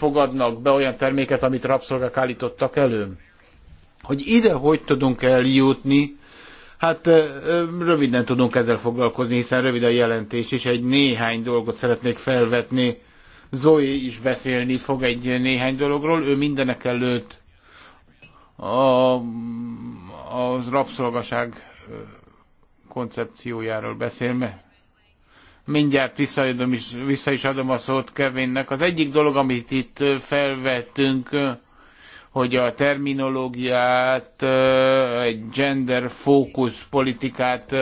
fogadnak be olyan terméket, amit rabszolgák állítottak elő. Hogy ide hogy tudunk eljutni, Hát röviden tudunk ezzel foglalkozni, hiszen rövid a jelentés, és egy néhány dolgot szeretnék felvetni. Zoe is beszélni fog egy néhány dologról, ő mindenek előtt a, az rabszolgaság koncepciójáról beszél, mert mindjárt is, vissza is adom a szót Kevinnek. Az egyik dolog, amit itt felvettünk, hogy a terminológiát, egy gender fókusz politikát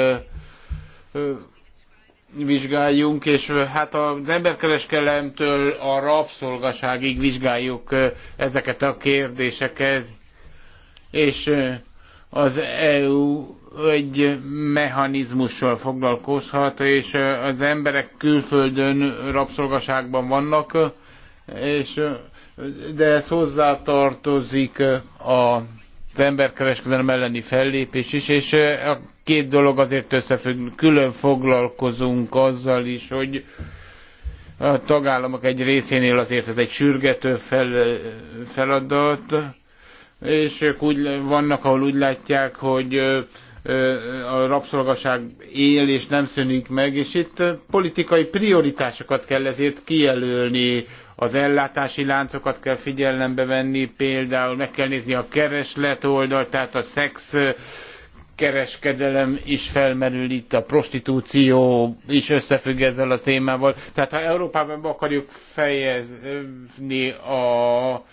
vizsgáljunk, és hát az emberkereskelemtől a rabszolgaságig vizsgáljuk ezeket a kérdéseket, és az EU egy mechanizmussal foglalkozhat, és az emberek külföldön rabszolgaságban vannak, és, de ez hozzátartozik a az emberkereskedelem elleni fellépés is, és a két dolog azért összefügg, külön foglalkozunk azzal is, hogy a tagállamok egy részénél azért ez egy sürgető fel, feladat, és ők úgy vannak, ahol úgy látják, hogy a rabszolgaság él és nem szűnik meg, és itt politikai prioritásokat kell ezért kijelölni, az ellátási láncokat kell figyelembe venni, például meg kell nézni a kereslet oldalt, tehát a szex kereskedelem is felmerül itt, a prostitúció is összefügg ezzel a témával. Tehát ha Európában be akarjuk fejezni a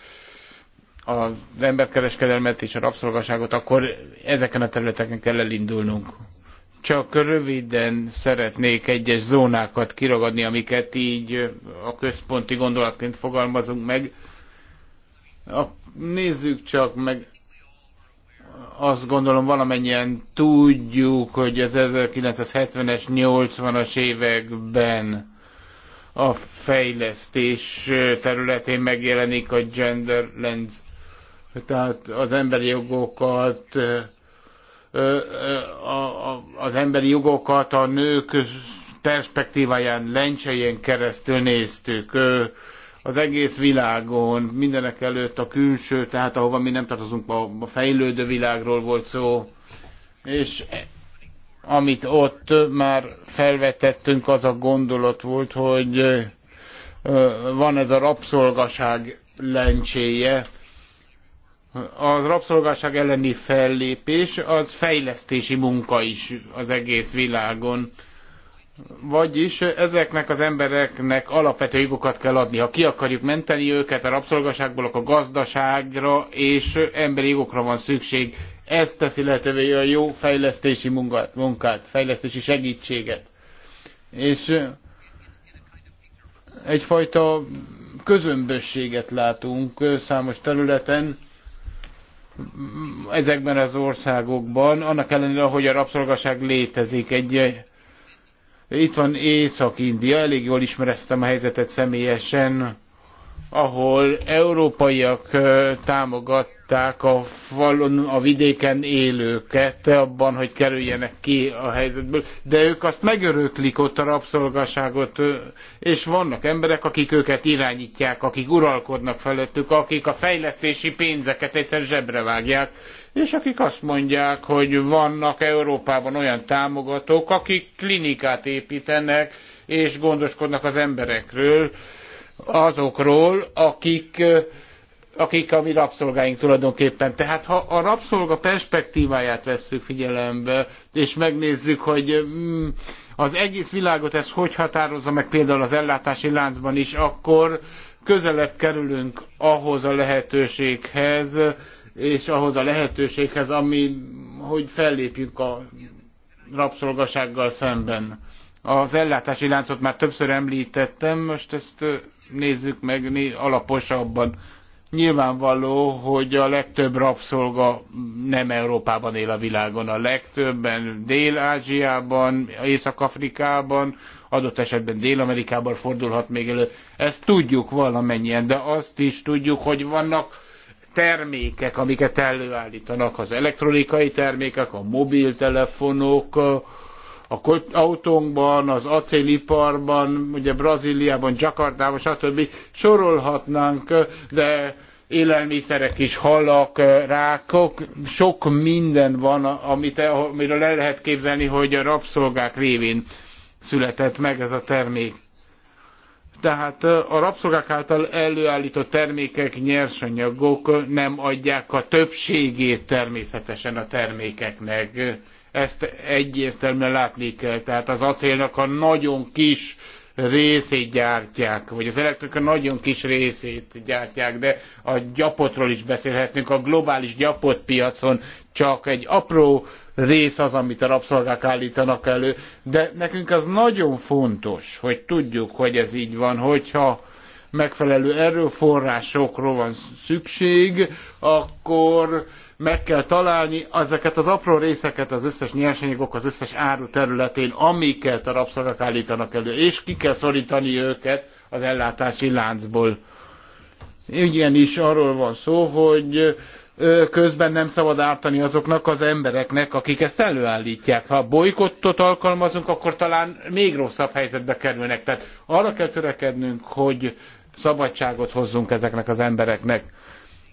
az emberkereskedelmet és a rabszolgaságot, akkor ezeken a területeken kell elindulnunk. Csak röviden szeretnék egyes zónákat kiragadni, amiket így a központi gondolatként fogalmazunk meg. A, nézzük csak meg, azt gondolom valamennyien tudjuk, hogy az 1970-es, 80-as években a fejlesztés területén megjelenik a Gender Lens tehát az emberi jogokat, az emberi jogokat a nők perspektíváján, lencsején keresztül néztük az egész világon, mindenek előtt a külső, tehát ahova mi nem tartozunk, a fejlődő világról volt szó, és e, amit ott már felvetettünk, az a gondolat volt, hogy van ez a rabszolgaság lencséje, a rabszolgaság elleni fellépés az fejlesztési munka is az egész világon. Vagyis ezeknek az embereknek alapvető jogokat kell adni. Ha ki akarjuk menteni őket a rabszolgaságból, akkor gazdaságra és emberi jogokra van szükség. Ez teszi lehetővé a jó fejlesztési munkát, munkát fejlesztési segítséget. És egyfajta közömbösséget látunk számos területen, ezekben az országokban, annak ellenére, hogy a rabszolgaság létezik. Egy, itt van Észak-India, elég jól ismereztem a helyzetet személyesen, ahol európaiak támogat támogatták a falon, a vidéken élőket abban, hogy kerüljenek ki a helyzetből, de ők azt megöröklik ott a rabszolgaságot, és vannak emberek, akik őket irányítják, akik uralkodnak felettük, akik a fejlesztési pénzeket egyszer zsebre vágják, és akik azt mondják, hogy vannak Európában olyan támogatók, akik klinikát építenek, és gondoskodnak az emberekről, azokról, akik akik a mi rabszolgáink tulajdonképpen. Tehát ha a rabszolga perspektíváját vesszük figyelembe, és megnézzük, hogy mm, az egész világot ez hogy határozza meg például az ellátási láncban is, akkor közelebb kerülünk ahhoz a lehetőséghez, és ahhoz a lehetőséghez, ami, hogy fellépjünk a rabszolgasággal szemben. Az ellátási láncot már többször említettem, most ezt nézzük meg alaposabban. Nyilvánvaló, hogy a legtöbb rabszolga nem Európában él a világon, a legtöbben Dél-Ázsiában, Észak-Afrikában, adott esetben Dél-Amerikában fordulhat még elő. Ezt tudjuk valamennyien, de azt is tudjuk, hogy vannak termékek, amiket előállítanak, az elektronikai termékek, a mobiltelefonok, a autónkban, az acéliparban, ugye Brazíliában, Jakartában, stb. sorolhatnánk, de élelmiszerek is, halak, rákok, sok minden van, amit, amiről el lehet képzelni, hogy a rabszolgák révén született meg ez a termék. Tehát a rabszolgák által előállított termékek, nyersanyagok nem adják a többségét természetesen a termékeknek ezt egyértelműen látni kell. Tehát az acélnak a nagyon kis részét gyártják, vagy az elektronika nagyon kis részét gyártják, de a gyapotról is beszélhetünk. A globális gyapotpiacon csak egy apró rész az, amit a rabszolgák állítanak elő, de nekünk az nagyon fontos, hogy tudjuk, hogy ez így van, hogyha megfelelő erőforrásokról van szükség, akkor meg kell találni ezeket az apró részeket az összes nyersanyagok, az összes áru területén, amiket a rabszolgák állítanak elő, és ki kell szortani őket az ellátási láncból. Ugyanis arról van szó, hogy közben nem szabad ártani azoknak az embereknek, akik ezt előállítják. Ha bolykottot alkalmazunk, akkor talán még rosszabb helyzetbe kerülnek. Tehát arra kell törekednünk, hogy szabadságot hozzunk ezeknek az embereknek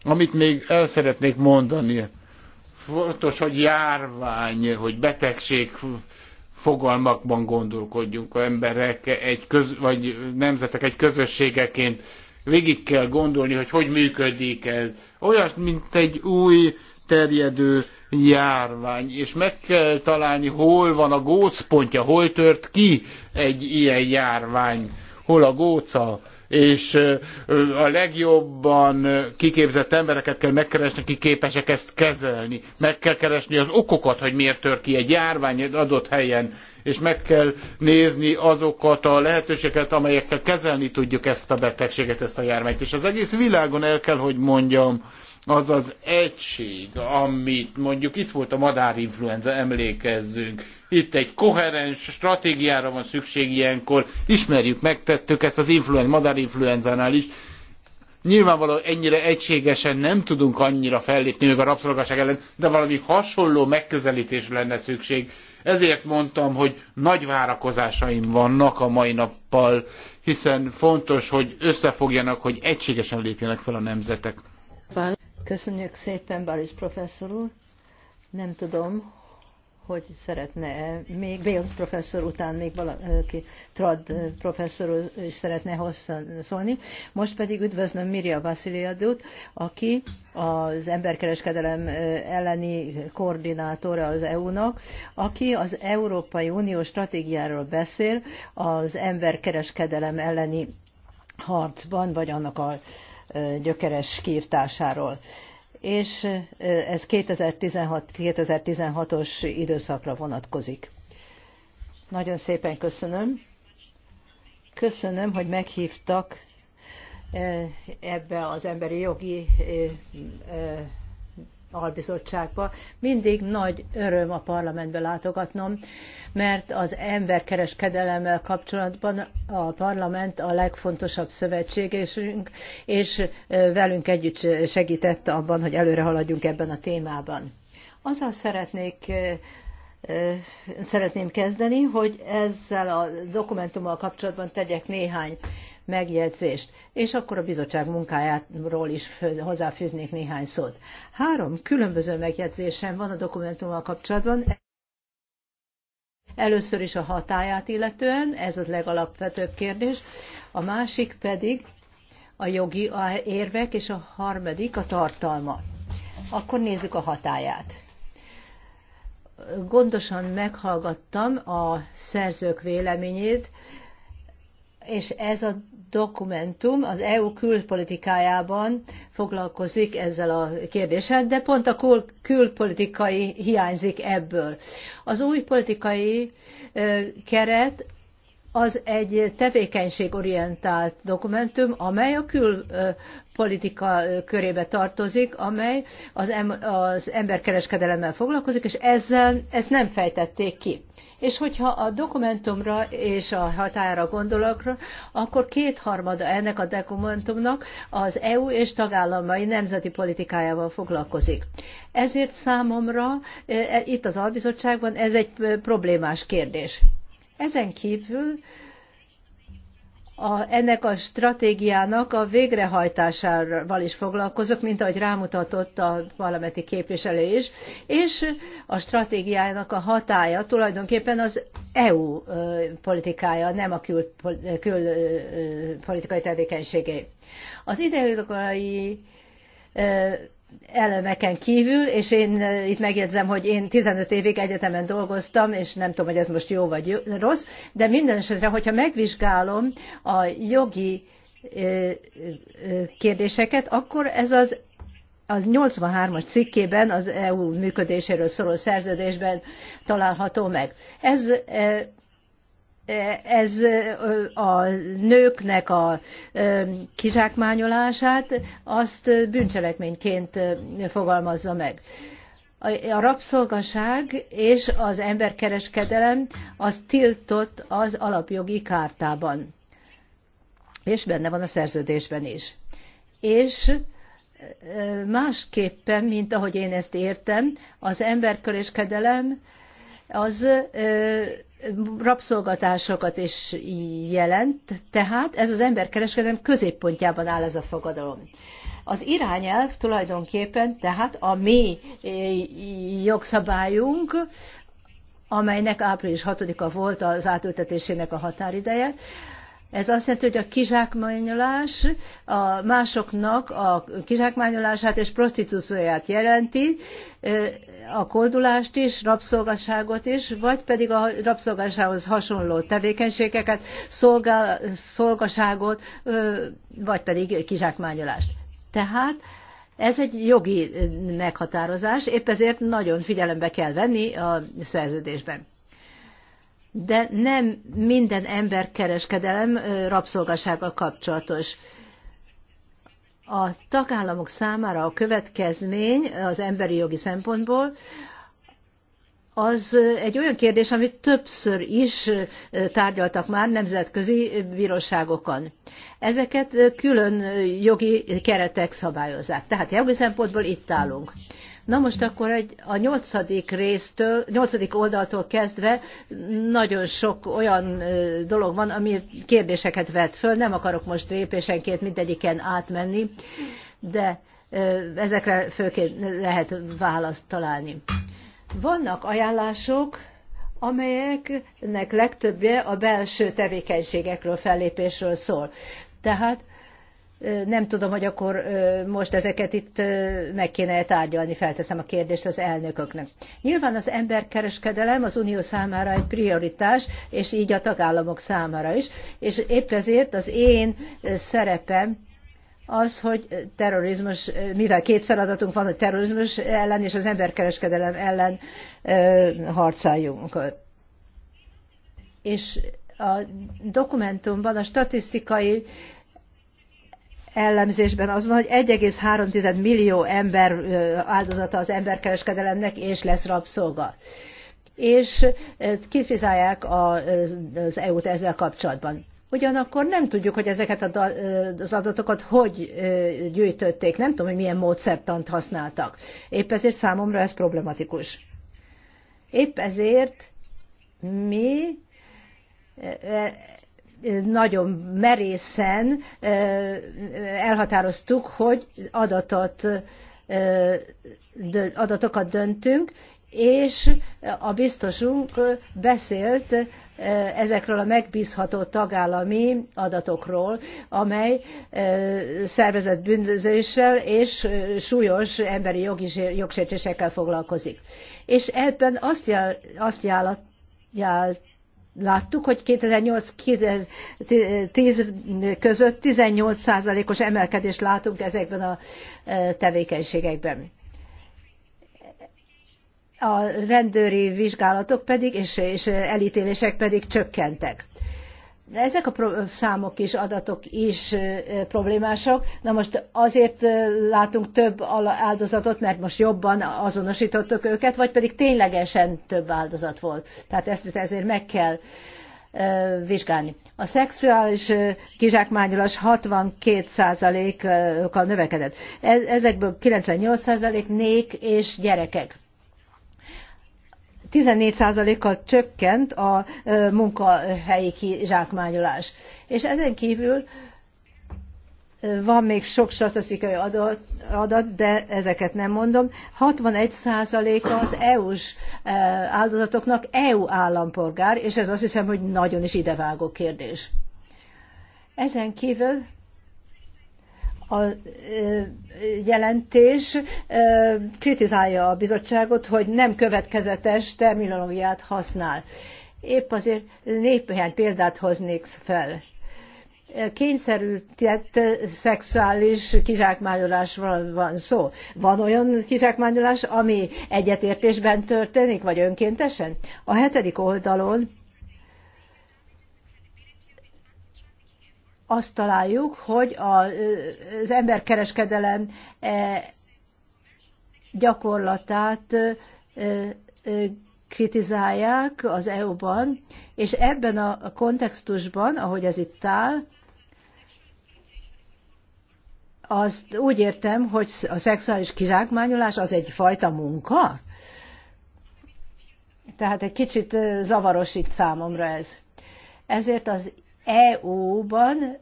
amit még el szeretnék mondani, fontos, hogy járvány, hogy betegség fogalmakban gondolkodjunk, a emberek egy köz, vagy nemzetek egy közösségeként végig kell gondolni, hogy hogy működik ez. Olyas, mint egy új terjedő járvány, és meg kell találni, hol van a gócpontja, hol tört ki egy ilyen járvány, hol a góca és a legjobban kiképzett embereket kell megkeresni, akik képesek ezt kezelni. Meg kell keresni az okokat, hogy miért tör ki egy járvány egy adott helyen, és meg kell nézni azokat a lehetőségeket, amelyekkel kezelni tudjuk ezt a betegséget, ezt a járványt. És az egész világon el kell, hogy mondjam, az az egység, amit mondjuk itt volt a madárinfluenza, emlékezzünk, itt egy koherens stratégiára van szükség ilyenkor, ismerjük, megtettük ezt az influenza, madárinfluenzánál is, Nyilvánvalóan ennyire egységesen nem tudunk annyira fellépni még a rabszolgaság ellen, de valami hasonló megközelítés lenne szükség. Ezért mondtam, hogy nagy várakozásaim vannak a mai nappal, hiszen fontos, hogy összefogjanak, hogy egységesen lépjenek fel a nemzetek. Köszönjük szépen, Baris professzor úr. Nem tudom, hogy szeretne -e még Bales professzor után még valaki, Trad professzor úr is szeretne hosszan szólni. Most pedig üdvözlöm Mirja Vasiliadut, aki az emberkereskedelem elleni koordinátora az EU-nak, aki az Európai Unió stratégiáról beszél az emberkereskedelem elleni harcban, vagy annak a gyökeres kiirtásáról. És ez 2016-2016-os időszakra vonatkozik. Nagyon szépen köszönöm. Köszönöm, hogy meghívtak ebbe az emberi jogi albizottságba. Mindig nagy öröm a parlamentbe látogatnom, mert az emberkereskedelemmel kapcsolatban a parlament a legfontosabb szövetségésünk, és velünk együtt segített abban, hogy előre haladjunk ebben a témában. Azzal szeretnék szeretném kezdeni, hogy ezzel a dokumentummal kapcsolatban tegyek néhány megjegyzést, és akkor a bizottság munkájáról is hozzáfűznék néhány szót. Három különböző megjegyzésem van a dokumentummal kapcsolatban. Először is a hatáját illetően, ez a legalapvetőbb kérdés. A másik pedig a jogi érvek, és a harmadik a tartalma. Akkor nézzük a hatáját. Gondosan meghallgattam a szerzők véleményét, és ez a dokumentum az EU külpolitikájában foglalkozik ezzel a kérdéssel, de pont a kül- külpolitikai hiányzik ebből. Az új politikai keret az egy tevékenységorientált dokumentum, amely a külpolitika körébe tartozik, amely az, em- az emberkereskedelemmel foglalkozik, és ezzel ezt nem fejtették ki és hogyha a dokumentumra és a határa gondolok, akkor kétharmada ennek a dokumentumnak az EU és tagállamai nemzeti politikájával foglalkozik. Ezért számomra e, e, itt az albizottságban ez egy e, problémás kérdés. Ezen kívül a, ennek a stratégiának a végrehajtásával is foglalkozok, mint ahogy rámutatott a parlamenti képviselő is, és a stratégiának a hatája tulajdonképpen az EU politikája, nem a külpolitikai kül, kül tevékenységé. Az ideológiai elemeken kívül, és én itt megjegyzem, hogy én 15 évig egyetemen dolgoztam, és nem tudom, hogy ez most jó vagy rossz, de minden esetre, hogyha megvizsgálom a jogi kérdéseket, akkor ez az az 83-as cikkében, az EU működéséről szóló szerződésben található meg. Ez ez a nőknek a kizsákmányolását, azt bűncselekményként fogalmazza meg. A rabszolgaság és az emberkereskedelem az tiltott az alapjogi kártában, és benne van a szerződésben is. És másképpen, mint ahogy én ezt értem, az emberkereskedelem az rabszolgatásokat is jelent, tehát ez az emberkereskedelem középpontjában áll ez a fogadalom. Az irányelv tulajdonképpen, tehát a mi jogszabályunk, amelynek április 6-a volt az átültetésének a határideje, ez azt jelenti, hogy a kizsákmányolás a másoknak a kizsákmányolását és prostitúcióját jelenti, a koldulást is, rabszolgaságot is, vagy pedig a rabszolgásához hasonló tevékenységeket, szolgál, szolgaságot, vagy pedig kizsákmányolást. Tehát ez egy jogi meghatározás, épp ezért nagyon figyelembe kell venni a szerződésben. De nem minden emberkereskedelem rabszolgasággal kapcsolatos a tagállamok számára a következmény az emberi jogi szempontból, az egy olyan kérdés, amit többször is tárgyaltak már nemzetközi bíróságokon. Ezeket külön jogi keretek szabályozzák. Tehát jogi szempontból itt állunk. Na most akkor egy, a nyolcadik résztől, nyolcadik oldaltól kezdve nagyon sok olyan dolog van, ami kérdéseket vet föl. Nem akarok most lépésenként mindegyiken átmenni, de ezekre főként lehet választ találni. Vannak ajánlások, amelyeknek legtöbbje a belső tevékenységekről, fellépésről szól. Tehát nem tudom, hogy akkor most ezeket itt meg kéne tárgyalni, felteszem a kérdést az elnököknek. Nyilván az emberkereskedelem az unió számára egy prioritás, és így a tagállamok számára is, és épp ezért az én szerepem az, hogy terrorizmus, mivel két feladatunk van, a terrorizmus ellen és az emberkereskedelem ellen harcáljunk. És a dokumentumban a statisztikai ellenzésben az van, hogy 1,3 millió ember áldozata az emberkereskedelemnek, és lesz rabszolga és kritizálják az EU-t ezzel kapcsolatban. Ugyanakkor nem tudjuk, hogy ezeket az adatokat hogy gyűjtötték, nem tudom, hogy milyen módszertant használtak. Épp ezért számomra ez problematikus. Épp ezért mi nagyon merészen elhatároztuk, hogy adatot, adatokat döntünk, és a biztosunk beszélt ezekről a megbízható tagállami adatokról, amely szervezetbűnözéssel és súlyos emberi jogi jogsértésekkel foglalkozik. És ebben azt, jel, azt láttuk, hogy 2008-2010 között 18%-os emelkedést látunk ezekben a e, tevékenységekben. A rendőri vizsgálatok pedig és, és elítélések pedig csökkentek ezek a számok és adatok is problémások. Na most azért látunk több áldozatot, mert most jobban azonosítottuk őket, vagy pedig ténylegesen több áldozat volt. Tehát ezt ezért meg kell vizsgálni. A szexuális kizsákmányolás 62%-kal növekedett. E- ezekből 98% nék és gyerekek. 14%-kal csökkent a munkahelyi kizsákmányolás. És ezen kívül van még sok statisztikai adat, de ezeket nem mondom. 61%-a az EU-s áldozatoknak EU állampolgár, és ez azt hiszem, hogy nagyon is idevágó kérdés. Ezen kívül a jelentés kritizálja a bizottságot, hogy nem következetes terminológiát használ. Épp azért néhány példát hoznék fel kényszerültett szexuális kizsákmányolásról van szó. Van olyan kizsákmányolás, ami egyetértésben történik, vagy önkéntesen? A hetedik oldalon azt találjuk, hogy az emberkereskedelem eh, gyakorlatát eh, eh, kritizálják az EU-ban, és ebben a kontextusban, ahogy ez itt áll, azt úgy értem, hogy a szexuális kizsákmányolás az egy fajta munka? Tehát egy kicsit zavaros itt számomra ez. Ezért az EU-ban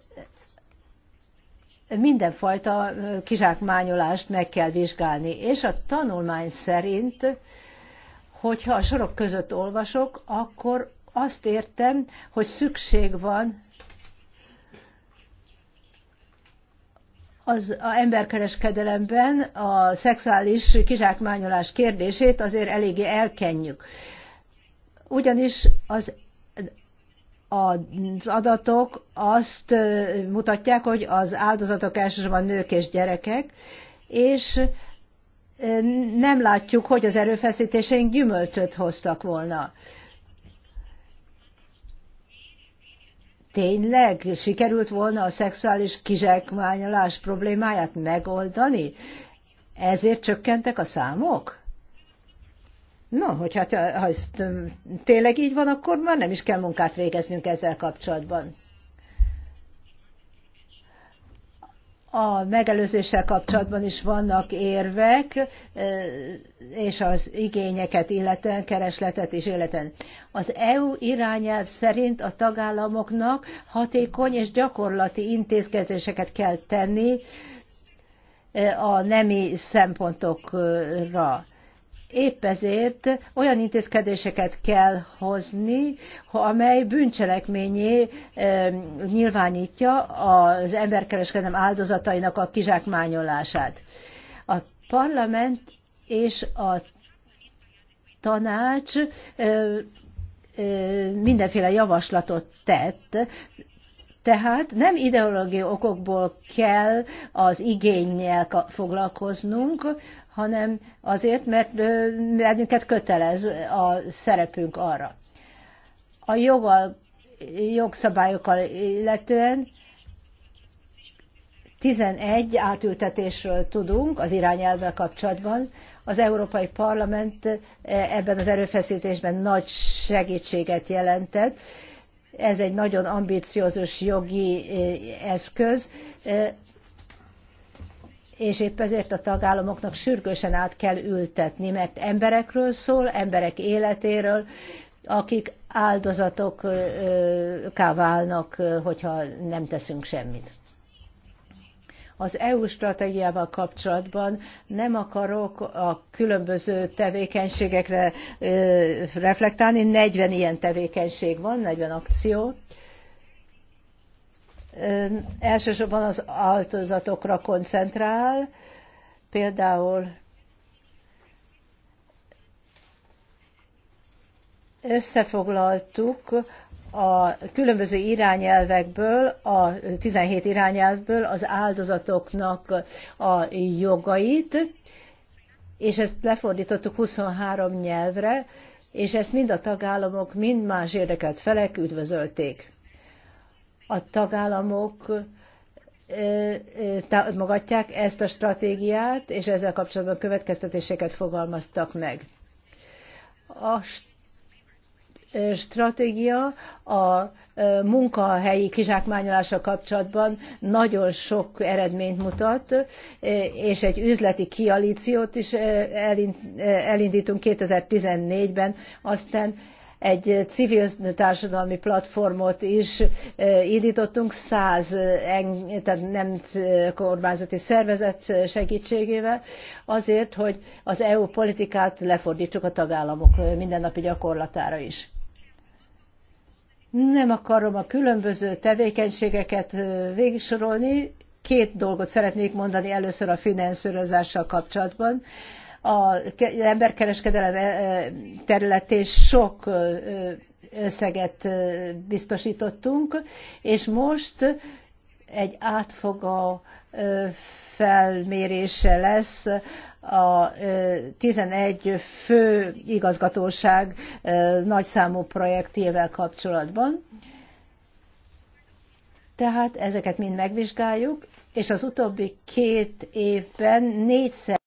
mindenfajta kizsákmányolást meg kell vizsgálni. És a tanulmány szerint, hogyha a sorok között olvasok, akkor azt értem, hogy szükség van az a emberkereskedelemben a szexuális kizsákmányolás kérdését azért eléggé elkenjük. Ugyanis az az adatok azt mutatják, hogy az áldozatok elsősorban nők és gyerekek, és nem látjuk, hogy az erőfeszítéseink gyümölcsöt hoztak volna. Tényleg sikerült volna a szexuális kizsákmányolás problémáját megoldani? Ezért csökkentek a számok? No, hogyha hát, ha ez tényleg így van, akkor már nem is kell munkát végeznünk ezzel kapcsolatban. A megelőzéssel kapcsolatban is vannak érvek, és az igényeket illetően, keresletet is életen. Az EU irányelv szerint a tagállamoknak hatékony és gyakorlati intézkedéseket kell tenni a nemi szempontokra Épp ezért olyan intézkedéseket kell hozni, amely bűncselekményé nyilvánítja az emberkereskedelem áldozatainak a kizsákmányolását. A parlament és a tanács mindenféle javaslatot tett, tehát nem ideológiai okokból kell az igényel foglalkoznunk, hanem azért, mert bennünket kötelez a szerepünk arra. A joga, jogszabályokkal illetően 11 átültetésről tudunk az irányelvvel kapcsolatban. Az Európai Parlament ebben az erőfeszítésben nagy segítséget jelentett. Ez egy nagyon ambiciózus jogi eszköz, és épp ezért a tagállamoknak sürgősen át kell ültetni, mert emberekről szól, emberek életéről, akik áldozatokká válnak, hogyha nem teszünk semmit. Az EU stratégiával kapcsolatban nem akarok a különböző tevékenységekre reflektálni, 40 ilyen tevékenység van, 40 akció, elsősorban az áltozatokra koncentrál, például összefoglaltuk a különböző irányelvekből, a 17 irányelvből az áldozatoknak a jogait, és ezt lefordítottuk 23 nyelvre, és ezt mind a tagállamok, mind más érdekelt felek üdvözölték a tagállamok támogatják ezt a stratégiát, és ezzel kapcsolatban következtetéseket fogalmaztak meg. A stratégia a munkahelyi kizsákmányolása kapcsolatban nagyon sok eredményt mutat, és egy üzleti kialíciót is elindítunk 2014-ben, aztán egy civil társadalmi platformot is eh, indítottunk, száz, tehát nem kormányzati szervezet segítségével, azért, hogy az EU politikát lefordítsuk a tagállamok mindennapi gyakorlatára is. Nem akarom a különböző tevékenységeket eh, végigsorolni, két dolgot szeretnék mondani először a finanszírozással kapcsolatban az emberkereskedelem e, e, területén sok összeget biztosítottunk, és most egy átfogó felmérése lesz a 11 fő igazgatóság nagyszámú projektjével kapcsolatban. Tehát ezeket mind megvizsgáljuk, és az utóbbi két évben négyszer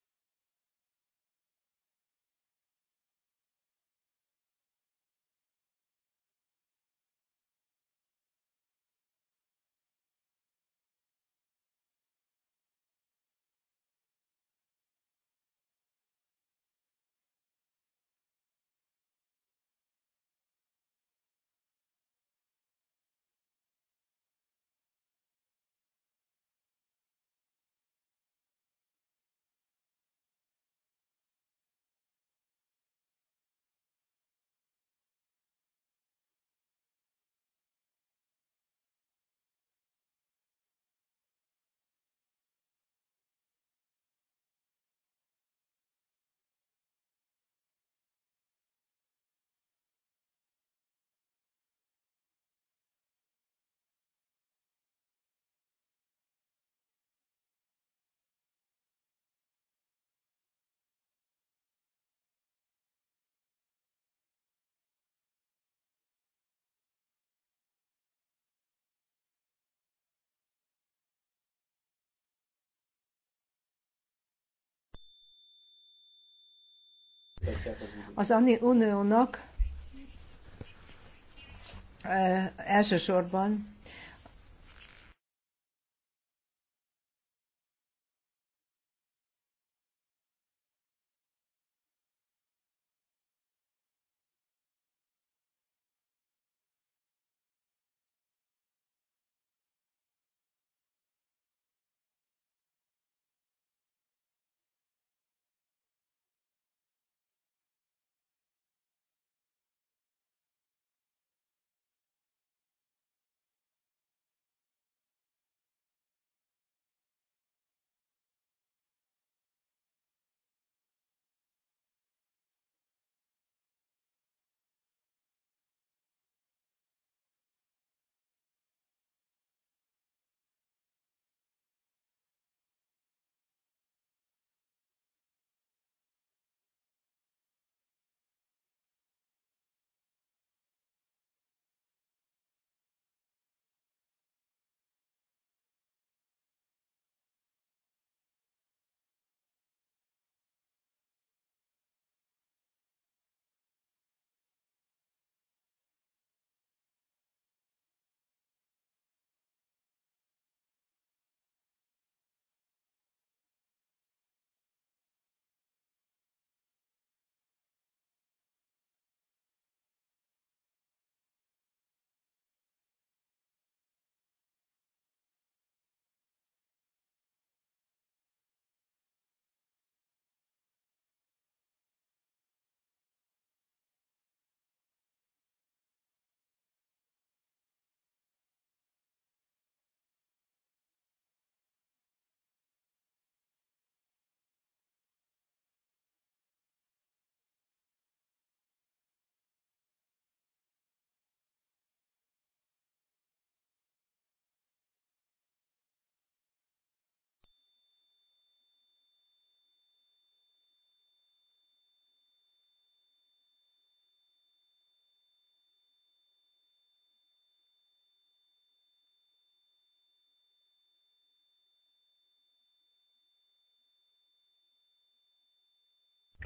Az uniónak eh, elsősorban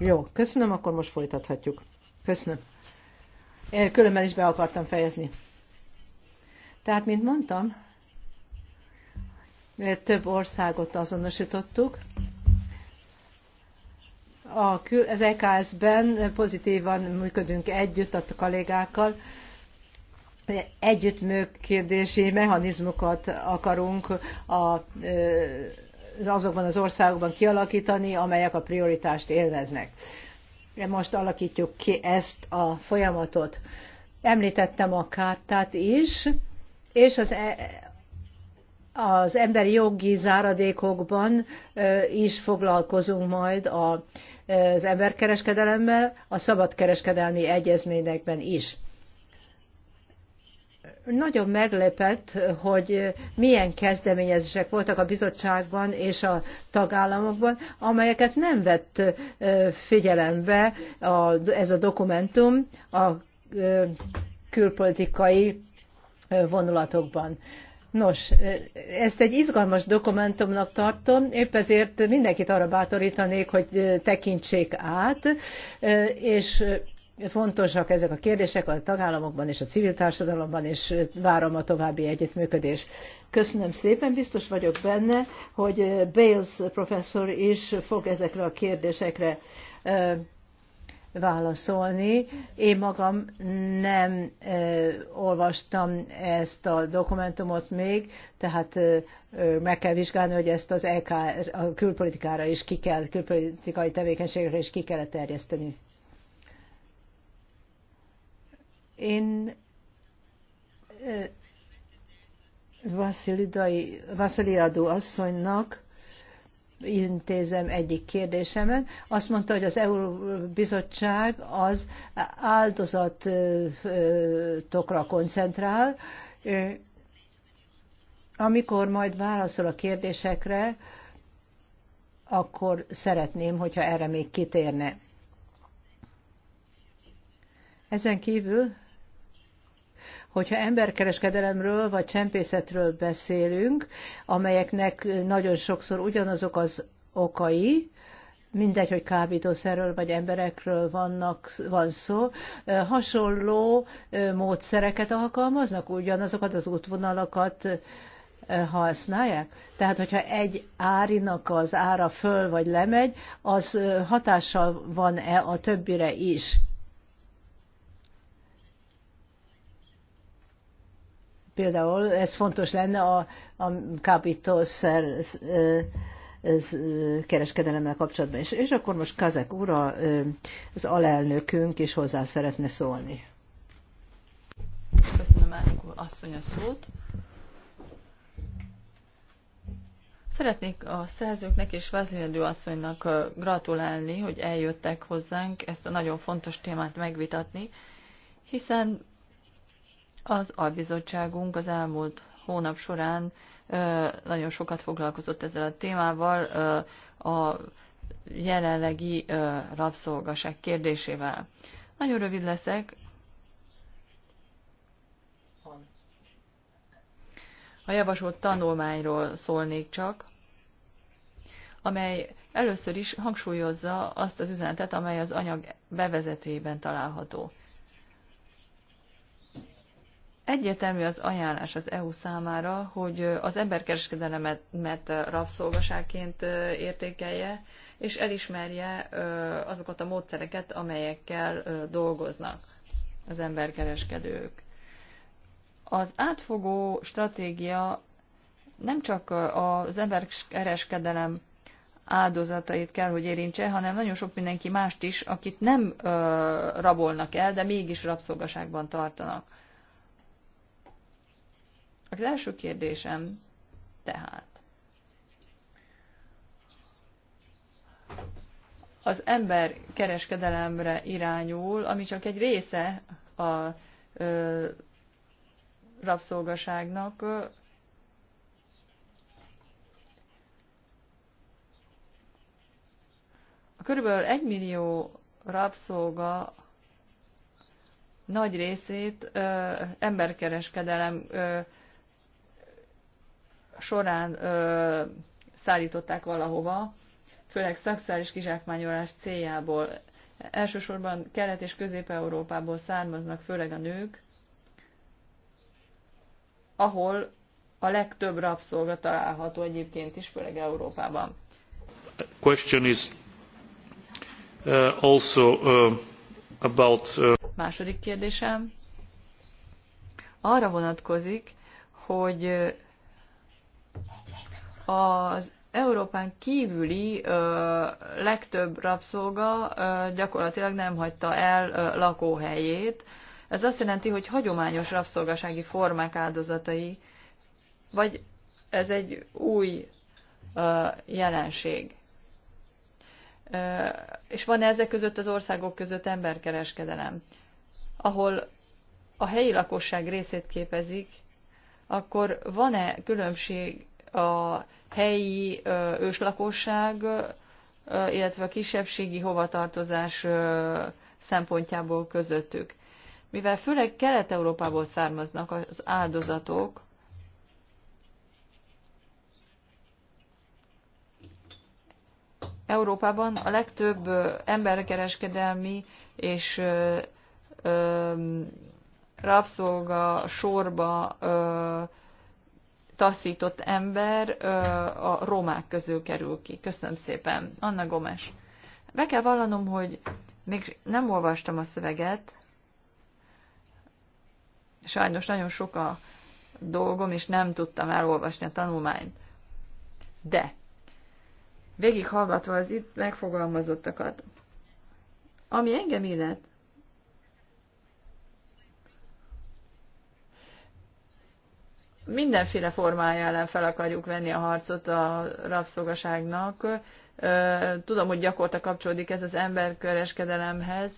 Jó, köszönöm, akkor most folytathatjuk. Köszönöm. Különben is be akartam fejezni. Tehát, mint mondtam, több országot azonosítottuk. A Az EKS-ben pozitívan működünk együtt a kollégákkal, együttműködési mechanizmukat akarunk a azokban az országokban kialakítani, amelyek a prioritást élveznek. Most alakítjuk ki ezt a folyamatot. Említettem a kártát is, és az, e- az emberi jogi záradékokban is foglalkozunk majd az emberkereskedelemmel, a szabadkereskedelmi egyezményekben is. Nagyon meglepett, hogy milyen kezdeményezések voltak a bizottságban és a tagállamokban, amelyeket nem vett figyelembe a, ez a dokumentum a külpolitikai vonulatokban. Nos, ezt egy izgalmas dokumentumnak tartom, épp ezért mindenkit arra bátorítanék, hogy tekintsék át, és fontosak ezek a kérdések a tagállamokban és a civil társadalomban, és várom a további együttműködést. Köszönöm szépen, biztos vagyok benne, hogy Bales professzor is fog ezekre a kérdésekre válaszolni. Én magam nem olvastam ezt a dokumentumot még, tehát meg kell vizsgálni, hogy ezt az EK a külpolitikára is ki kell, külpolitikai tevékenységre is ki kell terjeszteni. Én Vasiliadó asszonynak intézem egyik kérdésemet. Azt mondta, hogy az EU bizottság az áldozatokra koncentrál. Amikor majd válaszol a kérdésekre, akkor szeretném, hogyha erre még kitérne. Ezen kívül Hogyha emberkereskedelemről vagy csempészetről beszélünk, amelyeknek nagyon sokszor ugyanazok az okai, mindegy, hogy kábítószerről vagy emberekről vannak, van szó, hasonló módszereket alkalmaznak, ugyanazokat az útvonalakat használják. Tehát, hogyha egy árinak az ára föl vagy lemegy, az hatással van-e a többire is. Például ez fontos lenne a, a kábítószer kereskedelemmel kapcsolatban is. És akkor most Kazek úr, az alelnökünk is hozzá szeretne szólni. Köszönöm, elnök úr, asszony a szót. Szeretnék a szerzőknek és vezérlő asszonynak gratulálni, hogy eljöttek hozzánk ezt a nagyon fontos témát megvitatni, hiszen az albizottságunk az elmúlt hónap során nagyon sokat foglalkozott ezzel a témával, a jelenlegi rabszolgaság kérdésével. Nagyon rövid leszek. A javasolt tanulmányról szólnék csak, amely először is hangsúlyozza azt az üzenetet, amely az anyag bevezetőjében található. Egyértelmű az ajánlás az EU számára, hogy az emberkereskedelemet rabszolgaságként értékelje, és elismerje azokat a módszereket, amelyekkel dolgoznak az emberkereskedők. Az átfogó stratégia nem csak az emberkereskedelem áldozatait kell, hogy érintse, hanem nagyon sok mindenki mást is, akit nem rabolnak el, de mégis rabszolgaságban tartanak az első kérdésem tehát. Az ember kereskedelemre irányul, ami csak egy része a ö, rabszolgaságnak. Körülbelül egy millió rabszolga nagy részét ö, emberkereskedelem ö, során ö, szállították valahova, főleg szexuális kizsákmányolás céljából. Elsősorban Kelet- és Közép-Európából származnak főleg a nők, ahol a legtöbb rabszolga található egyébként is, főleg Európában. Question is uh, also uh, about... Uh... Második kérdésem arra vonatkozik, hogy az Európán kívüli ö, legtöbb rabszolga ö, gyakorlatilag nem hagyta el ö, lakóhelyét. Ez azt jelenti, hogy hagyományos rabszolgasági formák áldozatai, vagy ez egy új ö, jelenség. Ö, és van -e ezek között az országok között emberkereskedelem, ahol a helyi lakosság részét képezik, akkor van-e különbség a helyi őslakosság, illetve a kisebbségi hovatartozás szempontjából közöttük. Mivel főleg Kelet-Európából származnak az áldozatok, Európában a legtöbb emberkereskedelmi és rabszolga sorba taszított ember a romák közül kerül ki. Köszönöm szépen. Anna Gomes. Be kell vallanom, hogy még nem olvastam a szöveget. Sajnos nagyon sok a dolgom, és nem tudtam elolvasni a tanulmányt. De végighallgatva az itt megfogalmazottakat, ami engem illet, mindenféle formája ellen fel akarjuk venni a harcot a rabszolgaságnak. Tudom, hogy gyakorta kapcsolódik ez az emberkereskedelemhez,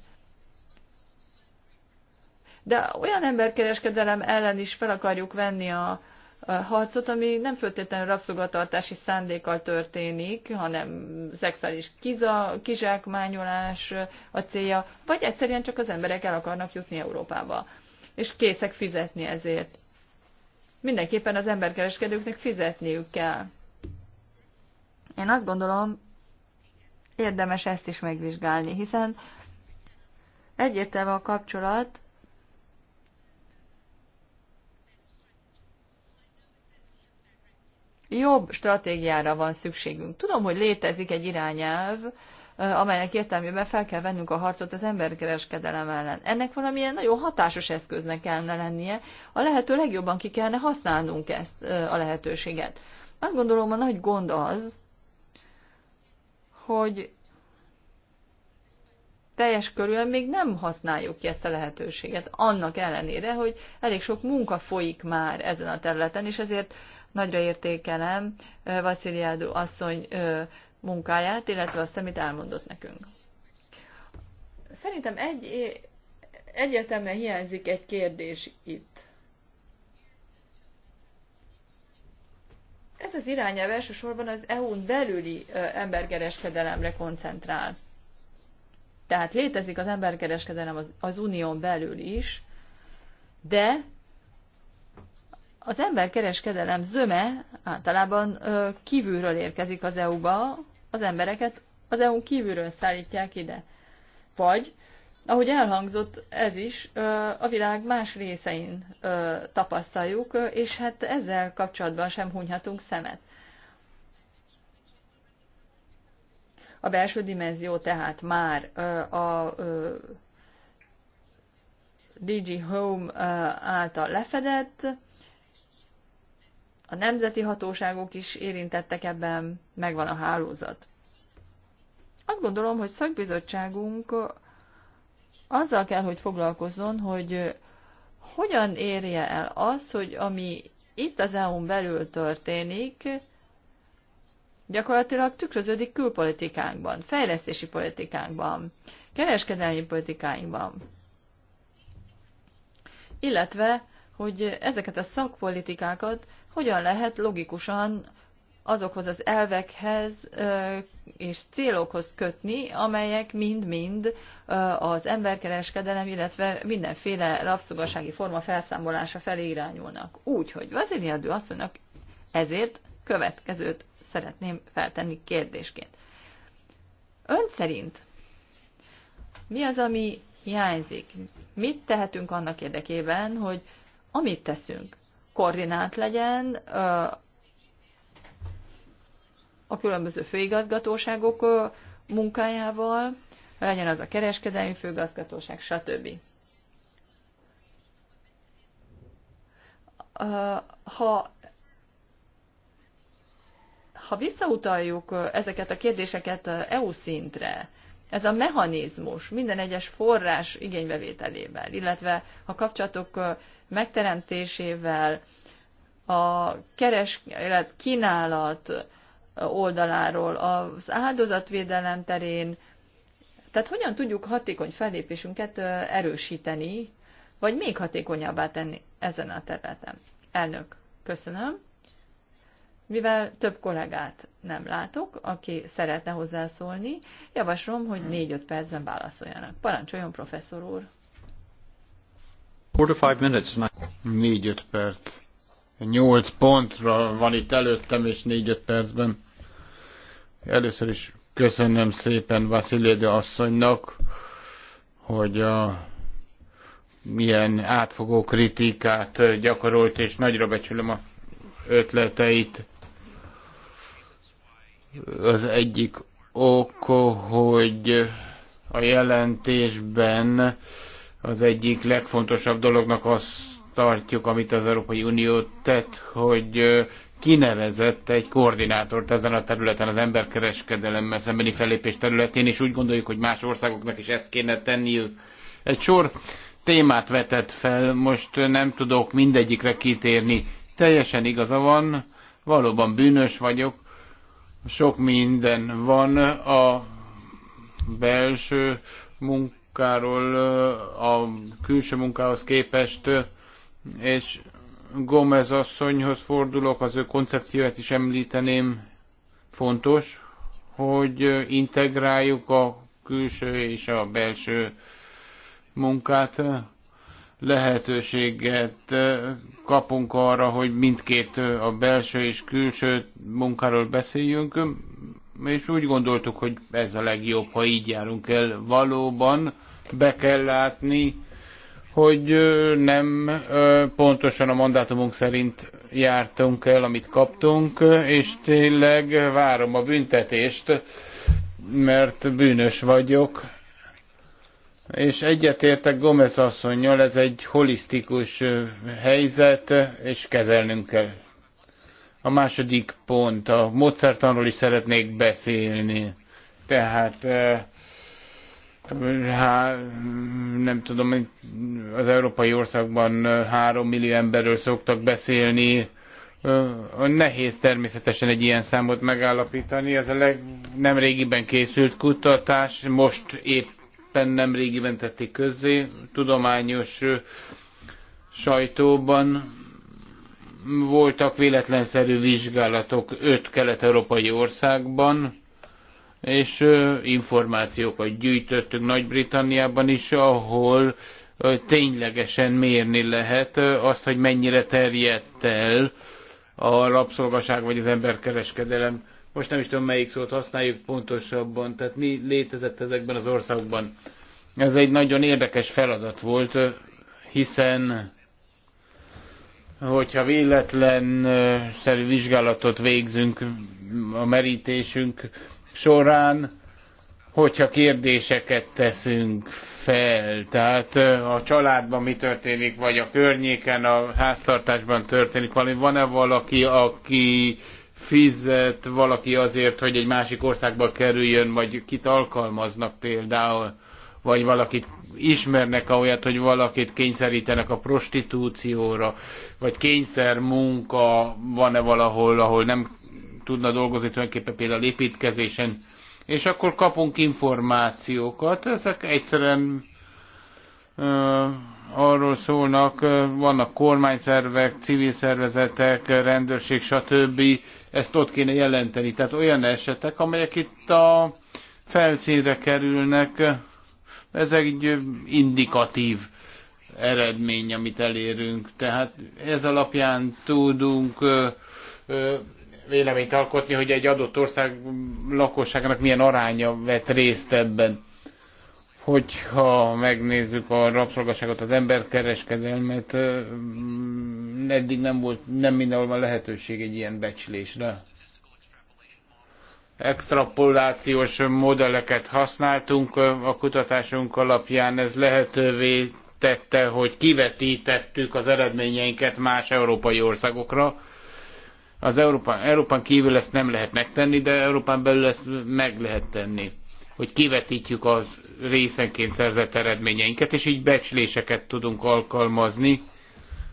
de olyan emberkereskedelem ellen is fel akarjuk venni a harcot, ami nem föltétlenül rabszolgatartási szándékkal történik, hanem szexuális kiza, kizsákmányolás a célja, vagy egyszerűen csak az emberek el akarnak jutni Európába, és készek fizetni ezért mindenképpen az emberkereskedőknek fizetniük kell. Én azt gondolom, érdemes ezt is megvizsgálni, hiszen egyértelmű a kapcsolat jobb stratégiára van szükségünk. Tudom, hogy létezik egy irányelv, amelynek értelmében fel kell vennünk a harcot az emberkereskedelem ellen. Ennek valamilyen nagyon hatásos eszköznek kellene lennie, a lehető legjobban ki kellene használnunk ezt a lehetőséget. Azt gondolom, a nagy gond az, hogy teljes körülön még nem használjuk ki ezt a lehetőséget, annak ellenére, hogy elég sok munka folyik már ezen a területen, és ezért nagyra értékelem Vasziliádu asszony munkáját, illetve azt, amit elmondott nekünk. Szerintem egy, egyértelműen hiányzik egy kérdés itt. Ez az irányelv elsősorban az EU-n belüli emberkereskedelemre koncentrál. Tehát létezik az emberkereskedelem az, az unión belül is, de az emberkereskedelem zöme általában kívülről érkezik az EU-ba, az embereket az EU-n kívülről szállítják ide. Vagy, ahogy elhangzott ez is, a világ más részein tapasztaljuk, és hát ezzel kapcsolatban sem hunyhatunk szemet. A belső dimenzió tehát már a DG Home által lefedett, a nemzeti hatóságok is érintettek ebben, megvan a hálózat. Azt gondolom, hogy szakbizottságunk azzal kell, hogy foglalkozzon, hogy hogyan érje el az, hogy ami itt az EU-n belül történik, gyakorlatilag tükröződik külpolitikánkban, fejlesztési politikánkban, kereskedelmi politikáinkban, illetve hogy ezeket a szakpolitikákat hogyan lehet logikusan azokhoz az elvekhez és célokhoz kötni, amelyek mind-mind az emberkereskedelem, illetve mindenféle rabszolgasági forma felszámolása felé irányulnak. Úgy, hogy Erdő asszonynak ezért következőt szeretném feltenni kérdésként. Ön szerint mi az, ami hiányzik? Mit tehetünk annak érdekében, hogy amit teszünk, koordinált legyen a különböző főigazgatóságok munkájával, legyen az a kereskedelmi főigazgatóság stb. Ha, ha visszautaljuk ezeket a kérdéseket EU szintre, ez a mechanizmus minden egyes forrás igénybevételével, illetve a kapcsolatok megteremtésével, a kereslet kínálat oldaláról, az áldozatvédelem terén, tehát hogyan tudjuk hatékony fellépésünket erősíteni, vagy még hatékonyabbá tenni ezen a területen. Elnök, köszönöm. Mivel több kollégát nem látok, aki szeretne hozzászólni, javaslom, hogy 4-5 percben válaszoljanak. Parancsoljon, professzor úr! Négy-öt perc. Nyolc pontra van itt előttem, és négy-öt percben. Először is köszönöm szépen Vasiléde asszonynak, hogy a milyen átfogó kritikát gyakorolt, és nagyra becsülöm a ötleteit. Az egyik ok, hogy a jelentésben az egyik legfontosabb dolognak azt tartjuk, amit az Európai Unió tett, hogy kinevezett egy koordinátort ezen a területen, az emberkereskedelemmel szembeni fellépés területén, és úgy gondoljuk, hogy más országoknak is ezt kéne tenniük. Egy sor témát vetett fel, most nem tudok mindegyikre kitérni. Teljesen igaza van, valóban bűnös vagyok, sok minden van a belső munka munkáról a külső munkához képest, és Gomez asszonyhoz fordulok, az ő koncepcióját is említeném, fontos, hogy integráljuk a külső és a belső munkát, lehetőséget kapunk arra, hogy mindkét a belső és külső munkáról beszéljünk és úgy gondoltuk, hogy ez a legjobb, ha így járunk el. Valóban be kell látni, hogy nem pontosan a mandátumunk szerint jártunk el, amit kaptunk, és tényleg várom a büntetést, mert bűnös vagyok. És egyetértek Gomez asszonynal, ez egy holisztikus helyzet, és kezelnünk kell. A második pont, a módszertanról is szeretnék beszélni. Tehát eh, há, nem tudom, az európai országban eh, három millió emberről szoktak beszélni. Eh, nehéz természetesen egy ilyen számot megállapítani. Ez a leg, nem régiben készült kutatás, most éppen nem régiben tették közzé tudományos sajtóban voltak véletlenszerű vizsgálatok öt kelet-európai országban, és információkat gyűjtöttünk Nagy-Britanniában is, ahol ténylegesen mérni lehet azt, hogy mennyire terjedt el a rabszolgaság vagy az emberkereskedelem. Most nem is tudom, melyik szót használjuk pontosabban, tehát mi létezett ezekben az országokban. Ez egy nagyon érdekes feladat volt, hiszen hogyha véletlen szerű vizsgálatot végzünk a merítésünk során, hogyha kérdéseket teszünk fel, tehát a családban mi történik, vagy a környéken, a háztartásban történik valami, van-e valaki, aki fizet valaki azért, hogy egy másik országba kerüljön, vagy kit alkalmaznak például, vagy valakit ismernek olyat, hogy valakit kényszerítenek a prostitúcióra, vagy kényszer munka van-e valahol, ahol nem tudna dolgozni tulajdonképpen például építkezésen, és akkor kapunk információkat, ezek egyszerűen ö, arról szólnak, ö, vannak kormányszervek, civil szervezetek, rendőrség, stb. Ezt ott kéne jelenteni. Tehát olyan esetek, amelyek itt a felszínre kerülnek, ez egy indikatív eredmény, amit elérünk. Tehát ez alapján tudunk ö, ö, véleményt alkotni, hogy egy adott ország lakosságának milyen aránya vett részt ebben. Hogyha megnézzük a rabszolgaságot, az emberkereskedelmet, eddig nem volt, nem mindenhol van lehetőség egy ilyen becslésre extrapolációs modelleket használtunk a kutatásunk alapján, ez lehetővé tette, hogy kivetítettük az eredményeinket más európai országokra. Az Európán, Európán kívül ezt nem lehet megtenni, de Európán belül ezt meg lehet tenni hogy kivetítjük az részenként szerzett eredményeinket, és így becsléseket tudunk alkalmazni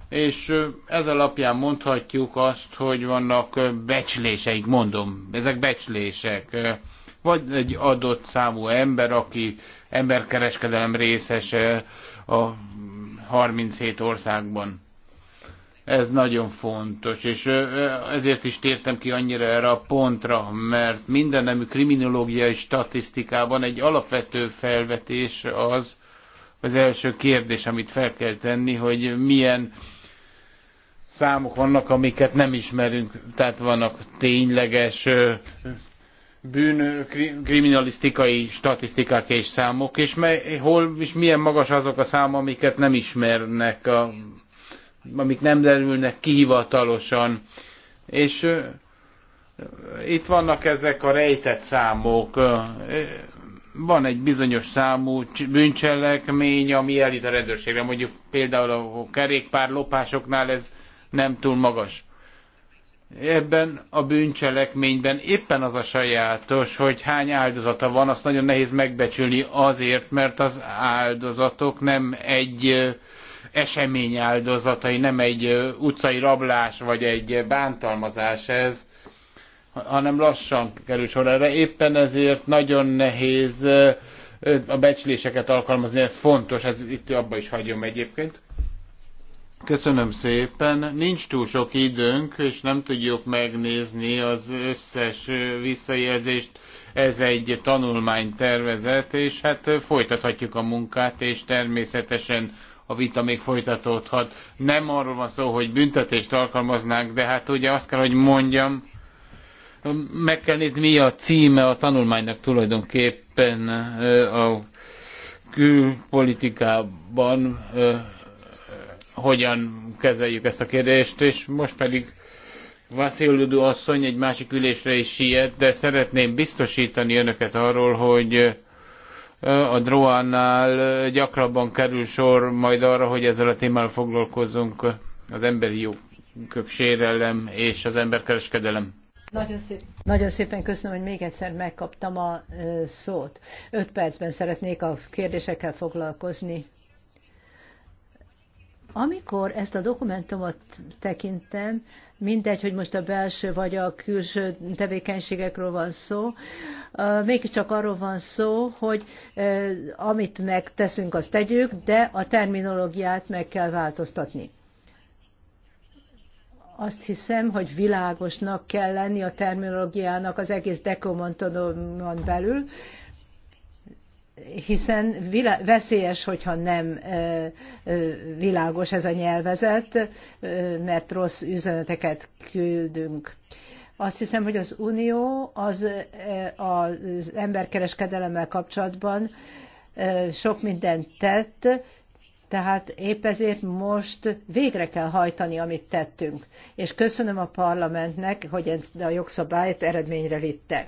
és ez alapján mondhatjuk azt, hogy vannak becsléseik, mondom, ezek becslések, vagy egy adott számú ember, aki emberkereskedelem részes a 37 országban. Ez nagyon fontos, és ezért is tértem ki annyira erre a pontra, mert minden nemű kriminológiai statisztikában egy alapvető felvetés az, az első kérdés, amit fel kell tenni, hogy milyen számok vannak, amiket nem ismerünk, tehát vannak tényleges bűn, kriminalisztikai statisztikák és számok, és mely, hol és milyen magas azok a számok, amiket nem ismernek, a, amik nem derülnek ki hivatalosan. És uh, itt vannak ezek a rejtett számok. Uh, van egy bizonyos számú bűncselekmény, ami elít a rendőrségre. Mondjuk például a kerékpár lopásoknál ez nem túl magas. Ebben a bűncselekményben éppen az a sajátos, hogy hány áldozata van, azt nagyon nehéz megbecsülni azért, mert az áldozatok nem egy esemény áldozatai, nem egy utcai rablás vagy egy bántalmazás ez, hanem lassan kerül sor erre. Éppen ezért nagyon nehéz a becsléseket alkalmazni, ez fontos, ez itt abba is hagyom egyébként. Köszönöm szépen. Nincs túl sok időnk, és nem tudjuk megnézni az összes visszajelzést. Ez egy tanulmánytervezet, és hát folytathatjuk a munkát, és természetesen a vita még folytatódhat. Nem arról van szó, hogy büntetést alkalmaznánk, de hát ugye azt kell, hogy mondjam, meg kell nézni, mi a címe a tanulmánynak tulajdonképpen a külpolitikában hogyan kezeljük ezt a kérdést, és most pedig Vasziludú asszony egy másik ülésre is siet, de szeretném biztosítani önöket arról, hogy a Droánnál gyakrabban kerül sor majd arra, hogy ezzel a témával foglalkozunk az emberi jogok sérelem és az emberkereskedelem. Nagyon, szép, nagyon szépen köszönöm, hogy még egyszer megkaptam a szót. Öt percben szeretnék a kérdésekkel foglalkozni. Amikor ezt a dokumentumot tekintem, mindegy, hogy most a belső vagy a külső tevékenységekről van szó, mégiscsak arról van szó, hogy amit megteszünk, azt tegyük, de a terminológiát meg kell változtatni. Azt hiszem, hogy világosnak kell lenni a terminológiának az egész dekomontonon belül, hiszen veszélyes, hogyha nem világos ez a nyelvezet, mert rossz üzeneteket küldünk. Azt hiszem, hogy az Unió az, az emberkereskedelemmel kapcsolatban sok mindent tett, tehát épp ezért most végre kell hajtani, amit tettünk. És köszönöm a parlamentnek, hogy ezt a jogszabályt eredményre vitte.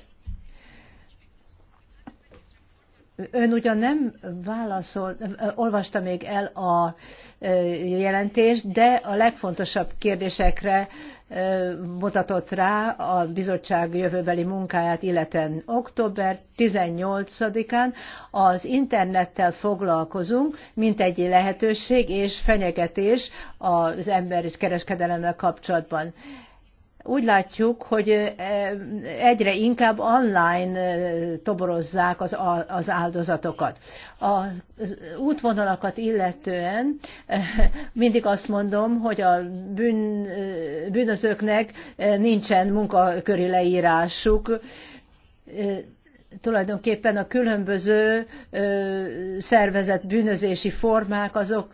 Ön ugyan nem válaszol, olvasta még el a jelentést, de a legfontosabb kérdésekre mutatott rá a bizottság jövőbeli munkáját, illetően október 18-án az internettel foglalkozunk, mint egy lehetőség és fenyegetés az emberi kereskedelemmel kapcsolatban úgy látjuk, hogy egyre inkább online toborozzák az, az áldozatokat. Az útvonalakat illetően mindig azt mondom, hogy a bűn, bűnözőknek nincsen munkaköri leírásuk, tulajdonképpen a különböző szervezet bűnözési formák azok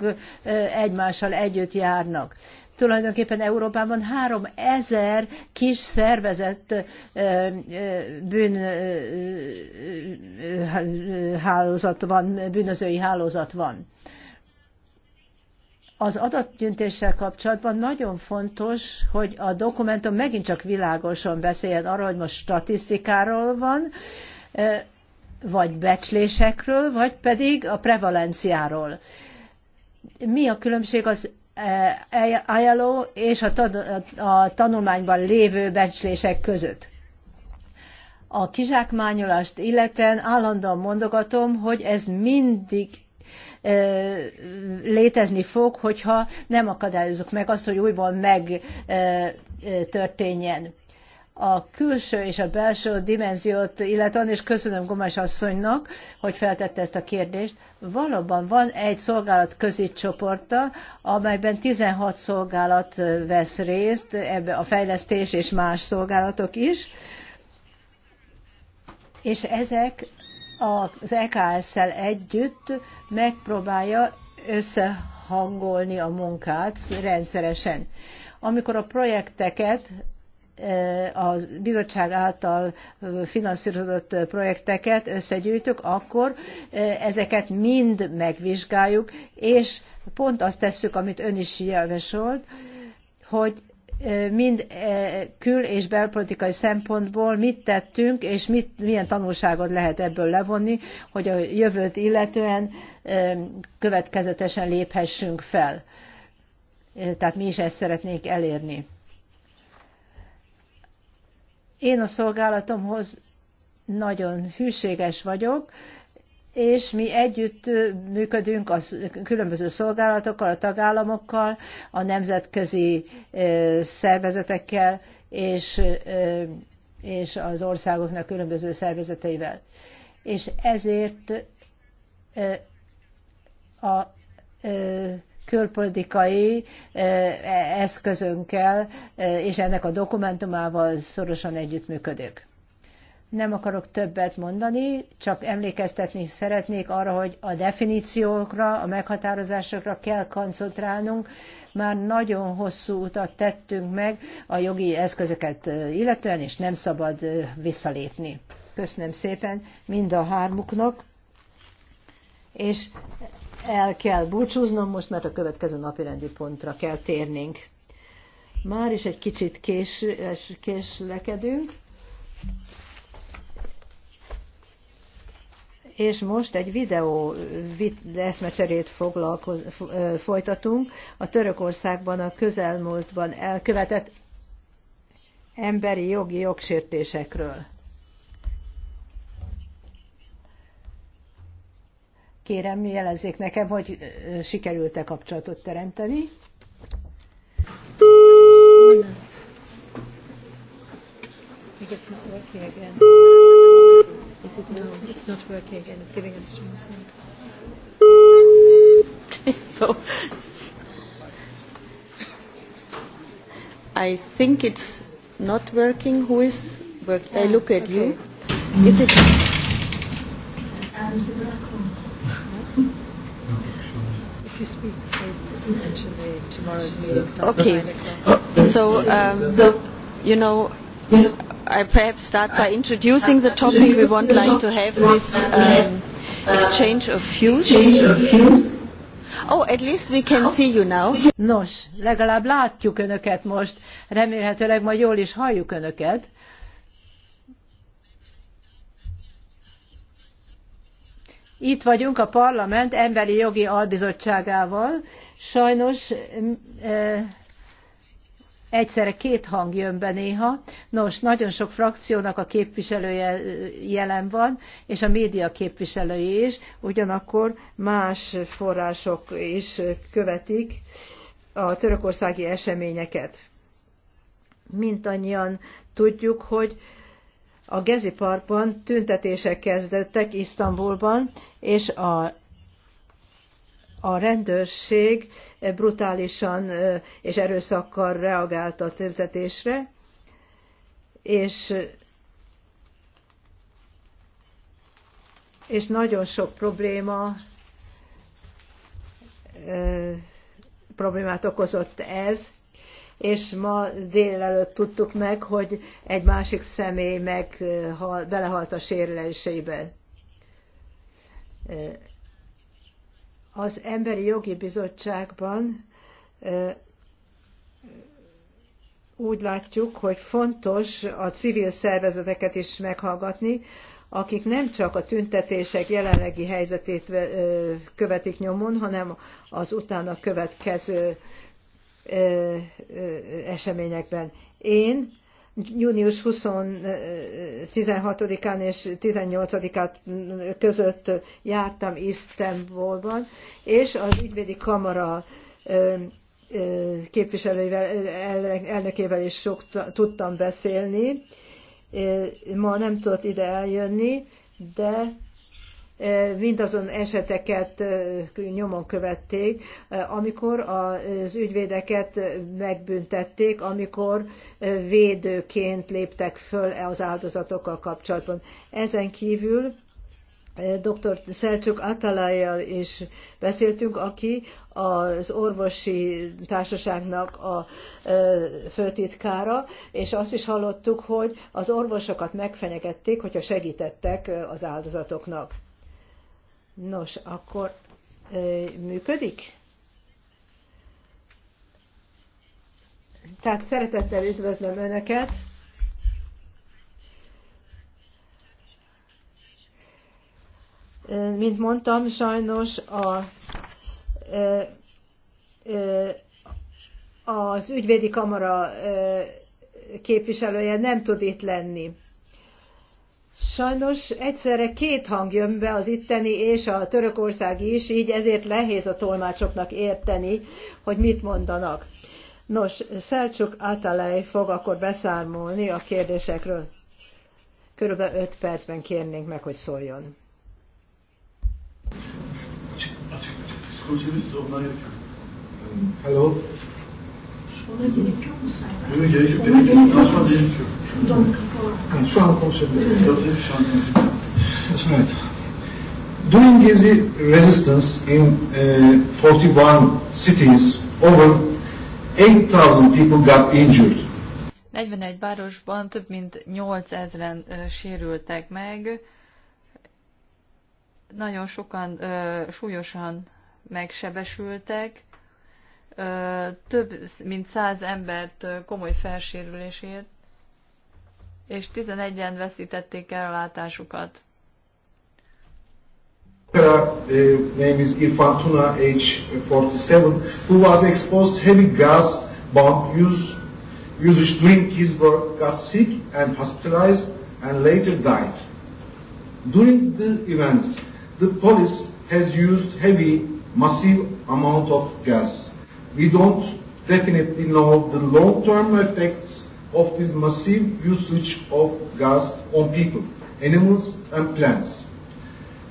egymással együtt járnak. Tulajdonképpen Európában 3000 kis szervezett bűnhálózat van, bűnözői hálózat van. Az adatgyűjtéssel kapcsolatban nagyon fontos, hogy a dokumentum megint csak világosan beszéljen arról, hogy most statisztikáról van, vagy becslésekről, vagy pedig a prevalenciáról. Mi a különbség az ajánló és a, a tanulmányban lévő becslések között. A kizsákmányolást illeten állandóan mondogatom, hogy ez mindig létezni fog, hogyha nem akadályozzuk meg azt, hogy újból megtörténjen a külső és a belső dimenziót illetően, és köszönöm Gomes asszonynak, hogy feltette ezt a kérdést, valóban van egy szolgálat középcsoporta, amelyben 16 szolgálat vesz részt, ebbe a fejlesztés és más szolgálatok is, és ezek az EKS-szel együtt megpróbálja összehangolni a munkát rendszeresen. Amikor a projekteket a bizottság által finanszírozott projekteket összegyűjtök, akkor ezeket mind megvizsgáljuk, és pont azt tesszük, amit ön is javasolt, hogy mind kül- és belpolitikai szempontból mit tettünk, és mit, milyen tanulságot lehet ebből levonni, hogy a jövőt illetően következetesen léphessünk fel. Tehát mi is ezt szeretnénk elérni én a szolgálatomhoz nagyon hűséges vagyok, és mi együtt működünk a különböző szolgálatokkal, a tagállamokkal, a nemzetközi szervezetekkel és, és az országoknak különböző szervezeteivel. És ezért a, a külpolitikai eszközönkkel és ennek a dokumentumával szorosan együttműködök. Nem akarok többet mondani, csak emlékeztetni szeretnék arra, hogy a definíciókra, a meghatározásokra kell koncentrálnunk. Már nagyon hosszú utat tettünk meg a jogi eszközöket illetően, és nem szabad visszalépni. Köszönöm szépen mind a hármuknak, és el kell búcsúznom most, mert a következő napi rendi pontra kell térnünk. Már is egy kicsit kés, késlekedünk. És most egy videó eszmecserét foglalkoz, folytatunk a Törökországban a közelmúltban elkövetett emberi jogi jogsértésekről. Kérem, jelezzék nekem, hogy sikerült-e kapcsolatot teremteni. so I think it's not working. Who is working? Yeah, I look at okay. you. Is it? Okay. So, um, so, you know, I perhaps start by introducing the topic we would like to have this um, exchange of views. Oh, at least we can see you now. Nos, legalább látjuk önöket most. Remélhetőleg majd jól is halljuk önöket. Itt vagyunk a parlament emberi jogi albizottságával. Sajnos mm, e, egyszerre két hang jön be néha. Nos, nagyon sok frakciónak a képviselője e, jelen van, és a média képviselői is, ugyanakkor más források is követik a törökországi eseményeket. mint annyian tudjuk, hogy a Gezi Parkban tüntetések kezdődtek Isztambulban, és a, a rendőrség brutálisan és erőszakkal reagált a tüntetésre, és és nagyon sok probléma problémát okozott ez, és ma délelőtt tudtuk meg, hogy egy másik személy meg eh, belehalt a sérüléseibe. Eh, az Emberi Jogi Bizottságban eh, úgy látjuk, hogy fontos a civil szervezeteket is meghallgatni, akik nem csak a tüntetések jelenlegi helyzetét követik nyomon, hanem az utána következő eseményekben. Én június 16-án és 18-án között jártam Isztambulban, és az ügyvédi kamara képviselőivel, elnökével is sok tudtam beszélni. Ma nem tudott ide eljönni, de E, mindazon eseteket e, nyomon követték, e, amikor az ügyvédeket megbüntették, amikor védőként léptek föl az áldozatokkal kapcsolatban. Ezen kívül dr. Szelcsuk Atalájjal is beszéltünk, aki az orvosi társaságnak a főtitkára, és azt is hallottuk, hogy az orvosokat megfenyegették, hogyha segítettek az áldozatoknak. Nos, akkor működik? Tehát szeretettel üdvözlöm Önöket. Mint mondtam, sajnos a, az ügyvédi kamara képviselője nem tud itt lenni. Sajnos egyszerre két hang jön be az itteni és a törökország is, így ezért nehéz a tolmácsoknak érteni, hogy mit mondanak. Nos, Szelcsuk Atalej fog akkor beszámolni a kérdésekről. Körülbelül 5 percben kérnénk meg, hogy szóljon. Hello ona gerek yok mu Sayın? Yok gerek yok. Ona gerek yok. Nasıl gerek yok? During Gezi resistance in uh, 41 cities, over 8000 people got injured. 41 városban több mint 8000-en uh, sérültek meg. Nagyon sokan uh, súlyosan megsebesültek több mint száz embert komoly felsérülésért, és 11-en veszítették el a látásukat. Uh, name is Irfan Tuna, age 47, who was exposed heavy gas bomb use, usage during his work, got sick and hospitalized and later died. During the events, the police has used heavy, massive amount of gas. We don't definitely know the long-term effects of this massive usage of gas on people, animals, and plants.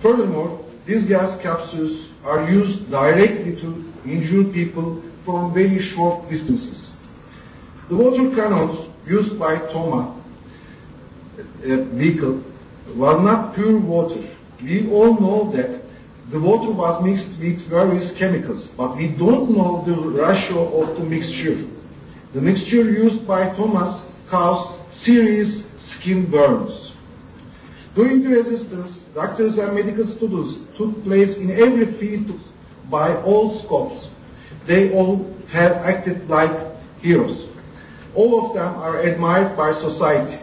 Furthermore, these gas capsules are used directly to injure people from very short distances. The water cannons used by Toma uh, vehicle was not pure water. We all know that the water was mixed with various chemicals, but we don't know the ratio of the mixture. The mixture used by Thomas caused serious skin burns. During the resistance, doctors and medical students took place in every field by all scopes. They all have acted like heroes. All of them are admired by society.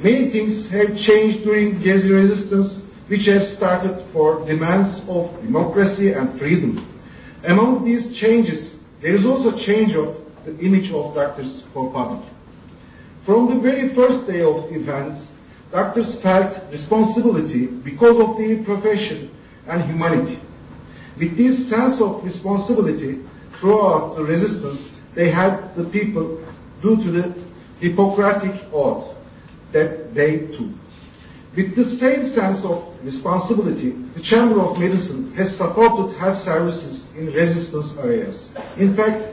Many things have changed during Gezi resistance which have started for demands of democracy and freedom. Among these changes, there is also change of the image of doctors for public. From the very first day of events, doctors felt responsibility because of their profession and humanity. With this sense of responsibility throughout the resistance, they helped the people due to the Hippocratic oath that they took. With the same sense of responsibility, the Chamber of Medicine has supported health services in resistance areas. In fact,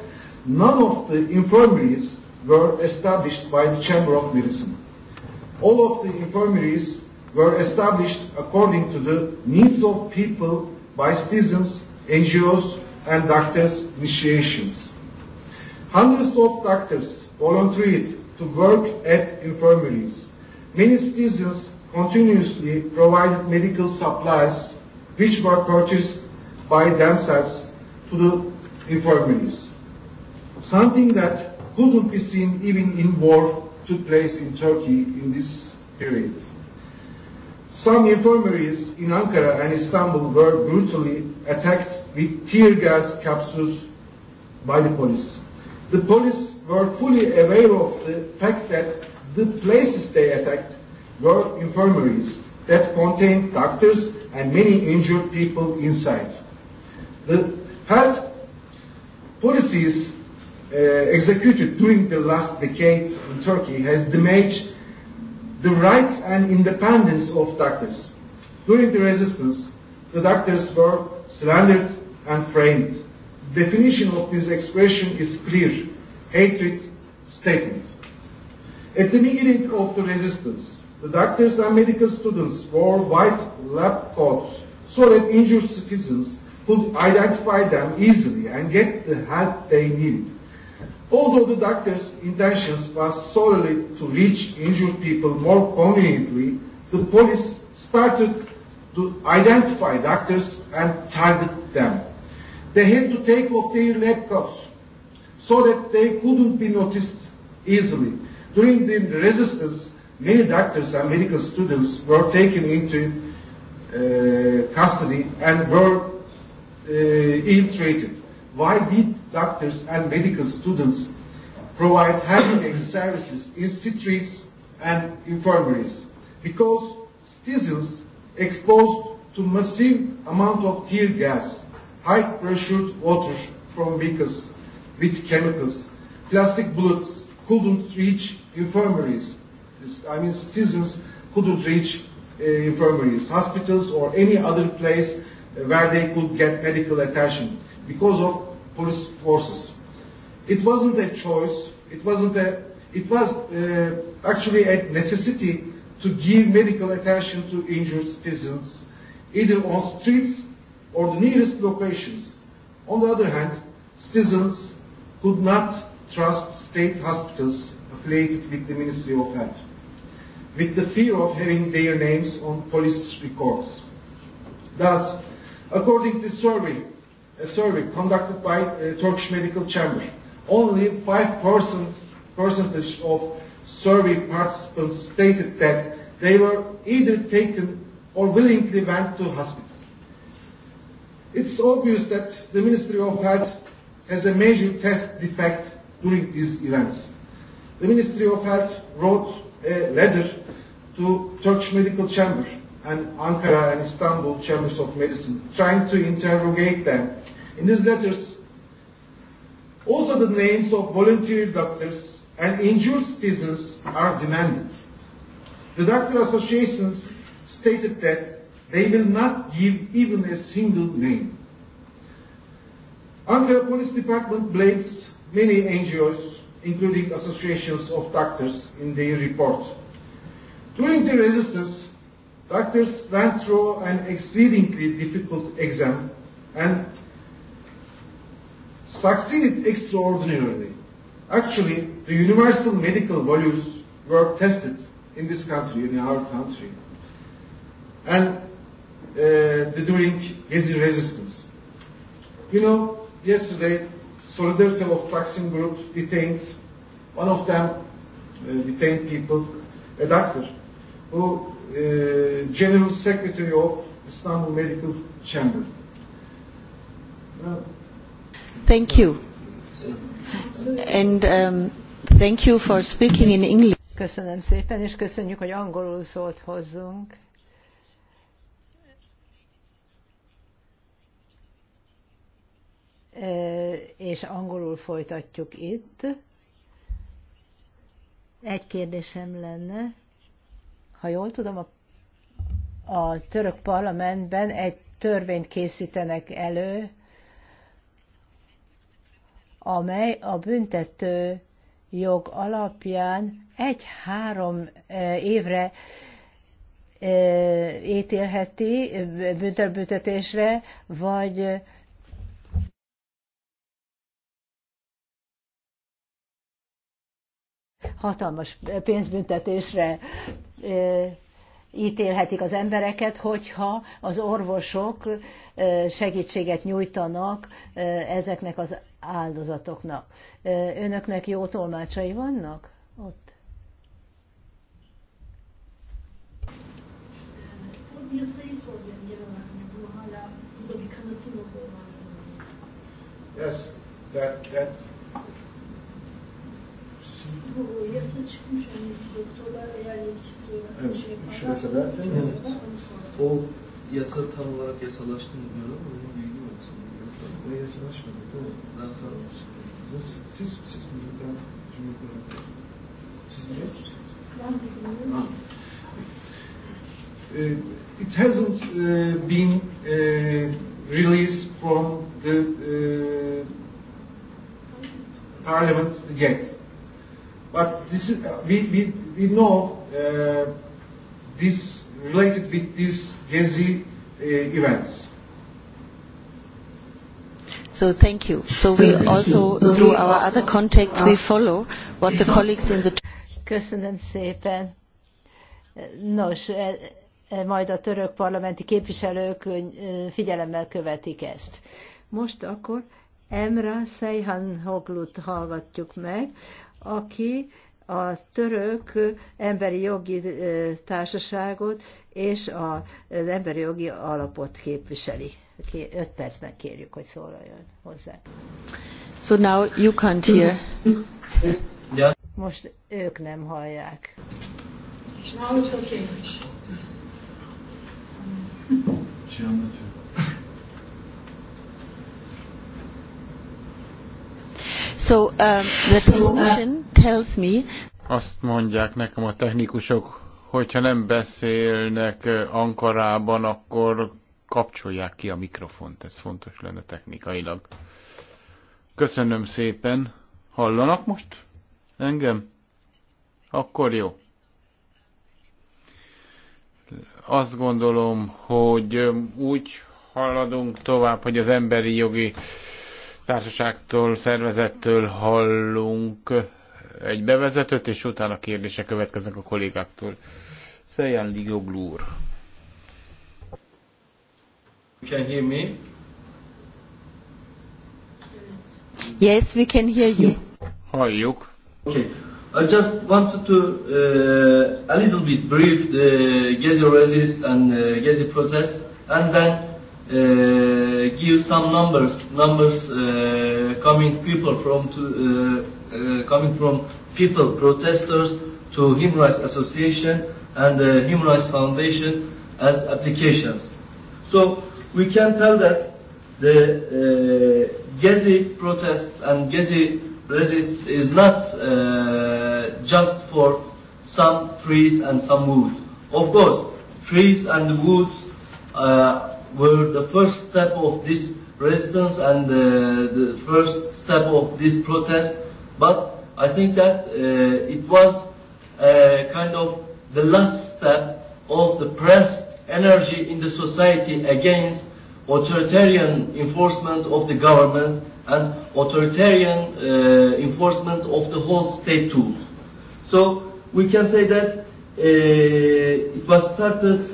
none of the infirmaries were established by the Chamber of Medicine. All of the infirmaries were established according to the needs of people by citizens, NGOs, and doctors' initiations. Hundreds of doctors volunteered to work at infirmaries. Many citizens continuously provided medical supplies which were purchased by themselves to the infirmaries. Something that couldn't be seen even in war took place in Turkey in this period. Some infirmaries in Ankara and Istanbul were brutally attacked with tear gas capsules by the police. The police were fully aware of the fact that the places they attacked were infirmaries that contained doctors and many injured people inside. The health policies uh, executed during the last decade in Turkey has damaged the rights and independence of doctors. During the resistance, the doctors were slandered and framed. The definition of this expression is clear hatred statement. At the beginning of the resistance, The doctors and medical students wore white lab coats so that injured citizens could identify them easily and get the help they need. Although the doctor's intentions was solely to reach injured people more conveniently, the police started to identify doctors and target them. They had to take off their lab coats so that they couldn't be noticed easily. During the resistance, many doctors and medical students were taken into uh, custody and were uh, ill-treated. Why did doctors and medical students provide healthcare services in streets and infirmaries? Because citizens exposed to massive amount of tear gas, high pressured water from vehicles with chemicals, plastic bullets couldn't reach infirmaries I mean citizens couldn't reach uh, infirmaries, hospitals, or any other place where they could get medical attention because of police forces. It wasn't a choice. It wasn't a. It was uh, actually a necessity to give medical attention to injured citizens, either on streets or the nearest locations. On the other hand, citizens could not trust state hospitals conflated with the Ministry of Health, with the fear of having their names on police records. Thus, according to survey, a survey conducted by uh, Turkish Medical Chamber, only 5% percentage of survey participants stated that they were either taken or willingly went to hospital. It's obvious that the Ministry of Health has a major test defect during these events the Ministry of Health wrote a letter to Turkish Medical Chamber and Ankara and Istanbul Chambers of Medicine, trying to interrogate them. In these letters, also the names of volunteer doctors and injured citizens are demanded. The doctor associations stated that they will not give even a single name. Ankara Police Department blames many NGOs including associations of doctors, in their report. During the resistance, doctors went through an exceedingly difficult exam and succeeded extraordinarily. Actually, the universal medical values were tested in this country, in our country, and uh, during Gezi resistance. You know, yesterday Solidarity of Taksim group detained, one of them uh, detained people, a doctor, who uh, General Secretary of Istanbul Medical Chamber. Uh, Thank you. And um, thank you for speaking in English. Köszönöm szépen, és köszönjük, hogy angolul szólt hozzunk. és angolul folytatjuk itt. Egy kérdésem lenne, ha jól tudom, a, a török parlamentben egy törvényt készítenek elő, amely a büntető jog alapján egy-három évre ítélheti büntetésre, vagy hatalmas pénzbüntetésre ítélhetik az embereket, hogyha az orvosok segítséget nyújtanak ezeknek az áldozatoknak. Önöknek jó tolmácsai vannak ott? Yes, that, that Evet. kadar değil mi? Evet. O yasa tam olarak yasalaştı mı diyorlar ama onun bilgi yok. Ne yasalaşmadı değil mi? Ben tanımış. Siz, siz, siz bilin ben cümle kurarım. Siz biliyor Uh, it hasn't uh, been uh, released from the uh, parliament yet. But this is, uh, we, we, we know uh, this related with these Gezi uh, events. So thank you. So we also, so through we our other contacts, we follow what the colleagues in the... Köszönöm szépen. Nos, e, e, majd a török parlamenti képviselők figyelemmel követik ezt. Most akkor Emra Seyhan Hoglut hallgatjuk meg, aki a török emberi jogi társaságot és az emberi jogi alapot képviseli. Öt percben kérjük, hogy szóljon hozzá. So now you can't hear. Most ők nem hallják. Now it's okay. So um, the uh, technician tells me. Azt mondják nekem a technikusok, hogyha nem beszélnek Ankarában, akkor kapcsolják ki a mikrofont. Ez fontos lenne technikailag. Köszönöm szépen. Hallanak most engem? Akkor jó. Azt gondolom, hogy úgy haladunk tovább, hogy az emberi jogi társaságtól, szervezettől hallunk egy bevezetőt, és utána kérdések következnek a kollégáktól. Szejan Ligoglu úr. Can hear me? Yes, we can hear you. Halljuk. Okay. I just wanted to uh, a little bit brief the uh, Gezi resist and uh, Gezi protest and then uh, give some numbers, numbers uh, coming people from to, uh, uh, coming from people protesters to Human Rights Association and the Human Rights Foundation as applications. So we can tell that the uh, Gezi protests and Gezi resists is not uh, just for some trees and some woods. Of course, trees and woods uh, were the first step of this resistance and uh, the first step of this protest. But I think that uh, it was a uh, kind of the last step of the pressed energy in the society against authoritarian enforcement of the government and authoritarian uh, enforcement of the whole state tools. So we can say that uh, it was started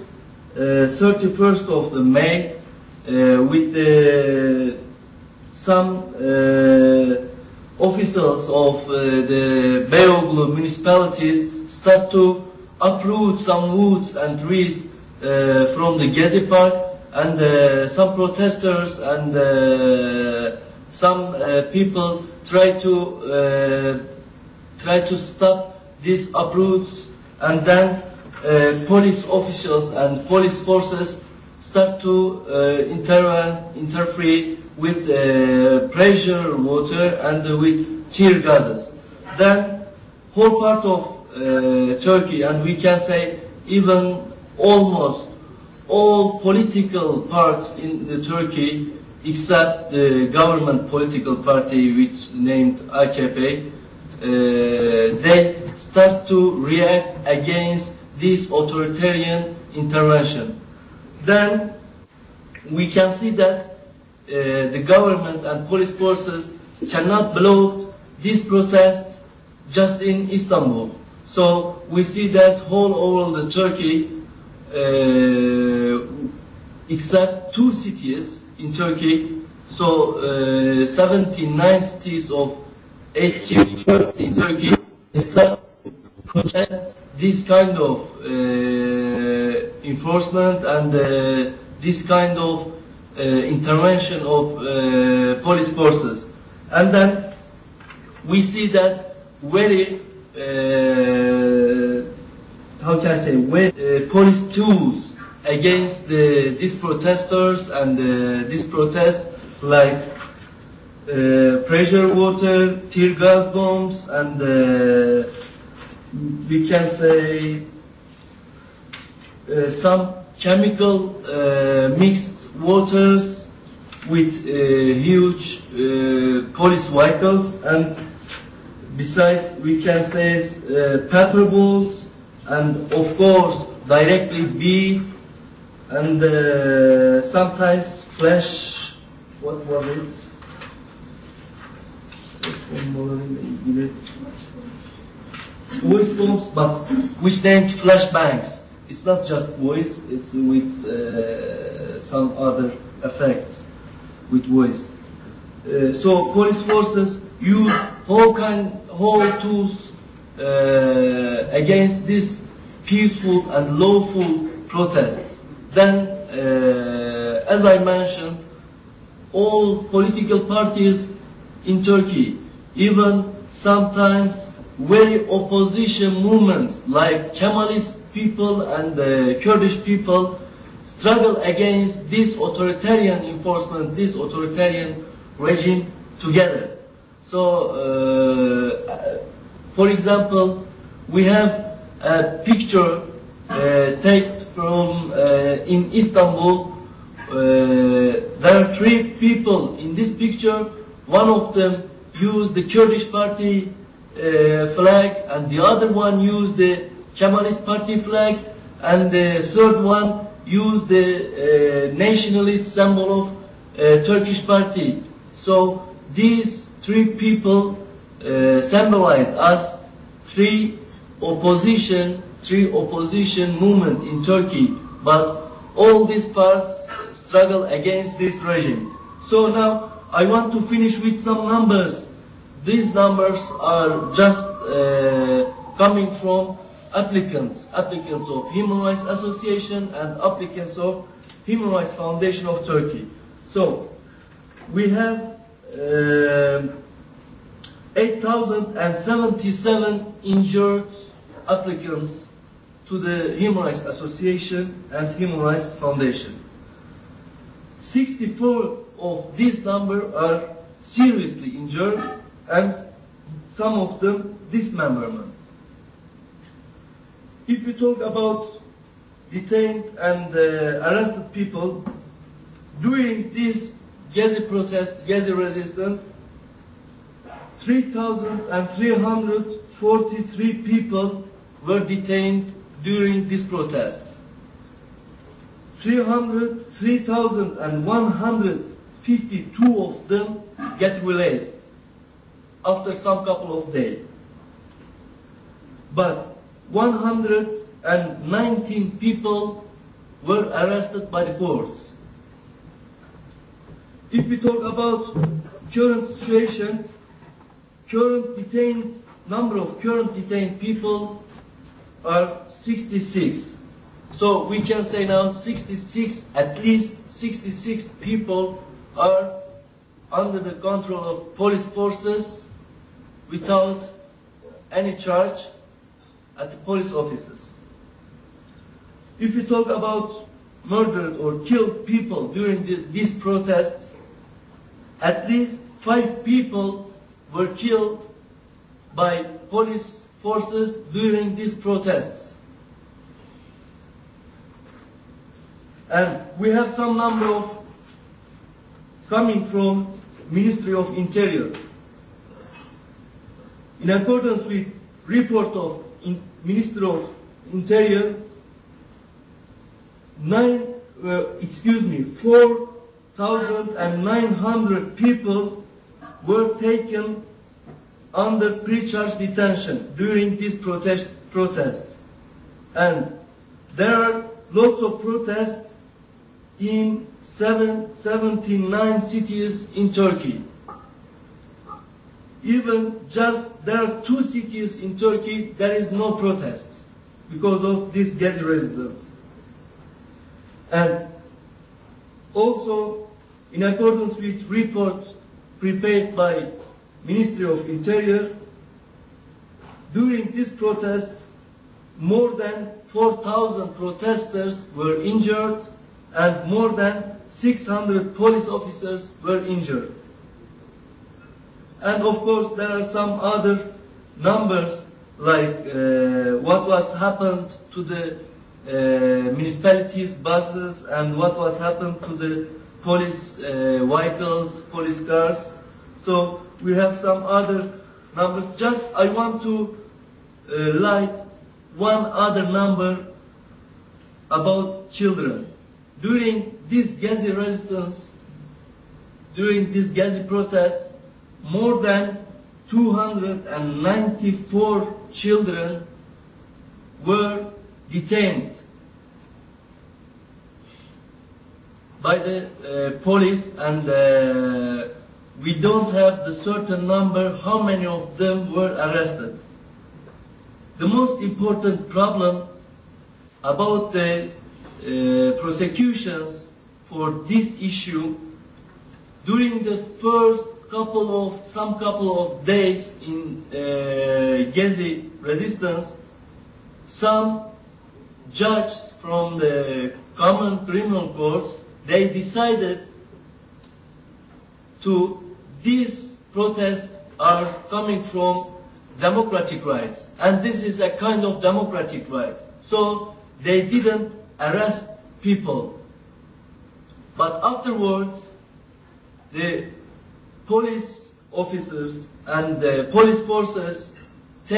31st of May with some officials of the uh, uh, uh, Beyoğlu municipalities start to uproot some woods and trees from the Gezi Park and uh, some protesters and uh, some uh, people try to uh, try to stop these uproots and then Uh, police officials and police forces start to uh, inter interfere with uh, pressure water and uh, with tear gases. Then whole part of uh, Turkey and we can say even almost all political parts in the Turkey except the government political party which named AKP uh, they start to react against this authoritarian intervention. Then we can see that uh, the government and police forces cannot block these protests just in Istanbul. So we see that all over the Turkey, uh, except two cities in Turkey, so uh, 79 cities of 80 in Turkey, protest this kind of uh, enforcement and uh, this kind of uh, intervention of uh, police forces. And then we see that very, uh, how can I say, very uh, police tools against the, these protesters and uh, this protest, like uh, pressure water, tear gas bombs, and uh, we can say uh, some chemical uh, mixed waters with uh, huge uh, police vehicles and besides we can say uh, pepper balls and of course directly beat and uh, sometimes flash what was it? windstorms, but which named flashbangs. It's not just voice, it's with uh, some other effects with voice. Uh, so police forces use whole, kind, whole tools uh, against this peaceful and lawful protests. Then, uh, as I mentioned, all political parties in Turkey, even sometimes very opposition movements like Kemalist people and the uh, Kurdish people struggle against this authoritarian enforcement, this authoritarian regime together. So, uh, for example, we have a picture uh, taken from uh, in Istanbul. Uh, there are three people in this picture. One of them used the Kurdish party Uh, flag, and the other one used the Chamanist Party flag, and the third one used the uh, nationalist symbol of uh, Turkish party. So these three people uh, symbolize us three opposition, three opposition movement in Turkey, but all these parts struggle against this regime. So now I want to finish with some numbers These numbers are just uh, coming from applicants, applicants of Human Rights Association and applicants of Human Rights Foundation of Turkey. So, we have uh, 8,077 injured applicants to the Human Rights Association and Human Rights Foundation. 64 of this number are seriously injured and some of them dismemberment. If we talk about detained and uh, arrested people, during this Gezi protest, Gezi resistance, 3,343 people were detained during this protest. 3,152 of them get released after some couple of days. But 119 people were arrested by the courts. If we talk about current situation, current detained number of current detained people are 66. So we can say now 66, at least 66 people are under the control of police forces without any charge at the police offices. If we talk about murdered or killed people during the, these protests, at least five people were killed by police forces during these protests. And we have some number of coming from Ministry of Interior in accordance with report of in Minister of Interior, nine, uh, excuse me, 4,900 people were taken under pre-charge detention during these protest, protests. And there are lots of protests in seven, 79 cities in Turkey even just there are two cities in Turkey, there is no protests because of these gas residents. And also, in accordance with report prepared by Ministry of Interior, during this protest, more than 4,000 protesters were injured and more than 600 police officers were injured. And of course, there are some other numbers like uh, what was happened to the uh, municipalities, buses, and what was happened to the police uh, vehicles, police cars. So we have some other numbers. Just I want to uh, light one other number about children. During this Gazi resistance, during this Gazi protests, more than 294 children were detained by the uh, police and uh, we don't have the certain number how many of them were arrested. The most important problem about the uh, prosecutions for this issue during the first couple of some couple of days in uh, Gezi resistance, some judges from the common criminal courts they decided to these protests are coming from democratic rights and this is a kind of democratic right so they didn't arrest people but afterwards the police officers and the police forces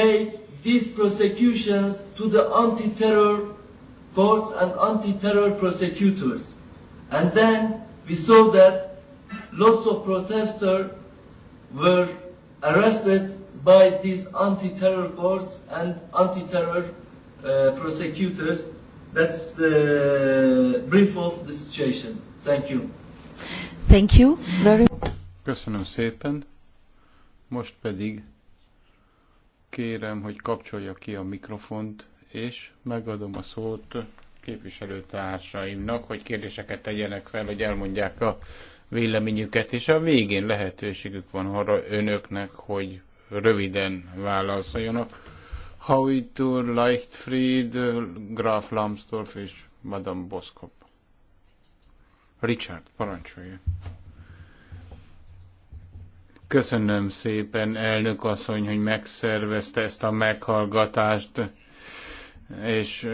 take these prosecutions to the anti-terror courts and anti-terror prosecutors. And then we saw that lots of protesters were arrested by these anti-terror courts and anti-terror uh, prosecutors. That's the brief of the situation. Thank you. Thank you very much. Köszönöm szépen. Most pedig kérem, hogy kapcsolja ki a mikrofont, és megadom a szót képviselőtársaimnak, hogy kérdéseket tegyenek fel, hogy elmondják a véleményüket, és a végén lehetőségük van arra önöknek, hogy röviden válaszoljanak. Hauitur, Leichtfried, Graf Lambsdorff és Madame Boskop. Richard, parancsolja. Köszönöm szépen, elnök asszony, hogy megszervezte ezt a meghallgatást, és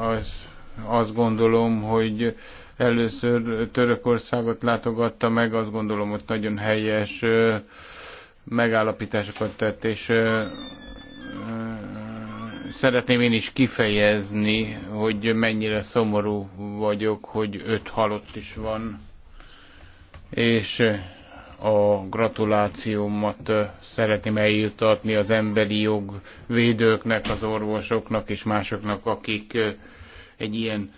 az, azt gondolom, hogy először Törökországot látogatta meg, azt gondolom, hogy nagyon helyes megállapításokat tett, és szeretném én is kifejezni, hogy mennyire szomorú vagyok, hogy öt halott is van és a gratulációmat szeretném eljutatni az emberi jog védőknek, az orvosoknak és másoknak, akik egy ilyen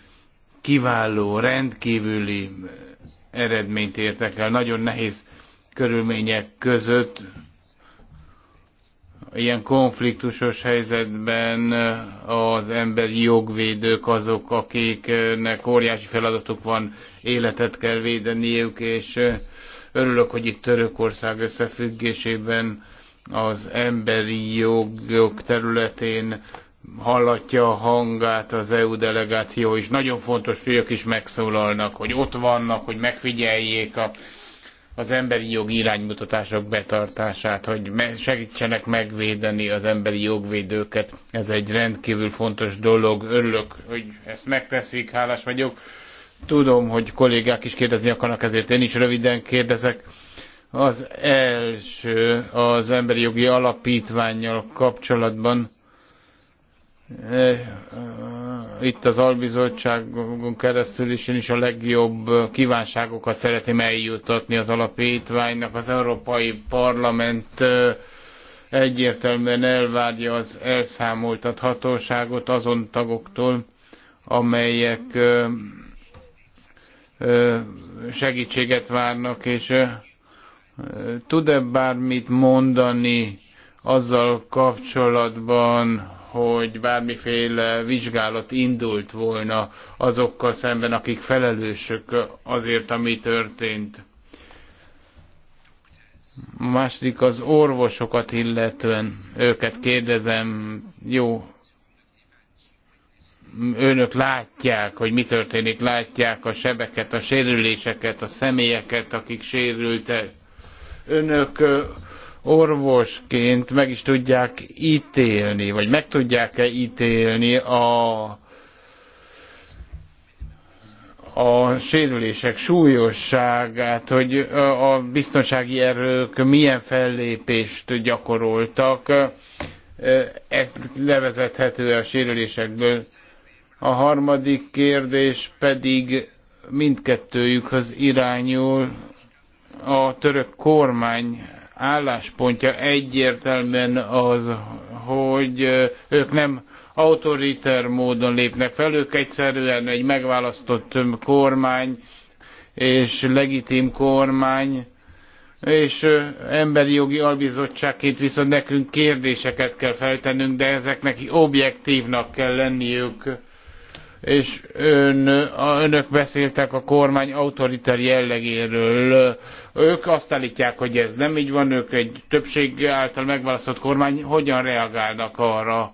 kiváló, rendkívüli eredményt értek el. Nagyon nehéz körülmények között ilyen konfliktusos helyzetben az emberi jogvédők azok, akiknek óriási feladatuk van, életet kell védeniük, és örülök, hogy itt Törökország összefüggésében az emberi jogok területén hallatja a hangát az EU delegáció, és nagyon fontos, hogy ők is megszólalnak, hogy ott vannak, hogy megfigyeljék a az emberi jogi iránymutatások betartását, hogy segítsenek megvédeni az emberi jogvédőket. Ez egy rendkívül fontos dolog. Örülök, hogy ezt megteszik, hálás vagyok. Tudom, hogy kollégák is kérdezni akarnak, ezért én is röviden kérdezek. Az első az emberi jogi alapítványjal kapcsolatban Eh, itt az albizottságon keresztül is én is a legjobb kívánságokat szeretném eljutatni az alapítványnak. Az Európai Parlament eh, egyértelműen elvárja az elszámoltathatóságot azon tagoktól, amelyek eh, segítséget várnak, és tud-e bármit mondani azzal kapcsolatban, hogy bármiféle vizsgálat indult volna azokkal szemben, akik felelősök azért, ami történt. A második az orvosokat illetően őket kérdezem, jó, önök látják, hogy mi történik, látják a sebeket, a sérüléseket, a személyeket, akik sérültek. Önök orvosként meg is tudják ítélni, vagy meg tudják-e ítélni a, a sérülések súlyosságát, hogy a biztonsági erők milyen fellépést gyakoroltak, ez levezethető a sérülésekből. A harmadik kérdés pedig mindkettőjükhöz irányul a török kormány álláspontja egyértelműen az, hogy ők nem autoriter módon lépnek fel, ők egyszerűen egy megválasztott kormány és legitim kormány, és emberi jogi albizottságként viszont nekünk kérdéseket kell feltennünk, de ezeknek objektívnak kell lenniük és ön, a, önök beszéltek a kormány autoriter jellegéről. Ők azt állítják, hogy ez nem így van, ők egy többség által megválasztott kormány. Hogyan reagálnak arra?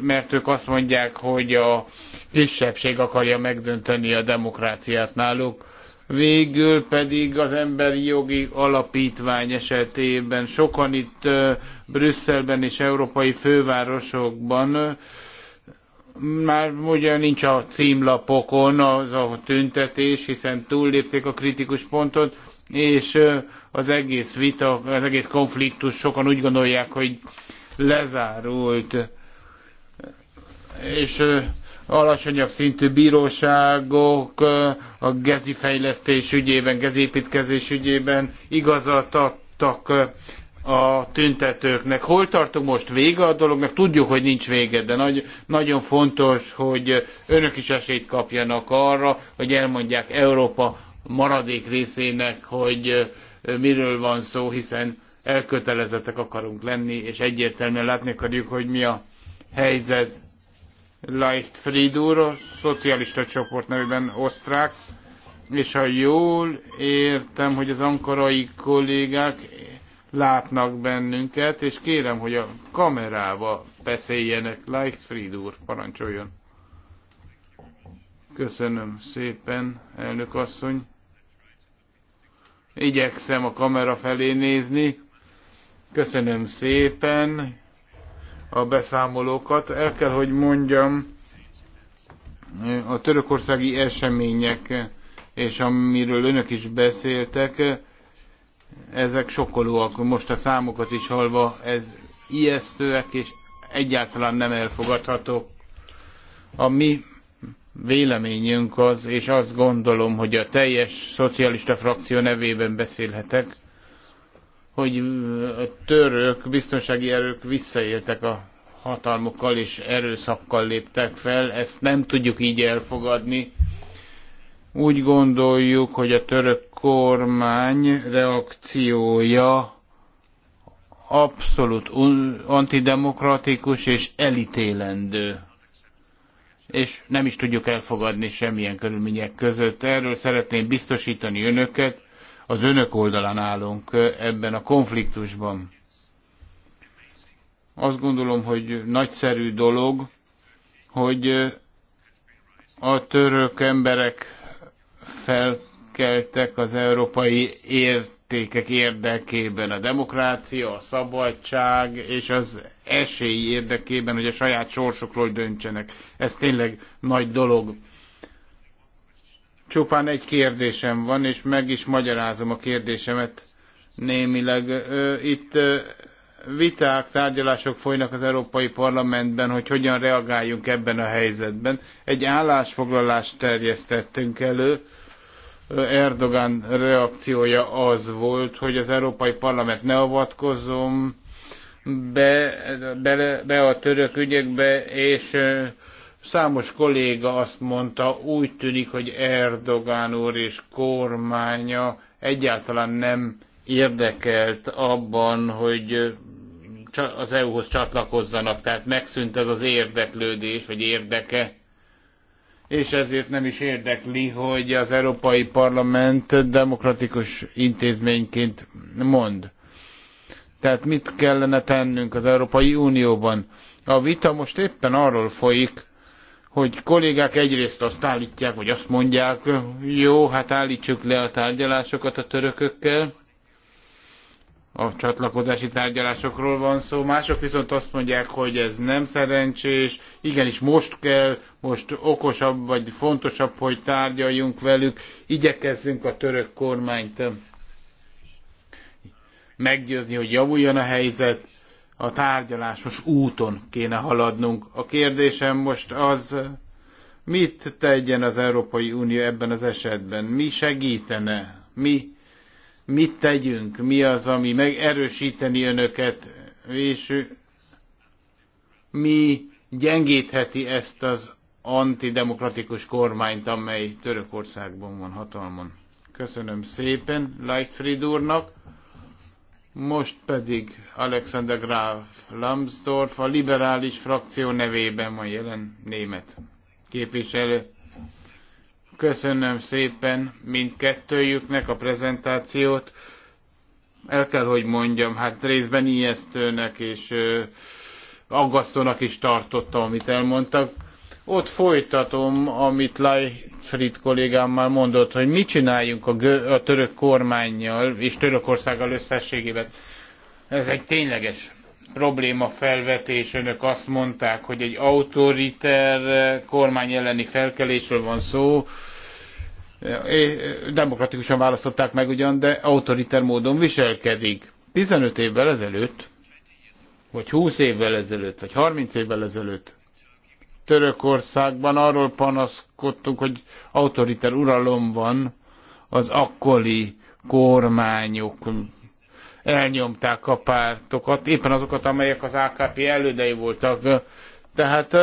Mert ők azt mondják, hogy a kisebbség akarja megdönteni a demokráciát náluk. Végül pedig az emberi jogi alapítvány esetében sokan itt Brüsszelben és európai fővárosokban már ugye nincs a címlapokon az a tüntetés, hiszen túllépték a kritikus pontot, és az egész vita, az egész konfliktus sokan úgy gondolják, hogy lezárult. És alacsonyabb szintű bíróságok a gezi fejlesztés ügyében, gezépítkezés ügyében igazat adtak a tüntetőknek. Hol tartunk most? Vége a dolognak? Tudjuk, hogy nincs vége, de nagy, nagyon fontos, hogy önök is esélyt kapjanak arra, hogy elmondják Európa maradék részének, hogy miről van szó, hiszen elkötelezettek akarunk lenni, és egyértelműen látni akarjuk, hogy mi a helyzet. Leicht Fridur, a szocialista csoport nevében osztrák, és ha jól értem, hogy az ankarai kollégák látnak bennünket, és kérem, hogy a kamerába beszéljenek. Leichtfried úr, parancsoljon. Köszönöm szépen, elnök asszony. Igyekszem a kamera felé nézni. Köszönöm szépen a beszámolókat. El kell, hogy mondjam, a törökországi események, és amiről önök is beszéltek, ezek sokkolóak, most a számokat is hallva, ez ijesztőek, és egyáltalán nem elfogadható. A mi véleményünk az, és azt gondolom, hogy a teljes szocialista frakció nevében beszélhetek, hogy a török biztonsági erők visszaéltek a hatalmukkal és erőszakkal léptek fel, ezt nem tudjuk így elfogadni, úgy gondoljuk, hogy a török kormány reakciója abszolút antidemokratikus és elítélendő. És nem is tudjuk elfogadni semmilyen körülmények között. Erről szeretném biztosítani önöket, az önök oldalán állunk ebben a konfliktusban. Azt gondolom, hogy nagyszerű dolog, hogy a török emberek felkeltek az európai értékek érdekében, a demokrácia, a szabadság és az esély érdekében, hogy a saját sorsokról döntsenek. Ez tényleg nagy dolog. Csupán egy kérdésem van, és meg is magyarázom a kérdésemet némileg. Itt viták, tárgyalások folynak az Európai Parlamentben, hogy hogyan reagáljunk ebben a helyzetben. Egy állásfoglalást terjesztettünk elő, Erdogan reakciója az volt, hogy az Európai Parlament ne avatkozzon be, be, be a török ügyekbe, és számos kolléga azt mondta, úgy tűnik, hogy Erdogan úr és kormánya egyáltalán nem érdekelt abban, hogy az EU-hoz csatlakozzanak, tehát megszűnt ez az érdeklődés, vagy érdeke, és ezért nem is érdekli, hogy az Európai Parlament demokratikus intézményként mond. Tehát mit kellene tennünk az Európai Unióban? A vita most éppen arról folyik, hogy kollégák egyrészt azt állítják, vagy azt mondják, jó, hát állítsuk le a tárgyalásokat a törökökkel, a csatlakozási tárgyalásokról van szó, mások viszont azt mondják, hogy ez nem szerencsés, igenis most kell, most okosabb vagy fontosabb, hogy tárgyaljunk velük, igyekezzünk a török kormányt eh, meggyőzni, hogy javuljon a helyzet, a tárgyalásos úton kéne haladnunk. A kérdésem most az, mit tegyen az Európai Unió ebben az esetben? Mi segítene? Mi mit tegyünk, mi az, ami megerősíteni önöket, és mi gyengítheti ezt az antidemokratikus kormányt, amely Törökországban van hatalmon. Köszönöm szépen Lightfried úrnak. Most pedig Alexander Graf Lambsdorff a liberális frakció nevében van jelen német képviselő. Köszönöm szépen mindkettőjüknek a prezentációt. El kell, hogy mondjam, hát részben ijesztőnek és ö, aggasztónak is tartottam, amit elmondtak. Ott folytatom, amit Leifrid kollégám mondott, hogy mit csináljunk a, gö- a török kormányjal és Törökországgal összességében. Ez egy tényleges probléma felvetés. Önök azt mondták, hogy egy autoriter kormány elleni felkelésről van szó, demokratikusan választották meg ugyan, de autoriter módon viselkedik. 15 évvel ezelőtt, vagy 20 évvel ezelőtt, vagy 30 évvel ezelőtt Törökországban arról panaszkodtunk, hogy autoriter uralom van az akkori kormányok elnyomták a pártokat, éppen azokat, amelyek az AKP elődei voltak. Tehát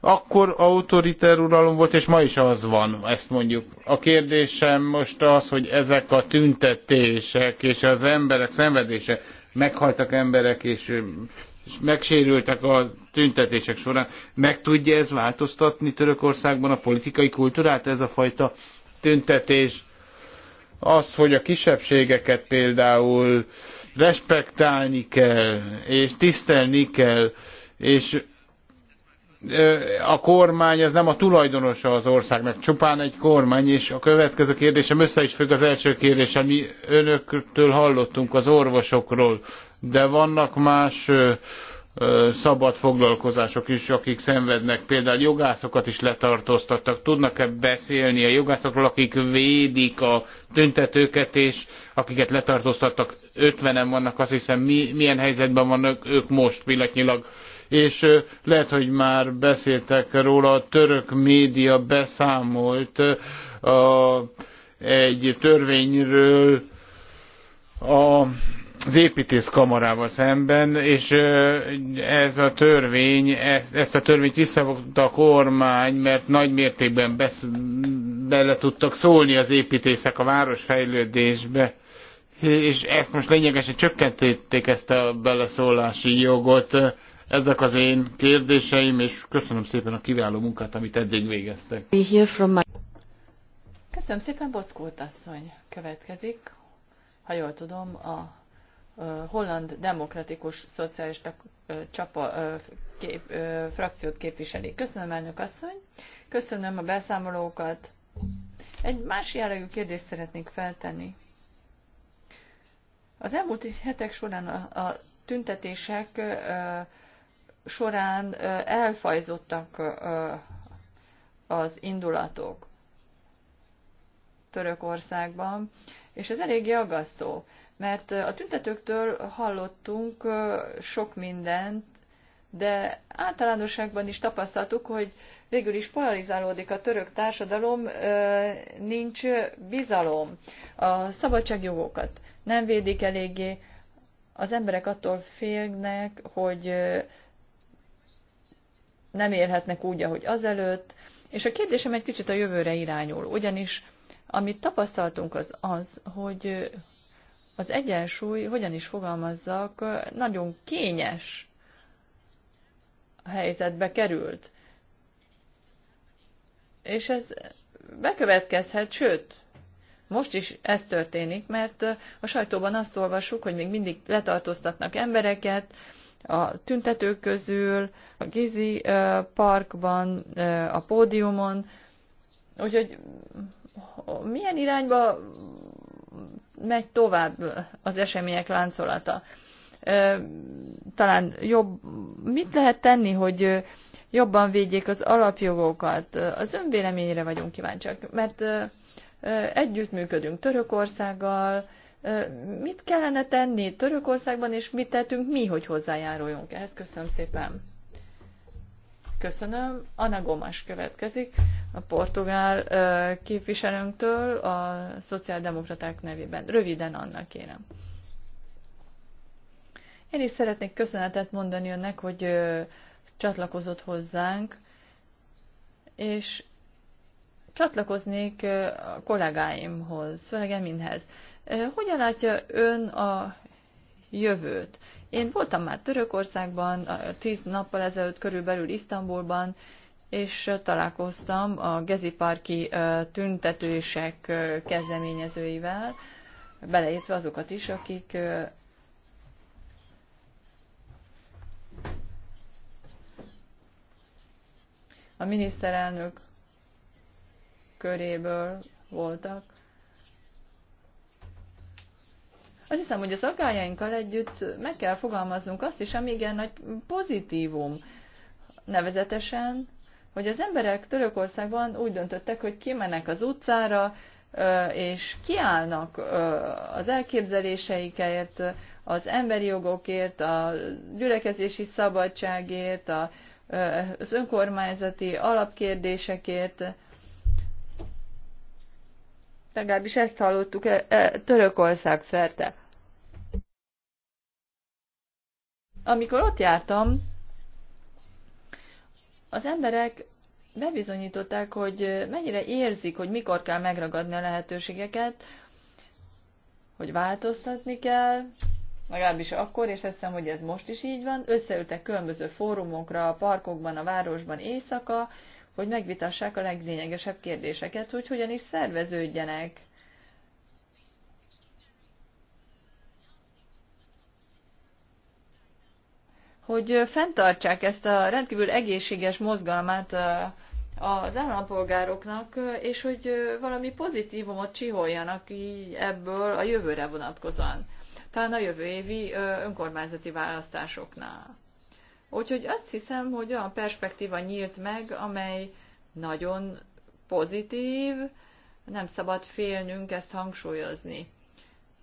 akkor autoriter uralom volt, és ma is az van, ezt mondjuk. A kérdésem most az, hogy ezek a tüntetések és az emberek szenvedése, meghaltak emberek és és megsérültek a tüntetések során. Meg tudja ez változtatni Törökországban a politikai kultúrát, ez a fajta tüntetés? Az, hogy a kisebbségeket például respektálni kell, és tisztelni kell, és a kormány az nem a tulajdonosa az országnak, csupán egy kormány, és a következő kérdésem össze is függ az első kérdés, ami önöktől hallottunk az orvosokról, de vannak más szabad foglalkozások is, akik szenvednek. Például jogászokat is letartóztattak. Tudnak-e beszélni a jogászokról, akik védik a tüntetőket, és akiket letartóztattak? Ötvenen vannak, azt hiszem, mi, milyen helyzetben vannak ők most pillanatnyilag és lehet, hogy már beszéltek róla, a török média beszámolt a, egy törvényről a az építészkamarával szemben, és ez a törvény, ezt a törvényt visszavogta a kormány, mert nagy mértékben besz, bele tudtak szólni az építészek a városfejlődésbe, és ezt most lényegesen csökkentették ezt a beleszólási jogot. Ezek az én kérdéseim, és köszönöm szépen a kiváló munkát, amit eddig végeztek. Köszönöm szépen, Bockult asszony következik. Ha jól tudom, a holland demokratikus szociális csapa, kép, frakciót képviseli. Köszönöm, elnök asszony, köszönöm a beszámolókat. Egy más jellegű kérdést szeretnék feltenni. Az elmúlt hetek során a, a tüntetések során elfajzottak az indulatok Törökországban, és ez elég aggasztó, mert a tüntetőktől hallottunk sok mindent, de általánosságban is tapasztaltuk, hogy végül is polarizálódik a török társadalom, nincs bizalom. A szabadságjogokat nem védik eléggé, az emberek attól félnek, hogy nem élhetnek úgy, ahogy azelőtt. És a kérdésem egy kicsit a jövőre irányul, ugyanis amit tapasztaltunk az az, hogy az egyensúly, hogyan is fogalmazzak, nagyon kényes helyzetbe került. És ez bekövetkezhet, sőt, most is ez történik, mert a sajtóban azt olvassuk, hogy még mindig letartóztatnak embereket, a tüntetők közül, a Gizi parkban, a pódiumon. Úgyhogy milyen irányba megy tovább az események láncolata? Talán jobb, mit lehet tenni, hogy jobban védjék az alapjogokat? Az önvéleményre vagyunk kíváncsiak, mert együttműködünk Törökországgal, Mit kellene tenni Törökországban, és mit tettünk mi, hogy hozzájáruljunk ehhez? Köszönöm szépen. Köszönöm. Anna Gomas következik a portugál képviselőnktől, a szociáldemokraták nevében. Röviden annak kérem. Én is szeretnék köszönetet mondani önnek, hogy csatlakozott hozzánk, és csatlakoznék a kollégáimhoz, főleg Eminhez. Hogyan látja ön a jövőt? Én voltam már Törökországban, tíz nappal ezelőtt körülbelül Isztambulban, és találkoztam a Geziparki tüntetősek kezdeményezőivel, beleértve azokat is, akik a miniszterelnök köréből voltak. Azt hiszem, hogy az aggájainkkal együtt meg kell fogalmaznunk azt is, ami igen nagy pozitívum. Nevezetesen, hogy az emberek Törökországban úgy döntöttek, hogy kimennek az utcára, és kiállnak az elképzeléseikért, az emberi jogokért, a gyülekezési szabadságért, az önkormányzati alapkérdésekért, Legalábbis ezt hallottuk e, e, Törökország szerte. Amikor ott jártam, az emberek bebizonyították, hogy mennyire érzik, hogy mikor kell megragadni a lehetőségeket, hogy változtatni kell, legalábbis akkor, és azt hiszem, hogy ez most is így van. Összeültek különböző fórumokra, a parkokban, a városban éjszaka, hogy megvitassák a leglényegesebb kérdéseket, hogy hogyan is szerveződjenek. Hogy fenntartsák ezt a rendkívül egészséges mozgalmát az állampolgároknak, és hogy valami pozitívumot csiholjanak így ebből a jövőre vonatkozóan. Talán a jövő évi önkormányzati választásoknál. Úgyhogy azt hiszem, hogy olyan perspektíva nyílt meg, amely nagyon pozitív, nem szabad félnünk ezt hangsúlyozni.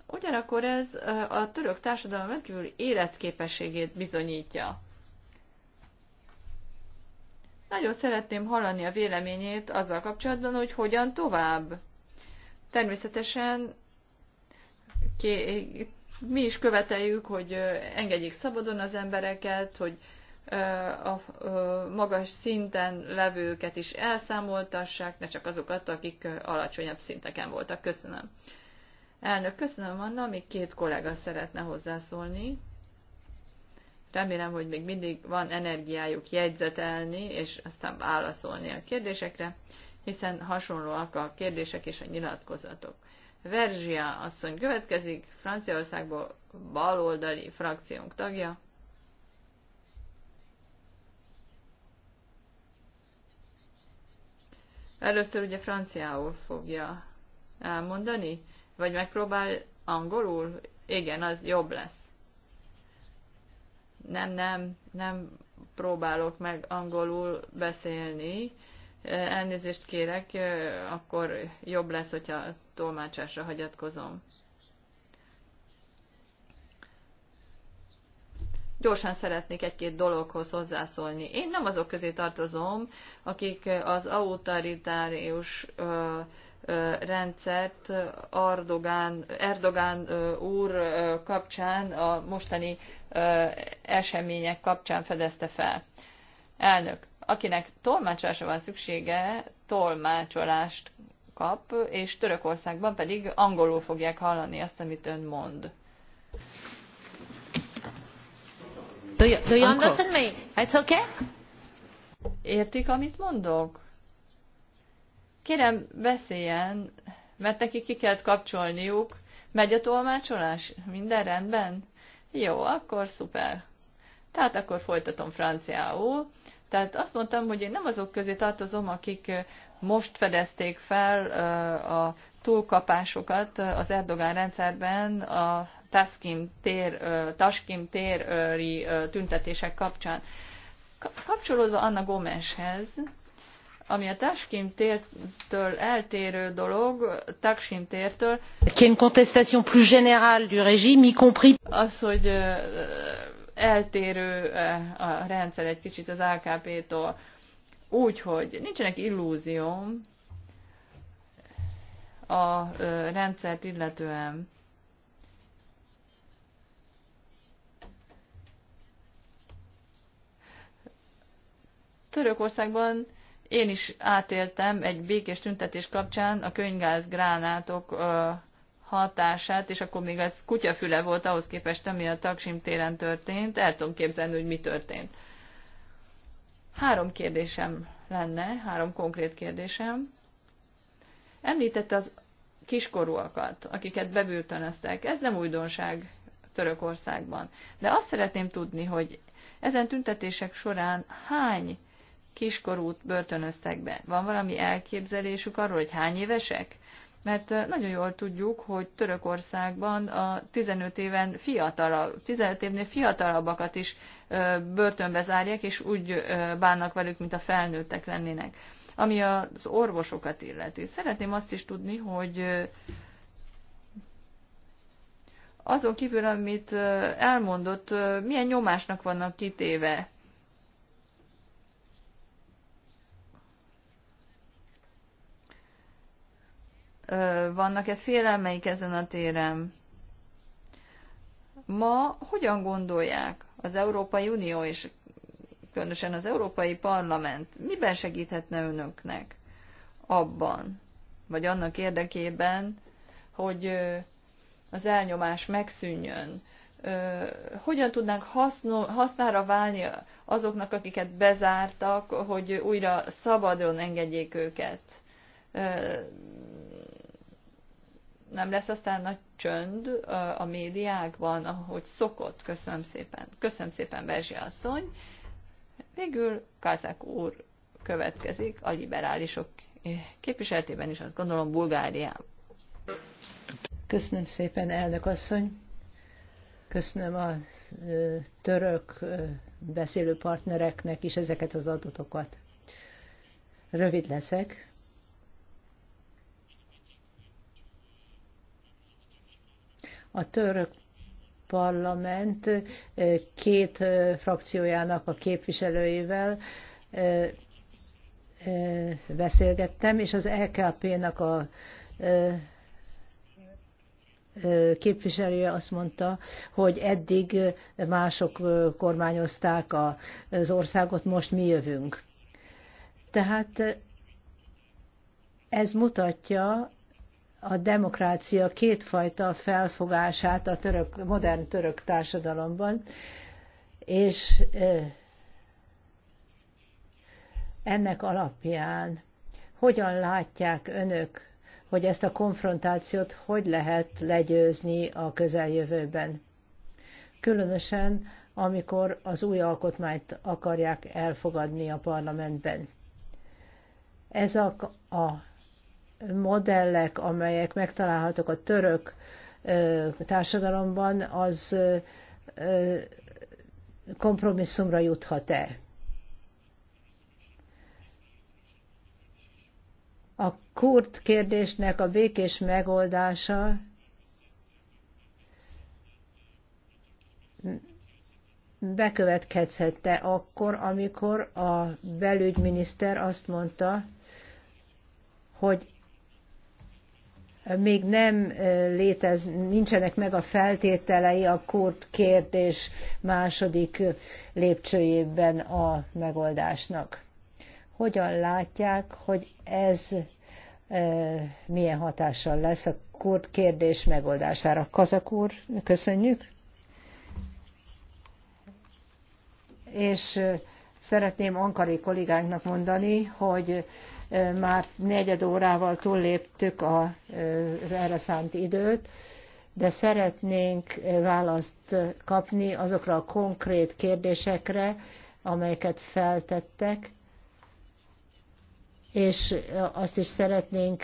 Ugyanakkor ez a török társadalom rendkívül életképességét bizonyítja. Nagyon szeretném hallani a véleményét azzal kapcsolatban, hogy hogyan tovább. Természetesen mi is követeljük, hogy engedjék szabadon az embereket, hogy a magas szinten levőket is elszámoltassák, ne csak azokat, akik alacsonyabb szinteken voltak. Köszönöm. Elnök, köszönöm, Anna, még két kollega szeretne hozzászólni. Remélem, hogy még mindig van energiájuk jegyzetelni, és aztán válaszolni a kérdésekre, hiszen hasonlóak a kérdések és a nyilatkozatok. Verzsia asszony következik, Franciaországból baloldali frakciónk tagja. Először ugye franciául fogja elmondani, vagy megpróbál angolul? Igen, az jobb lesz. Nem, nem, nem próbálok meg angolul beszélni. Elnézést kérek, akkor jobb lesz, hogyha tolmácsásra hagyatkozom. Gyorsan szeretnék egy-két dologhoz hozzászólni. Én nem azok közé tartozom, akik az autoritárius rendszert Ardogán, Erdogán úr kapcsán, a mostani események kapcsán fedezte fel. Elnök, akinek tolmácsolásra van szüksége, tolmácsolást kap, és Törökországban pedig angolul fogják hallani azt, amit ön mond. Do you, do you Uncle. understand me? It's okay? Értik, amit mondok? Kérem, beszéljen, mert neki ki kell kapcsolniuk. Megy a tolmácsolás? Minden rendben? Jó, akkor szuper. Tehát akkor folytatom franciául. Tehát azt mondtam, hogy én nem azok közé tartozom, akik most fedezték fel a túlkapásokat az Erdogán rendszerben a Taskim tér, Taskim téri tüntetések kapcsán. Kapcsolódva Anna Gomeshez, ami a Taskim tértől eltérő dolog, Taksim tértől, qu'il a une contestation plus générale du régime, y compris az, hogy eltérő a rendszer egy kicsit az AKP-tól. Úgyhogy nincsenek illúzióm a rendszert illetően. Törökországban én is átéltem egy békés tüntetés kapcsán a könygáz gránátok hatását, és akkor még ez kutyafüle volt ahhoz képest, ami a Taksim téren történt. El tudom képzelni, hogy mi történt. Három kérdésem lenne, három konkrét kérdésem. Említette az kiskorúakat, akiket bebültöneztek. Ez nem újdonság Törökországban. De azt szeretném tudni, hogy ezen tüntetések során hány kiskorút börtönöztek be. Van valami elképzelésük arról, hogy hány évesek? Mert nagyon jól tudjuk, hogy Törökországban a 15 éven fiatalabb, 15 évnél fiatalabbakat is börtönbe zárják, és úgy bánnak velük, mint a felnőttek lennének. Ami az orvosokat illeti. Szeretném azt is tudni, hogy azon kívül, amit elmondott, milyen nyomásnak vannak kitéve vannak-e félelmeik ezen a téren? Ma hogyan gondolják az Európai Unió és különösen az Európai Parlament miben segíthetne önöknek abban, vagy annak érdekében, hogy az elnyomás megszűnjön, hogyan tudnánk haszno, hasznára válni azoknak, akiket bezártak, hogy újra szabadon engedjék őket nem lesz aztán nagy csönd a médiákban, ahogy szokott. Köszönöm szépen. Köszönöm szépen, Berzsi asszony. Végül Kazák úr következik a liberálisok képviseletében is, azt gondolom Bulgáriában. Köszönöm szépen, elnök asszony. Köszönöm a török beszélő partnereknek is ezeket az adatokat. Rövid leszek, A török parlament eh, két eh, frakciójának a képviselőivel eh, beszélgettem, és az LKP-nak a képviselője azt mondta, hogy eddig mások kormányozták az országot, most mi jövünk. Tehát ez mutatja a demokrácia kétfajta felfogását a török, modern török társadalomban, és ennek alapján hogyan látják önök, hogy ezt a konfrontációt hogy lehet legyőzni a közeljövőben? Különösen, amikor az új alkotmányt akarják elfogadni a parlamentben. Ez a, a modellek, amelyek megtalálhatók a török társadalomban, az kompromisszumra juthat-e? A kurt kérdésnek a békés megoldása bekövetkezhette akkor, amikor a belügyminiszter azt mondta, hogy még nem létez, nincsenek meg a feltételei a kurt kérdés második lépcsőjében a megoldásnak. Hogyan látják, hogy ez milyen hatással lesz a kurd kérdés megoldására? Kazak úr, köszönjük! És szeretném Ankari kollégánknak mondani, hogy már negyed órával túlléptük az erre szánt időt, de szeretnénk választ kapni azokra a konkrét kérdésekre, amelyeket feltettek, és azt is szeretnénk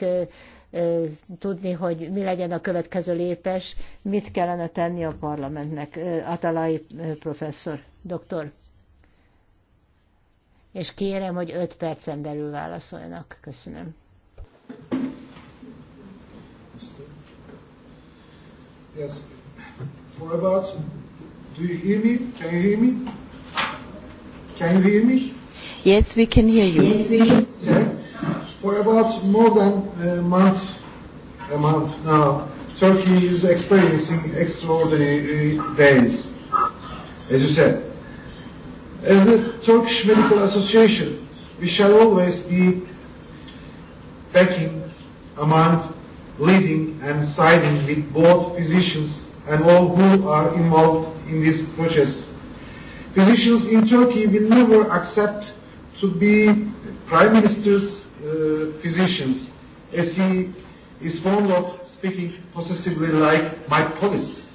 tudni, hogy mi legyen a következő lépés, mit kellene tenni a parlamentnek. Atalai professzor, doktor és kérem, hogy 5 percen belül válaszoljanak. Köszönöm. Yes. For about, do you hear me? Can you hear me? Can you hear me? Yes, we can hear you. Yes, we can. Yeah. For about more than a month, a month now, Turkey is experiencing extraordinary days, as you said. As the Turkish Medical Association, we shall always be backing among leading and siding with both physicians and all who are involved in this process. Physicians in Turkey will never accept to be Prime Minister's uh, physicians, as he is fond of speaking possessively like my police.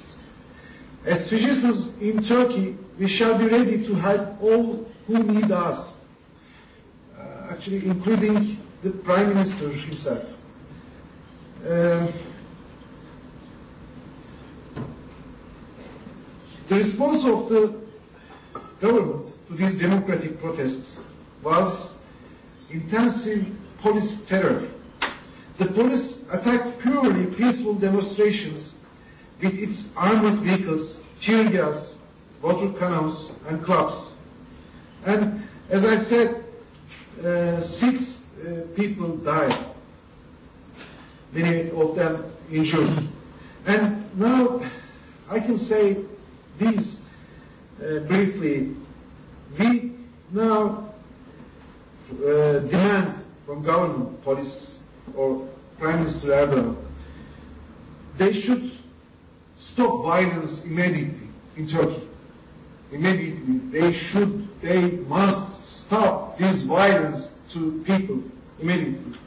As physicians in Turkey, We shall be ready to help all who need us, uh, actually including the Prime Minister himself. Uh, the response of the government to these democratic protests was intensive police terror. The police attacked purely peaceful demonstrations with its armored vehicles, tear gas, water canals and clubs. And as I said, uh, six uh, people died, many of them injured. And now I can say this uh, briefly. We now uh, demand from government, police, or Prime Minister Erdogan, they should stop violence immediately in Turkey immediately. They should, they must stop this violence to people immediately.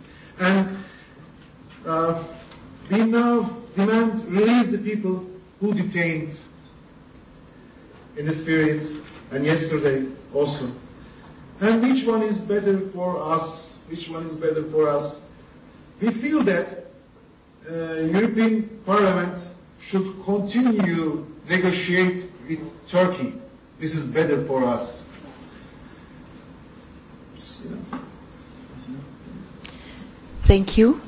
And uh, we now demand release the people who detained in the spirit and yesterday also. And which one is better for us? Which one is better for us? We feel that uh, European Parliament should continue negotiate with Turkey This is better for us. Thank you.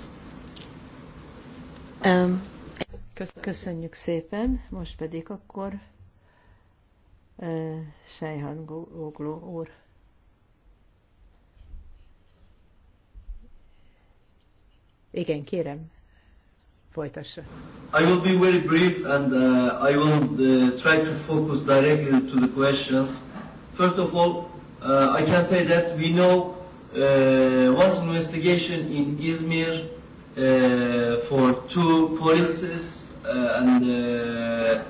Um, Köszönjük szépen, most pedig akkor uh, Sejhan Gógló úr. Igen, kérem folytassa. I will be very brief and uh, I will uh, try to focus directly to the questions. First of all, uh, I can say that we know uh, one investigation in Izmir uh, for two policies uh, and uh,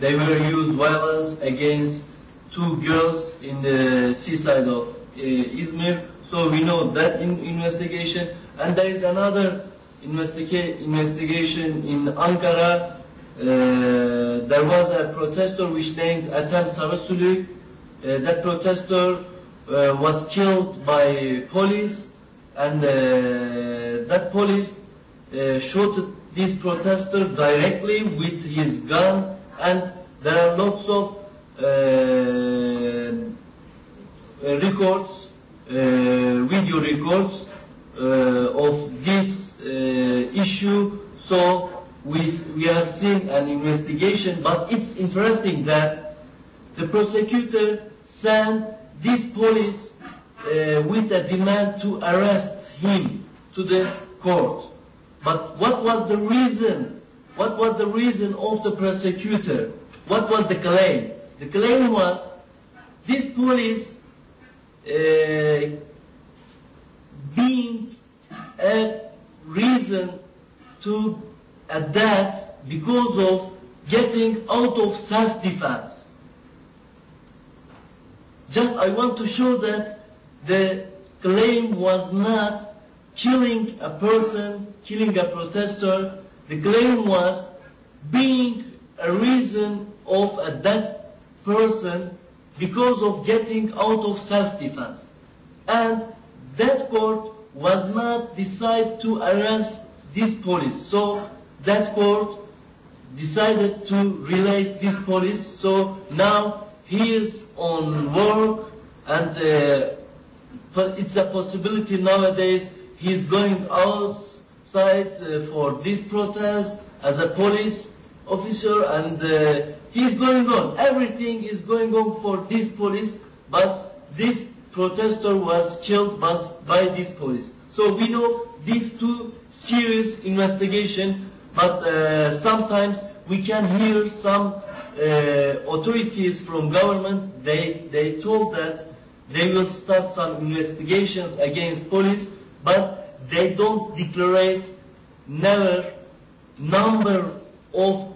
they were used violence against two girls in the seaside of uh, Izmir. So we know that in investigation. And there is another investiga investigation in Ankara, uh, there was a protester which named Atem Sarasulu. Uh, that protester uh, was killed by police, and uh, that police uh, shot this protester directly with his gun, and there are lots of uh, records, uh, video records uh, of this uh, issue. So we, we have seen an investigation, but it's interesting that the prosecutor sent this police uh, with a demand to arrest him to the court. But what was the reason? What was the reason of the prosecutor? What was the claim? The claim was this police uh, being a reason to adapt because of getting out of self-defense. Just I want to show that the claim was not killing a person, killing a protester. The claim was being a reason of a dead person because of getting out of self-defense. And that court was not decide to arrest this police. So that court decided to release this police. So now he is on work and uh, but it's a possibility nowadays he's going outside uh, for this protest as a police officer and uh, he's going on. Everything is going on for this police but this protester was killed by this police. So we know these two serious investigation, but uh, sometimes we can hear some uh, authorities from government, they, they told that they will start some investigations against police, but they don't declare never number of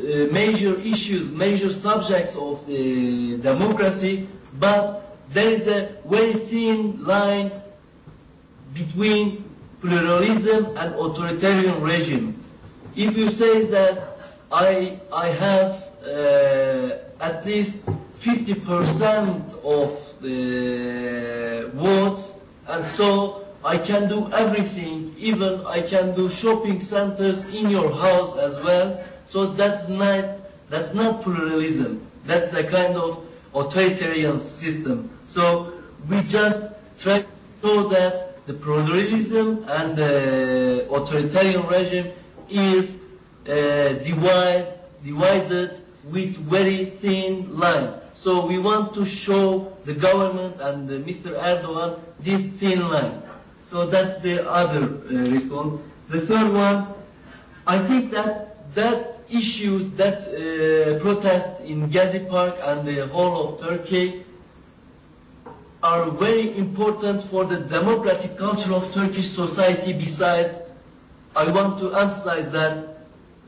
Uh, major issues, major subjects of the uh, democracy, but there is a very thin line between pluralism and authoritarian regime. If you say that I, I have uh, at least 50% of the uh, votes, and so I can do everything, even I can do shopping centers in your house as well, So that's not, that's not pluralism. That's a kind of authoritarian system. So we just try to show that the pluralism and the authoritarian regime is uh, divide, divided with very thin line. So we want to show the government and the Mr. Erdogan this thin line. So that's the other uh, response. The third one, I think that that issues that uh, protest in Gezi Park and the whole of Turkey are very important for the democratic culture of Turkish society. Besides, I want to emphasize that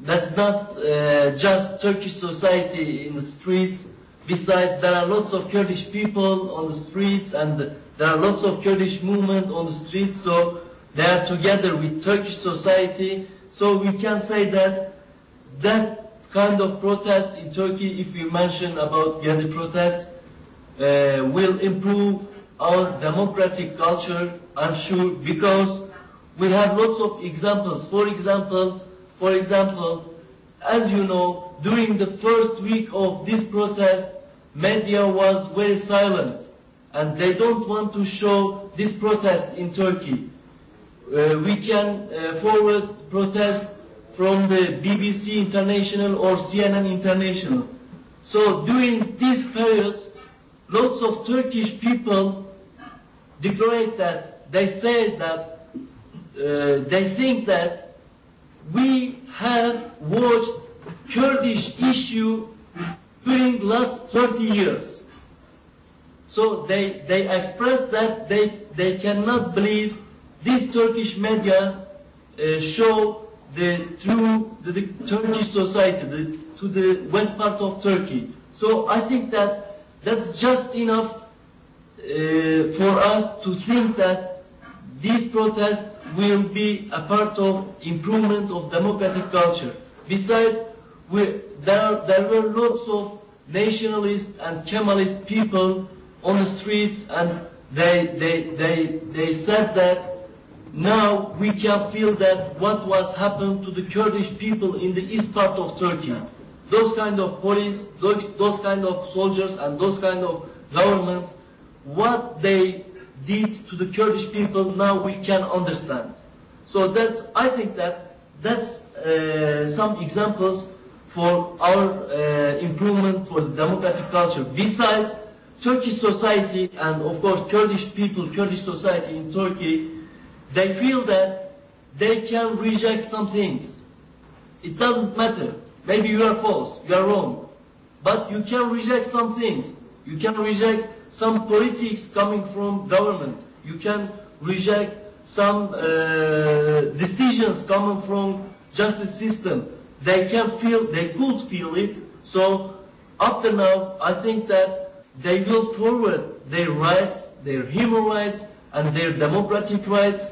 that's not uh, just Turkish society in the streets. Besides, there are lots of Kurdish people on the streets and there are lots of Kurdish movement on the streets, so they are together with Turkish society. So we can say that that kind of protest in Turkey, if we mention about Gezi protests, uh, will improve our democratic culture, I'm sure, because we have lots of examples. For example, for example, as you know, during the first week of this protest, media was very silent, and they don't want to show this protest in Turkey. Uh, we can uh, forward protest from the BBC International or CNN International. So during this period, lots of Turkish people declared that, they say that, uh, they think that we have watched Kurdish issue during last 30 years. So they, they expressed that they, they cannot believe this Turkish media uh, show the, through the, the Turkish society, the, to the west part of Turkey. So I think that that's just enough uh, for us to think that these protests will be a part of improvement of democratic culture. Besides, we, there, there were lots of nationalist and Kemalist people on the streets and they, they, they, they said that Now we can feel that what was happened to the Kurdish people in the east part of Turkey. Those kind of police, those, those kind of soldiers and those kind of governments, what they did to the Kurdish people now we can understand. So that's, I think that that's uh, some examples for our uh, improvement for the democratic culture. Besides, Turkish society and of course Kurdish people, Kurdish society in Turkey, They feel that they can reject some things. It doesn't matter. Maybe you are false, you are wrong. But you can reject some things. You can reject some politics coming from government. You can reject some uh, decisions coming from justice system. They can feel, they could feel it. So after now, I think that they will forward their rights, their human rights, and their democratic rights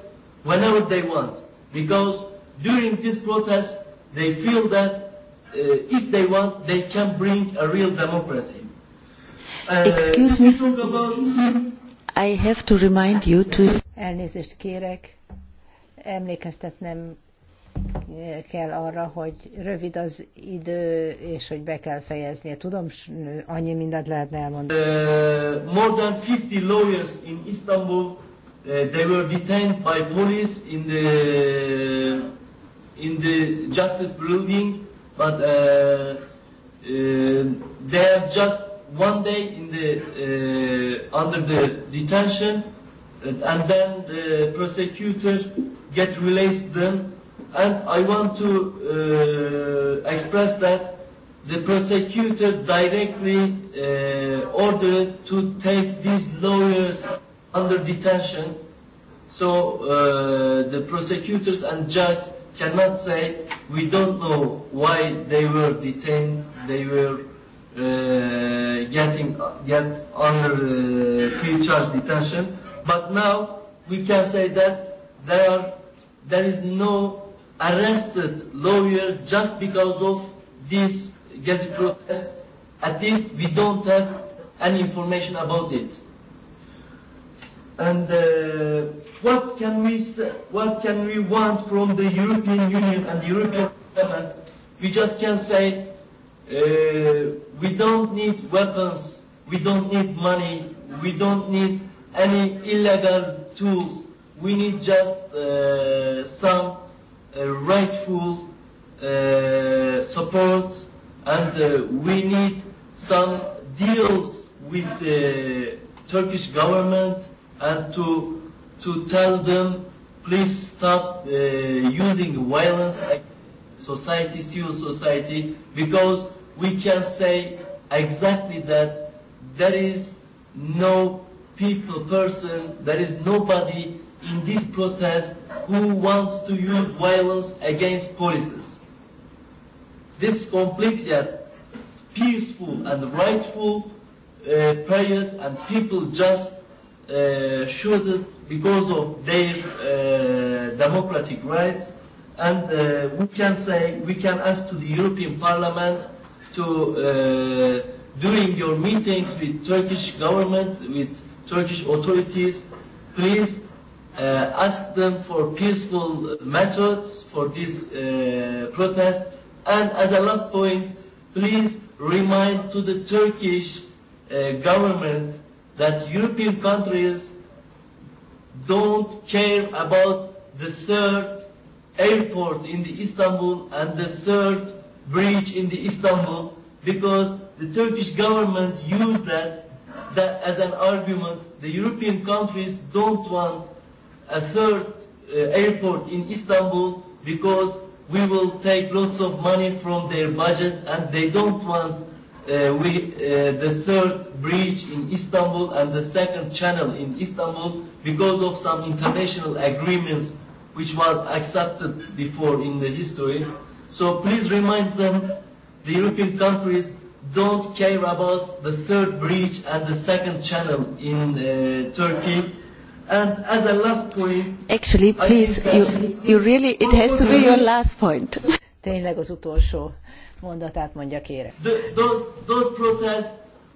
whenever they want. Because during this protest, they feel that uh, if they want, they can bring a real democracy. Uh, Excuse me. About... I have to remind you to... Elnézést kérek. Emlékeztetnem eh, kell arra, hogy rövid az idő, és hogy be kell fejeznie. Tudom, annyi mindent lehetne elmondani. Uh, more than 50 lawyers in Istanbul uh, they were detained by police in the in the justice building, but uh, uh, they have just one day in the uh, under the detention, uh, and then the prosecutor get released them. And I want to uh, express that the prosecutor directly uh, ordered to take these lawyers under detention. So uh, the prosecutors and judge cannot say, we don't know why they were detained, they were uh, getting get under uh, pre-charge detention. But now we can say that there, are, there is no arrested lawyer just because of this Gezi protest. At least we don't have any information about it. And uh, what can we what can we want from the European Union and the European Parliament? We just can say uh, we don't need weapons, we don't need money, we don't need any illegal tools. We need just uh, some uh, rightful uh, support, and uh, we need some deals with the uh, Turkish government and to to tell them, please stop uh, using violence society, civil society, because we can say exactly that there is no people, person, there is nobody in this protest who wants to use violence against policies. This completely a peaceful and rightful uh, period and people just uh, because of their uh, democratic rights. And uh, we can say, we can ask to the European Parliament to, uh, during your meetings with Turkish government, with Turkish authorities, please uh, ask them for peaceful methods for this uh, protest. And as a last point, please remind to the Turkish uh, government that European countries don't care about the third airport in the Istanbul and the third bridge in the Istanbul because the Turkish government used that, that as an argument. The European countries don't want a third uh, airport in Istanbul because we will take lots of money from their budget and they don't want uh, we, uh, the third bridge in Istanbul and the second channel in Istanbul because of some international agreements which was accepted before in the history. So please remind them, the European countries don't care about the third bridge and the second channel in uh, Turkey. And as a last point... Actually, please, you, you really, it has to be your last point. Tényleg az utolsó mondatát mondja kérek. The, those, those protests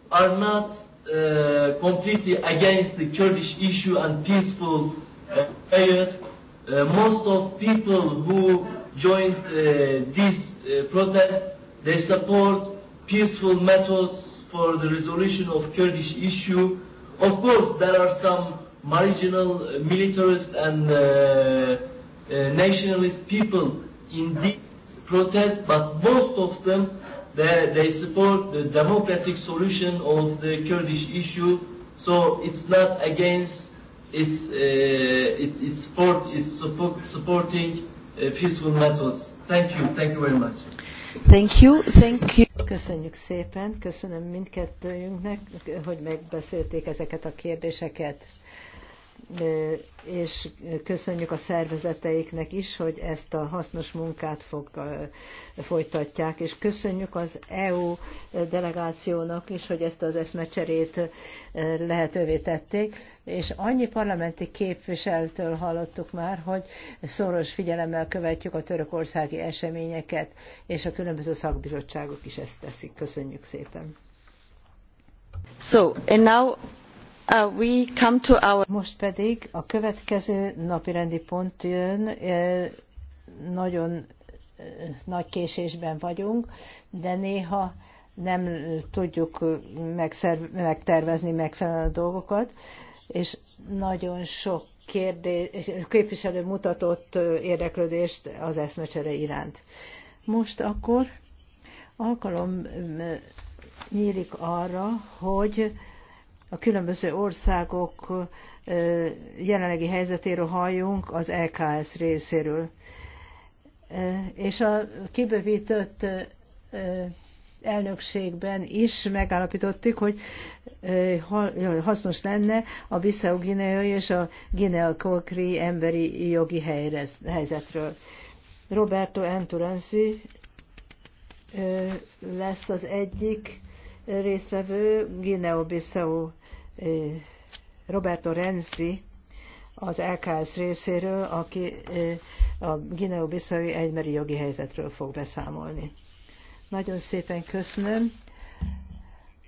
are not uh, completely against the Kurdish issue and peaceful uh, Uh, most of people who joined uh, this uh, protest, they support peaceful methods for the resolution of Kurdish issue. Of course, there are some marginal uh, militarist and uh, uh, nationalist people in this protest, but most of them, they, they support the democratic solution of the Kurdish issue. So it's not against, it's, uh, it, it's, support, it's support, supporting uh, peaceful methods. Thank you, thank you very much. Thank you, thank you. Köszönjük szépen, köszönöm mindkettőjünknek, hogy megbeszélték ezeket a kérdéseket és köszönjük a szervezeteiknek is, hogy ezt a hasznos munkát fog, folytatják, és köszönjük az EU delegációnak is, hogy ezt az eszmecserét lehetővé tették, és annyi parlamenti képviseltől hallottuk már, hogy szoros figyelemmel követjük a törökországi eseményeket, és a különböző szakbizottságok is ezt teszik. Köszönjük szépen! So, and now Uh, Most pedig a következő napirendi pont jön, eh, nagyon eh, nagy késésben vagyunk, de néha nem tudjuk megtervezni megfelelő dolgokat, és nagyon sok kérdés, képviselő mutatott eh, érdeklődést az eszmecsere iránt. Most akkor alkalom nyílik arra, hogy a különböző országok jelenlegi helyzetéről halljunk az EKS részéről. És a kibővített elnökségben is megállapítottuk, hogy hasznos lenne a bissau Gineai és a guinea-kokri emberi jogi helyzetről. Roberto Enturanzi lesz az egyik résztvevő Gineo bissau Roberto Renzi az LKS részéről, aki a Gineo Bissau egymeri jogi helyzetről fog beszámolni. Nagyon szépen köszönöm.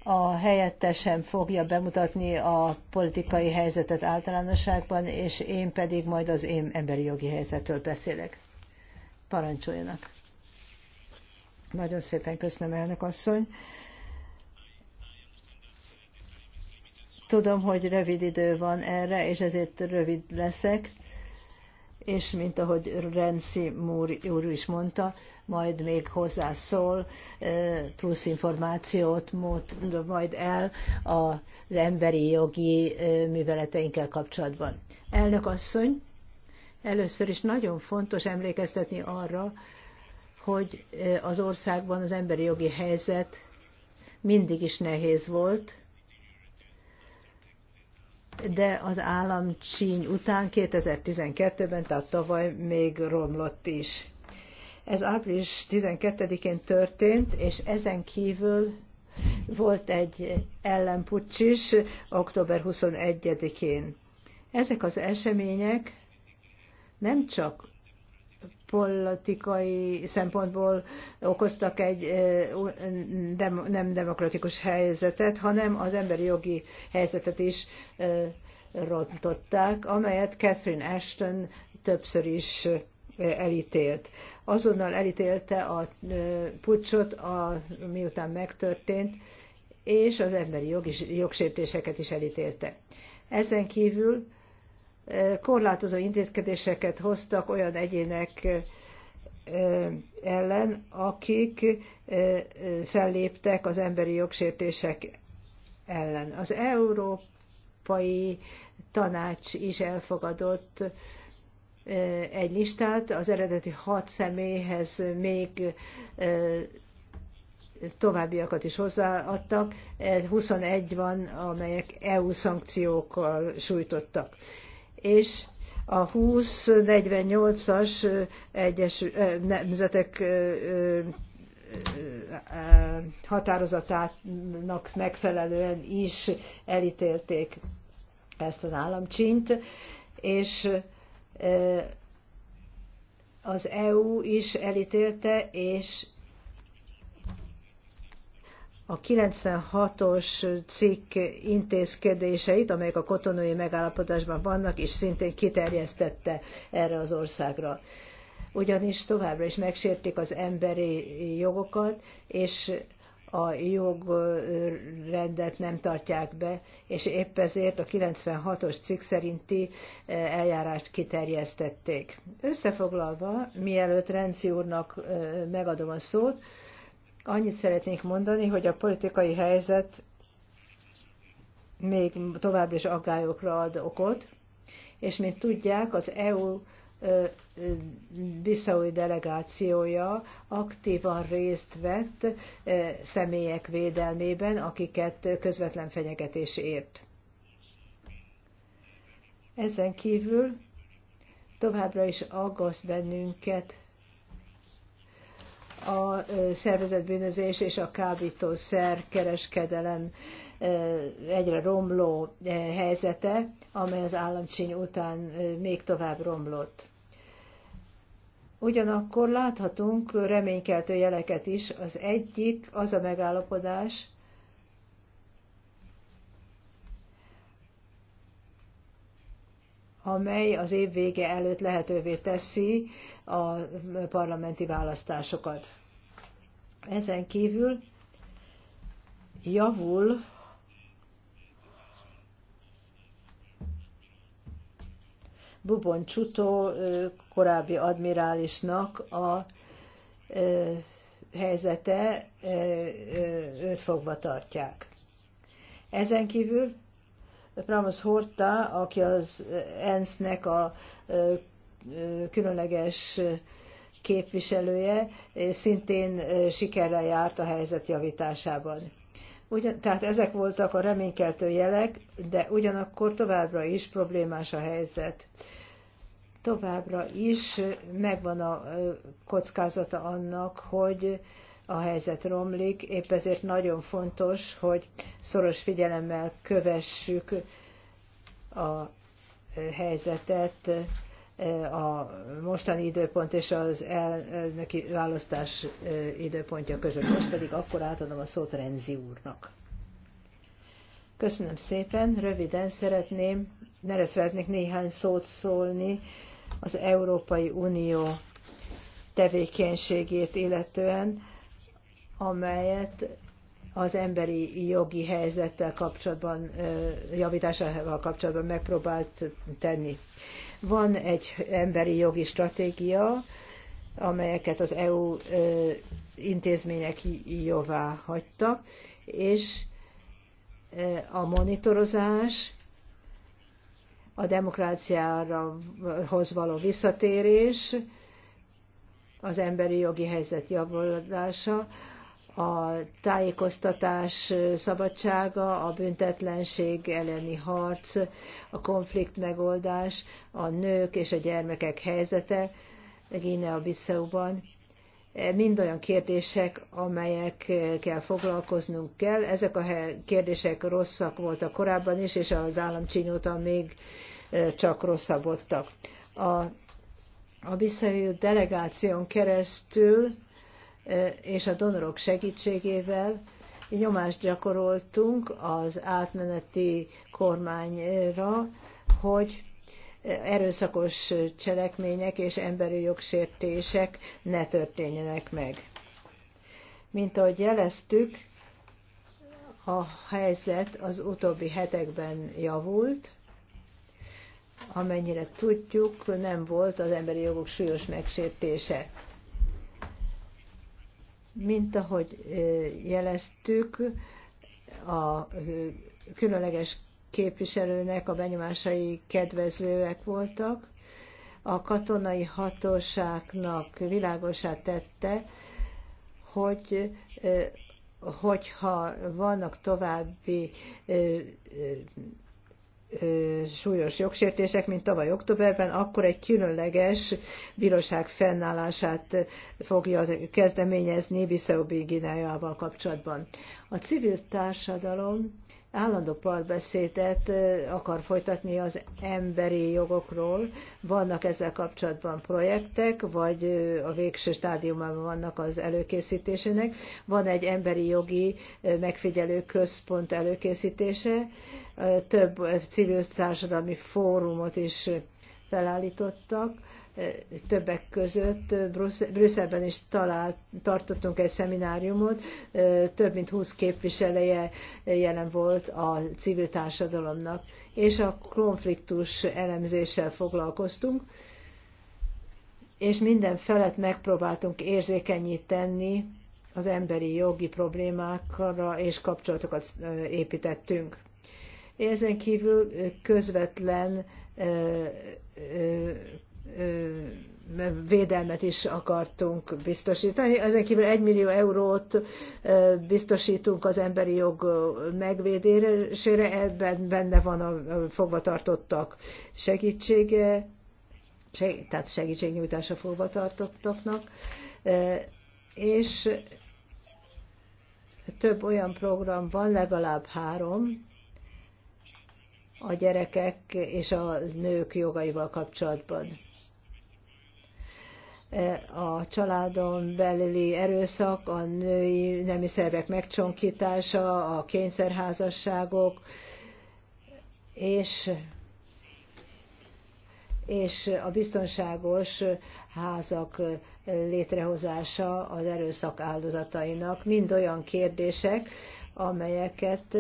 A helyettesem fogja bemutatni a politikai helyzetet általánosságban, és én pedig majd az én emberi jogi helyzetről beszélek. Parancsoljanak! Nagyon szépen köszönöm, elnök asszony. Tudom, hogy rövid idő van erre, és ezért rövid leszek, és mint ahogy Renzi Múr úr is mondta, majd még hozzászól, e, plusz információt majd el az emberi jogi e, műveleteinkkel kapcsolatban. Elnök asszony, először is nagyon fontos emlékeztetni arra, hogy e, az országban az emberi jogi helyzet mindig is nehéz volt, de az államcsíny után 2012-ben, tehát tavaly még romlott is. Ez április 12-én történt, és ezen kívül volt egy ellenpucs is október 21-én. Ezek az események nem csak politikai szempontból okoztak egy nem demokratikus helyzetet, hanem az emberi jogi helyzetet is rontották, amelyet Catherine Ashton többször is elítélt. Azonnal elítélte a pucsot, a, miután megtörtént, és az emberi jogi, jogsértéseket is elítélte. Ezen kívül korlátozó intézkedéseket hoztak olyan egyének ellen, akik felléptek az emberi jogsértések ellen. Az Európai Tanács is elfogadott egy listát, az eredeti hat személyhez még továbbiakat is hozzáadtak, 21 van, amelyek EU szankciókkal sújtottak és a 20-48-as egyes nemzetek határozatának megfelelően is elítélték ezt az államcsint, és az EU is elítélte, és a 96-os cikk intézkedéseit, amelyek a kotonói megállapodásban vannak, és szintén kiterjesztette erre az országra. Ugyanis továbbra is megsértik az emberi jogokat, és a jogrendet nem tartják be, és épp ezért a 96-os cikk szerinti e, eljárást kiterjesztették. Összefoglalva, mielőtt Renci úrnak e, megadom a szót, Annyit szeretnék mondani, hogy a politikai helyzet még tovább is aggályokra ad okot, és mint tudják, az EU Bissaui delegációja aktívan részt vett személyek védelmében, akiket közvetlen fenyegetés ért. Ezen kívül továbbra is aggaszt bennünket a szervezetbűnözés és a kábítószer kereskedelem egyre romló helyzete, amely az államcsíny után még tovább romlott. Ugyanakkor láthatunk reménykeltő jeleket is. Az egyik az a megállapodás, amely az év vége előtt lehetővé teszi, a parlamenti választásokat. Ezen kívül javul Bubon Csutó korábbi admirálisnak a helyzete, őt fogva tartják. Ezen kívül Pramos Horta, aki az ENSZ-nek a különleges képviselője szintén sikerrel járt a helyzet javításában. Ugyan, tehát ezek voltak a reménykeltő jelek, de ugyanakkor továbbra is problémás a helyzet. Továbbra is megvan a kockázata annak, hogy a helyzet romlik, épp ezért nagyon fontos, hogy szoros figyelemmel kövessük a helyzetet a mostani időpont és az elnöki választás időpontja között. Most pedig akkor átadom a szót Renzi úrnak. Köszönöm szépen, röviden szeretném, nere szeretnék néhány szót szólni az Európai Unió tevékenységét illetően, amelyet az emberi jogi helyzettel kapcsolatban, javításával kapcsolatban megpróbált tenni. Van egy emberi jogi stratégia, amelyeket az EU intézmények jóvá hagytak, és a monitorozás, a demokráciához való visszatérés, az emberi jogi helyzet javulása, a tájékoztatás szabadsága, a büntetlenség elleni harc, a konflikt megoldás, a nők és a gyermekek helyzete a bissauban e, Mind olyan kérdések, amelyekkel foglalkoznunk kell. Ezek a kérdések rosszak voltak korábban is, és az állam még e, csak rosszabbodtak. A, a delegáción keresztül és a donorok segítségével nyomást gyakoroltunk az átmeneti kormányra, hogy erőszakos cselekmények és emberi jogsértések ne történjenek meg. Mint ahogy jeleztük, a helyzet az utóbbi hetekben javult. Amennyire tudjuk, nem volt az emberi jogok súlyos megsértése. Mint ahogy jeleztük, a különleges képviselőnek a benyomásai kedvezőek voltak, a katonai hatóságnak világosá tette, hogy hogyha vannak további súlyos jogsértések, mint tavaly októberben, akkor egy különleges bíróság fennállását fogja kezdeményezni Bissau Gineával kapcsolatban. A civil társadalom állandó párbeszédet akar folytatni az emberi jogokról. Vannak ezzel kapcsolatban projektek, vagy a végső stádiumában vannak az előkészítésének. Van egy emberi jogi megfigyelő központ előkészítése, több civil társadalmi fórumot is felállítottak többek között Brüsszelben is talált, tartottunk egy szemináriumot, több mint 20 képviselője jelen volt a civil társadalomnak, és a konfliktus elemzéssel foglalkoztunk, és minden felet megpróbáltunk érzékenyíteni az emberi jogi problémákra, és kapcsolatokat építettünk. Ezen kívül közvetlen védelmet is akartunk biztosítani. Ezen kívül 1 millió eurót biztosítunk az emberi jog megvédésére, ebben benne van a fogvatartottak segítsége, seg, tehát segítségnyújtása fogvatartottaknak, és több olyan program van, legalább három, a gyerekek és a nők jogaival kapcsolatban a családon belüli erőszak, a női nemi szervek megcsonkítása, a kényszerházasságok, és, és a biztonságos házak létrehozása az erőszak áldozatainak, mind olyan kérdések, amelyeket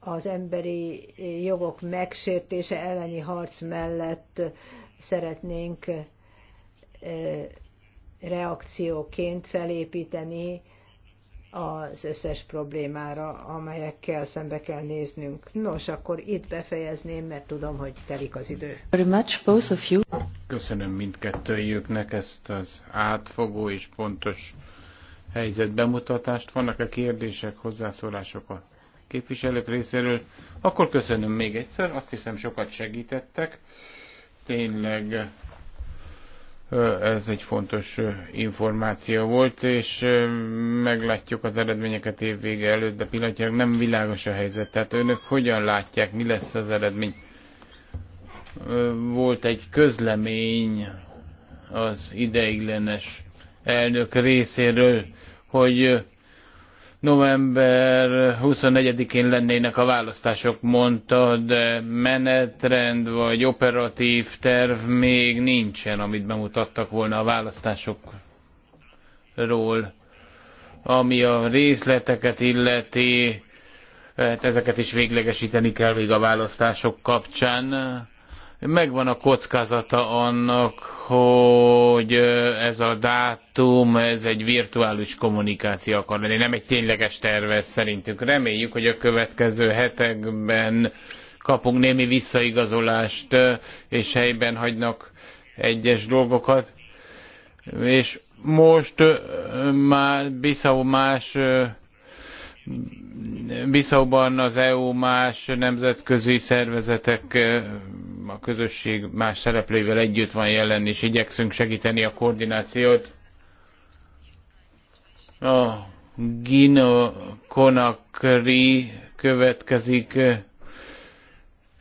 az emberi jogok megsértése elleni harc mellett szeretnénk reakcióként felépíteni az összes problémára, amelyekkel szembe kell néznünk. Nos, akkor itt befejezném, mert tudom, hogy telik az idő. Köszönöm mindkettőjüknek ezt az átfogó és pontos helyzetbemutatást. Vannak-e kérdések, hozzászólások a képviselők részéről? Akkor köszönöm még egyszer, azt hiszem sokat segítettek tényleg ez egy fontos információ volt, és meglátjuk az eredményeket évvége előtt, de pillanatnyilag nem világos a helyzet. Tehát önök hogyan látják, mi lesz az eredmény? Volt egy közlemény az ideiglenes elnök részéről, hogy november 24-én lennének a választások, mondta, de menetrend vagy operatív terv még nincsen, amit bemutattak volna a választásokról. Ami a részleteket illeti, hát ezeket is véglegesíteni kell még a választások kapcsán megvan a kockázata annak, hogy ez a dátum, ez egy virtuális kommunikáció akar lenni, nem egy tényleges tervez szerintünk. Reméljük, hogy a következő hetekben kapunk némi visszaigazolást, és helyben hagynak egyes dolgokat. És most már Bissau más Bissauban az EU más nemzetközi szervezetek a közösség más szereplőivel együtt van jelen, és igyekszünk segíteni a koordinációt. A Gino Konakri következik eh,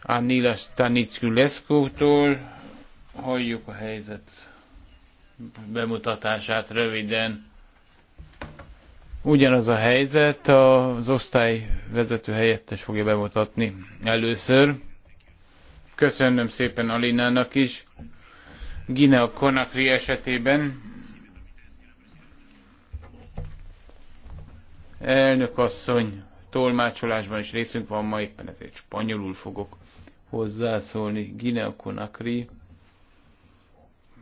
Anila Staniculescu-tól. Halljuk a helyzet bemutatását röviden. Ugyanaz a helyzet, az osztály vezető helyettes fogja bemutatni először. Köszönöm szépen Alinának is. Guinea Conakry esetében elnök asszony tolmácsolásban is részünk van ma, éppen ezért spanyolul fogok hozzászólni. Guinea Conakry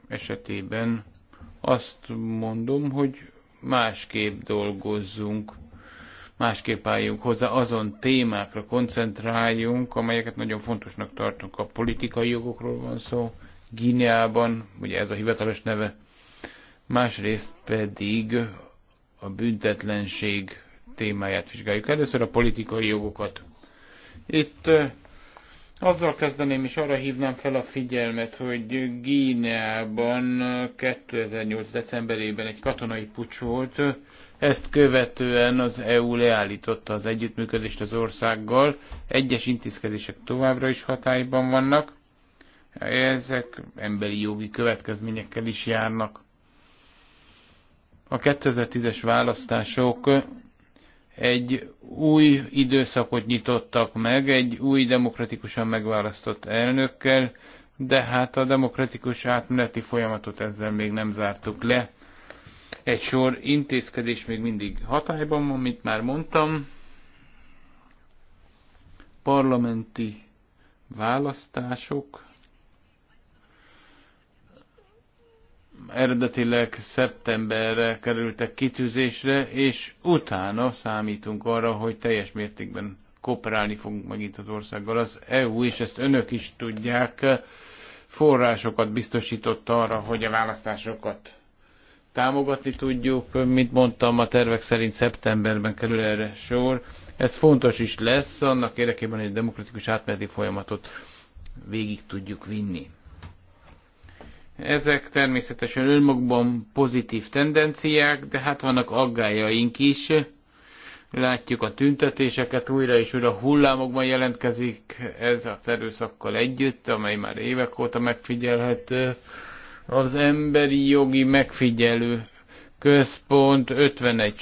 esetében azt mondom, hogy másképp dolgozzunk másképp álljunk hozzá, azon témákra koncentráljunk, amelyeket nagyon fontosnak tartunk. A politikai jogokról van szó, Gíneában, ugye ez a hivatalos neve, másrészt pedig a büntetlenség témáját vizsgáljuk. Először a politikai jogokat. Itt azzal kezdeném, és arra hívnám fel a figyelmet, hogy Gíneában 2008. decemberében egy katonai pucs volt, ezt követően az EU leállította az együttműködést az országgal, egyes intézkedések továbbra is hatályban vannak, ezek emberi jogi következményekkel is járnak. A 2010-es választások egy új időszakot nyitottak meg, egy új demokratikusan megválasztott elnökkel, de hát a demokratikus átmeneti folyamatot ezzel még nem zártuk le. Egy sor intézkedés még mindig hatályban van, mint már mondtam. Parlamenti választások eredetileg szeptemberre kerültek kitűzésre, és utána számítunk arra, hogy teljes mértékben kooperálni fogunk megint az országgal. Az EU, és ezt önök is tudják, forrásokat biztosított arra, hogy a választásokat támogatni tudjuk. Mint mondtam, a tervek szerint szeptemberben kerül erre sor. Ez fontos is lesz, annak érdekében, hogy egy demokratikus átmeneti folyamatot végig tudjuk vinni. Ezek természetesen önmagukban pozitív tendenciák, de hát vannak aggájaink is. Látjuk a tüntetéseket, újra és újra hullámokban jelentkezik ez a erőszakkal együtt, amely már évek óta megfigyelhető az emberi jogi megfigyelő központ 51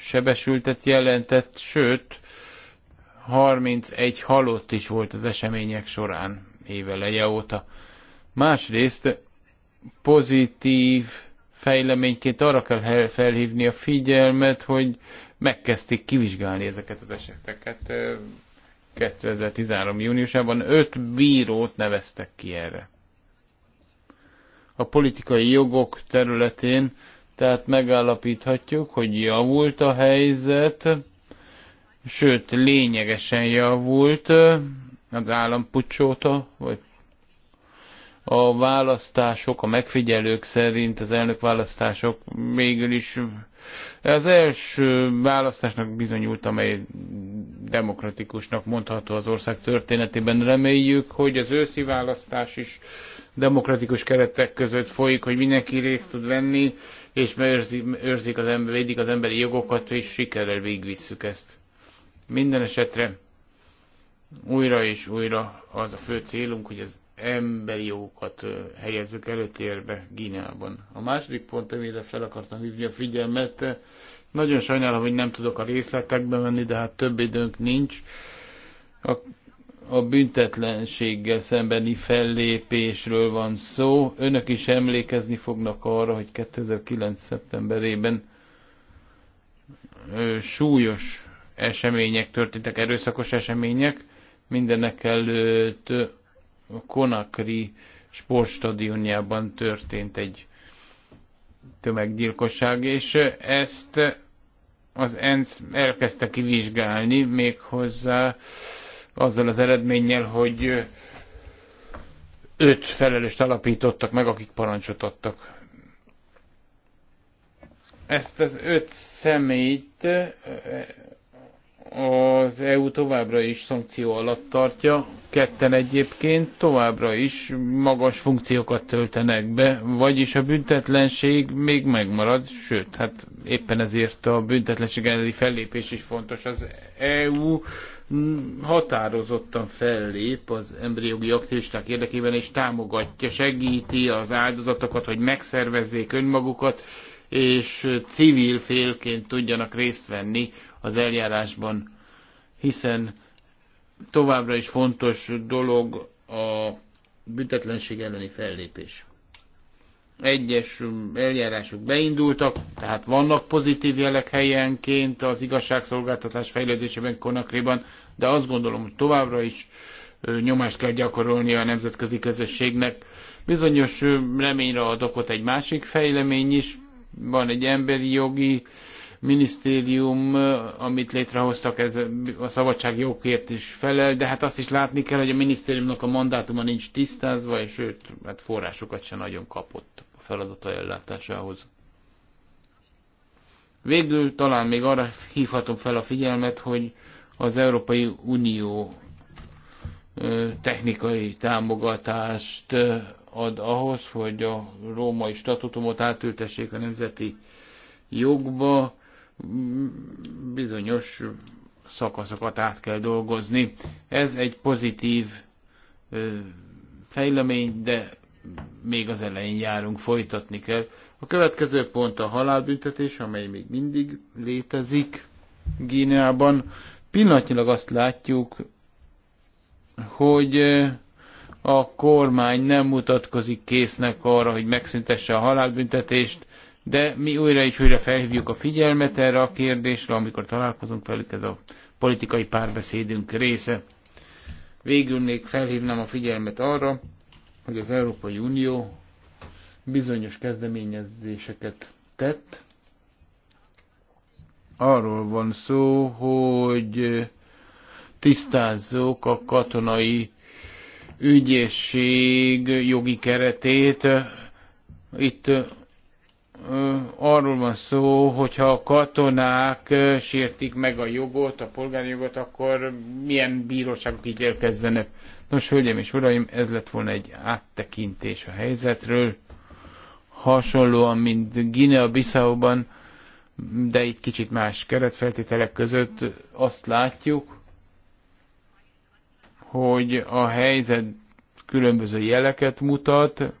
sebesültet jelentett, sőt, 31 halott is volt az események során éveleje óta. Másrészt pozitív fejleményként arra kell felhívni a figyelmet, hogy megkezdték kivizsgálni ezeket az eseteket. 2013. júniusában öt bírót neveztek ki erre a politikai jogok területén, tehát megállapíthatjuk, hogy javult a helyzet, sőt, lényegesen javult az állampucsóta, vagy a választások, a megfigyelők szerint az elnökválasztások végül is az első választásnak bizonyult, amely demokratikusnak mondható az ország történetében. Reméljük, hogy az őszi választás is demokratikus keretek között folyik, hogy mindenki részt tud venni, és őrzik, őrzik az ember, védik az emberi jogokat, és sikerrel végigvisszük ezt. Minden esetre újra és újra az a fő célunk, hogy az emberi jogokat helyezzük előtérbe Gíneában. A második pont, amire fel akartam hívni a figyelmet, nagyon sajnálom, hogy nem tudok a részletekbe menni, de hát több időnk nincs. A a büntetlenséggel szembeni fellépésről van szó. Önök is emlékezni fognak arra, hogy 2009. szeptemberében súlyos események történtek, erőszakos események, mindenek előtt a Konakri sportstadionjában történt egy tömeggyilkosság, és ezt az ENSZ elkezdte kivizsgálni méghozzá azzal az eredménnyel, hogy öt felelőst alapítottak meg, akik parancsot adtak. Ezt az öt személyt az EU továbbra is szankció alatt tartja, ketten egyébként továbbra is magas funkciókat töltenek be, vagyis a büntetlenség még megmarad, sőt, hát éppen ezért a büntetlenség elleni fellépés is fontos. Az EU határozottan fellép az emberi aktivisták érdekében, és támogatja, segíti az áldozatokat, hogy megszervezzék önmagukat, és civil félként tudjanak részt venni az eljárásban, hiszen továbbra is fontos dolog a büntetlenség elleni fellépés egyes um, eljárások beindultak, tehát vannak pozitív jelek helyenként az igazságszolgáltatás fejlődésében Konakriban, de azt gondolom, hogy továbbra is nyomást kell gyakorolni a nemzetközi közösségnek. Bizonyos reményre ad okot egy másik fejlemény is. Van egy emberi jogi minisztérium, amit létrehoztak, ez a szabadság jogért is felel, de hát azt is látni kell, hogy a minisztériumnak a mandátuma nincs tisztázva, és őt hát forrásokat sem nagyon kapott feladata ellátásához. Végül talán még arra hívhatom fel a figyelmet, hogy az Európai Unió technikai támogatást ad ahhoz, hogy a római statutumot átültessék a nemzeti jogba, bizonyos szakaszokat át kell dolgozni. Ez egy pozitív fejlemény, de még az elején járunk, folytatni kell. A következő pont a halálbüntetés, amely még mindig létezik Gíneában. Pillanatnyilag azt látjuk, hogy a kormány nem mutatkozik késznek arra, hogy megszüntesse a halálbüntetést, de mi újra és újra felhívjuk a figyelmet erre a kérdésre, amikor találkozunk velük, ez a politikai párbeszédünk része. Végül még felhívnám a figyelmet arra, hogy az Európai Unió bizonyos kezdeményezéseket tett. Arról van szó, hogy tisztázzuk a katonai ügyészség jogi keretét. Itt arról van szó, hogyha a katonák sértik meg a jogot, a polgári jogot, akkor milyen bíróságok ítélkezzenek. Nos, hölgyeim és uraim, ez lett volna egy áttekintés a helyzetről, hasonlóan, mint Guinea-Bissau-ban, de itt kicsit más keretfeltételek között azt látjuk, hogy a helyzet különböző jeleket mutat,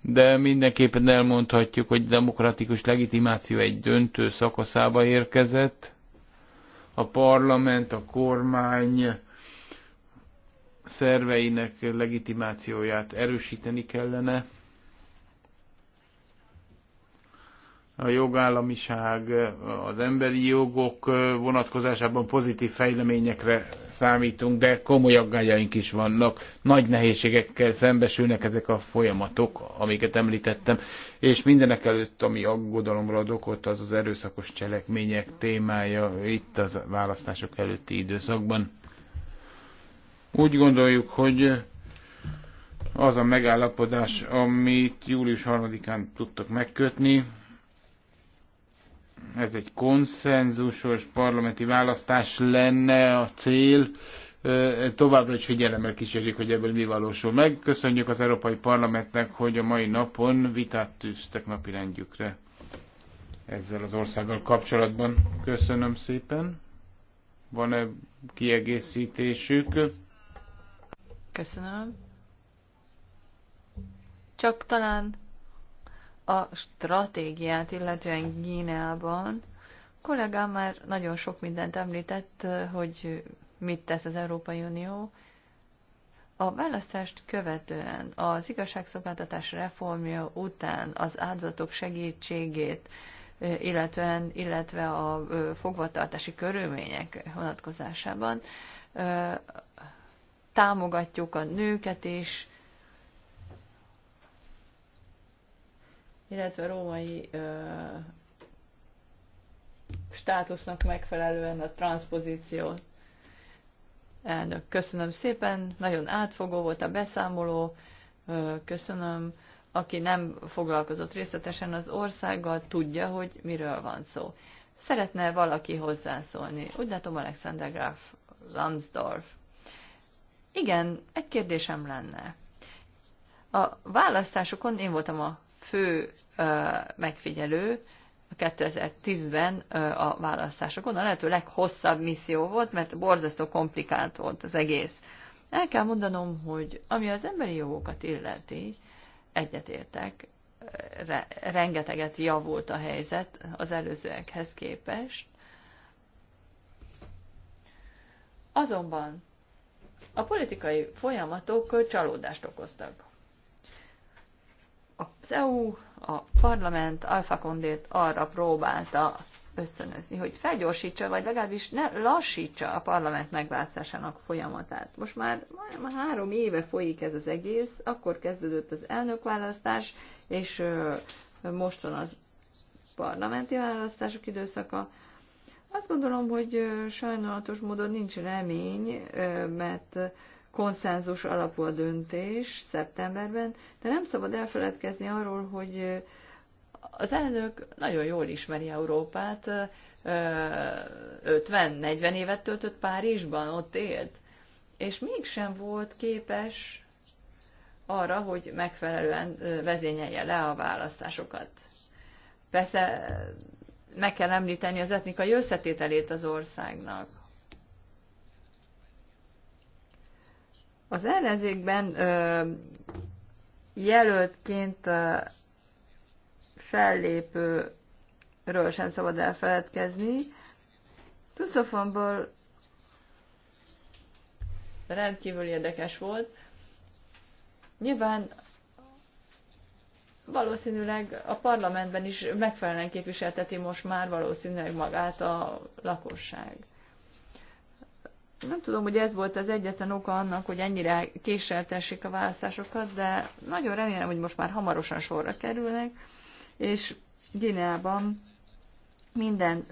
de mindenképpen elmondhatjuk, hogy demokratikus legitimáció egy döntő szakaszába érkezett. A parlament, a kormány szerveinek legitimációját erősíteni kellene. A jogállamiság, az emberi jogok vonatkozásában pozitív fejleményekre számítunk, de komoly aggájaink is vannak. Nagy nehézségekkel szembesülnek ezek a folyamatok, amiket említettem, és mindenek előtt, ami aggodalomra ad okot, az az erőszakos cselekmények témája itt az választások előtti időszakban úgy gondoljuk, hogy az a megállapodás, amit július 3-án tudtak megkötni, ez egy konszenzusos parlamenti választás lenne a cél. Továbbra is figyelemmel kísérjük, hogy ebből mi valósul meg. Köszönjük az Európai Parlamentnek, hogy a mai napon vitát tűztek napirendjükre ezzel az országgal kapcsolatban. Köszönöm szépen. Van-e kiegészítésük? Köszönöm. Csak talán a stratégiát, illetően Gíneában kollégám már nagyon sok mindent említett, hogy mit tesz az Európai Unió. A választást követően, az igazságszolgáltatás reformja után az áldozatok segítségét, illetve, illetve a fogvatartási körülmények vonatkozásában támogatjuk a nőket is, illetve a római ö, státusznak megfelelően a transpozíciót. Elnök, köszönöm szépen, nagyon átfogó volt a beszámoló, ö, köszönöm. Aki nem foglalkozott részletesen az országgal, tudja, hogy miről van szó. Szeretne valaki hozzászólni? Úgy látom, Alexander Graf Lambsdorff. Igen, egy kérdésem lenne. A választásokon én voltam a fő ö, megfigyelő 2010-ben ö, a választásokon. A lehető leghosszabb misszió volt, mert borzasztó komplikált volt az egész. El kell mondanom, hogy ami az emberi jogokat illeti, egyetértek, re, rengeteget javult a helyzet az előzőekhez képest. Azonban a politikai folyamatok csalódást okoztak. Az EU, a parlament Alfa Kondét arra próbálta összönözni, hogy felgyorsítsa, vagy legalábbis ne lassítsa a parlament megválasztásának folyamatát. Most már, már három éve folyik ez az egész, akkor kezdődött az elnökválasztás, és most van az parlamenti választások időszaka. Azt gondolom, hogy sajnálatos módon nincs remény, mert konszenzus alapú a döntés szeptemberben, de nem szabad elfeledkezni arról, hogy az elnök nagyon jól ismeri Európát, 50-40 évet töltött Párizsban, ott élt, és mégsem volt képes arra, hogy megfelelően vezényelje le a választásokat. Persze meg kell említeni az etnikai összetételét az országnak. Az ellenzékben ö, jelöltként ö, fellépőről sem szabad elfeledkezni. Tuszofonból rendkívül érdekes volt. Nyilván valószínűleg a parlamentben is megfelelően képviselteti most már valószínűleg magát a lakosság. Nem tudom, hogy ez volt az egyetlen oka annak, hogy ennyire késeltessék a választásokat, de nagyon remélem, hogy most már hamarosan sorra kerülnek, és Gineában minden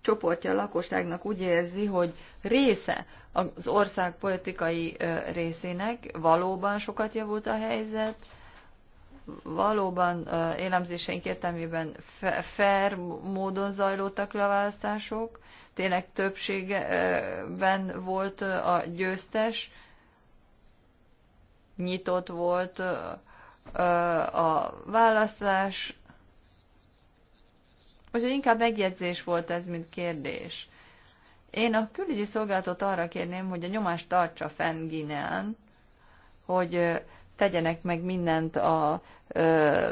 csoportja a lakosságnak úgy érzi, hogy része az ország politikai részének, valóban sokat javult a helyzet, valóban élemzéseink értelmében fair módon zajlottak le a választások, tényleg többségben volt a győztes, nyitott volt a választás, úgyhogy inkább megjegyzés volt ez, mint kérdés. Én a külügyi szolgálatot arra kérném, hogy a nyomást tartsa fenn Gineán, hogy tegyenek meg mindent a ö,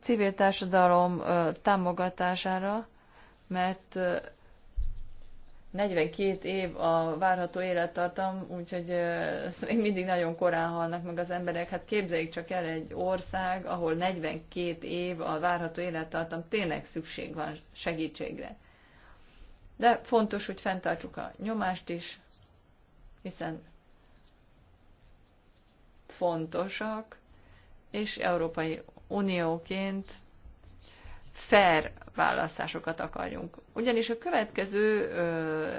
civil társadalom ö, támogatására, mert ö, 42 év a várható élettartam, úgyhogy még mindig nagyon korán halnak meg az emberek. Hát képzeljük csak el egy ország, ahol 42 év a várható élettartam, tényleg szükség van segítségre. De fontos, hogy fenntartsuk a nyomást is, hiszen fontosak, és Európai Unióként fair választásokat akarjunk. Ugyanis a következő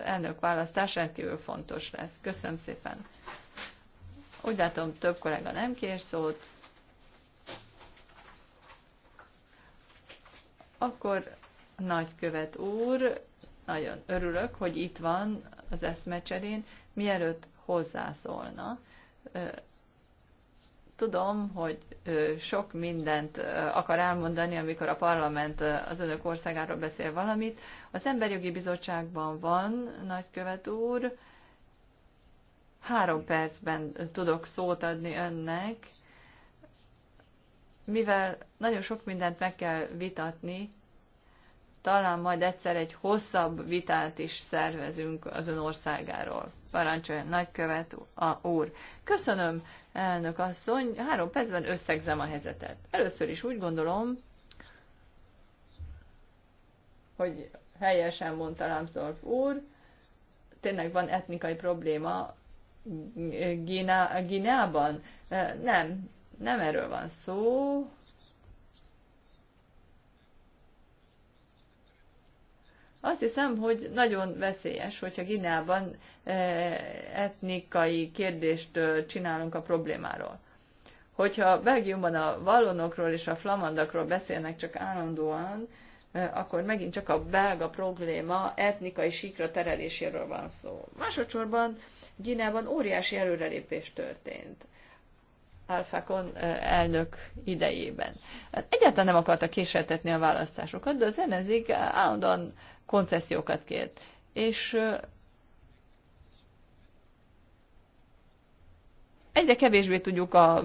elnök választás rendkívül fontos lesz. Köszönöm szépen. Úgy látom, több kollega nem kér szót. Akkor nagykövet úr, nagyon örülök, hogy itt van az eszmecserén, mielőtt hozzászólna, Tudom, hogy sok mindent akar elmondani, amikor a parlament az önök országáról beszél valamit. Az Emberjogi Bizottságban van, nagykövet úr, három percben tudok szót adni önnek, mivel nagyon sok mindent meg kell vitatni, talán majd egyszer egy hosszabb vitát is szervezünk az ön országáról. Parancsoljon, nagykövet a úr. Köszönöm, elnök asszony. Három percben összegzem a helyzetet. Először is úgy gondolom, hogy helyesen mondta Lambsdorff úr, tényleg van etnikai probléma Gineában? Nem, nem erről van szó, Azt hiszem, hogy nagyon veszélyes, hogyha Gineában eh, etnikai kérdést csinálunk a problémáról. Hogyha Belgiumban a vallonokról és a flamandakról beszélnek csak állandóan, eh, akkor megint csak a belga probléma etnikai sikra tereléséről van szó. Másodszorban Gineában óriási előrelépés történt. Alfakon eh, elnök idejében. Hát egyáltalán nem akarta késeltetni a választásokat, de az ellenzék állandóan koncesziókat kért. És egyre kevésbé tudjuk a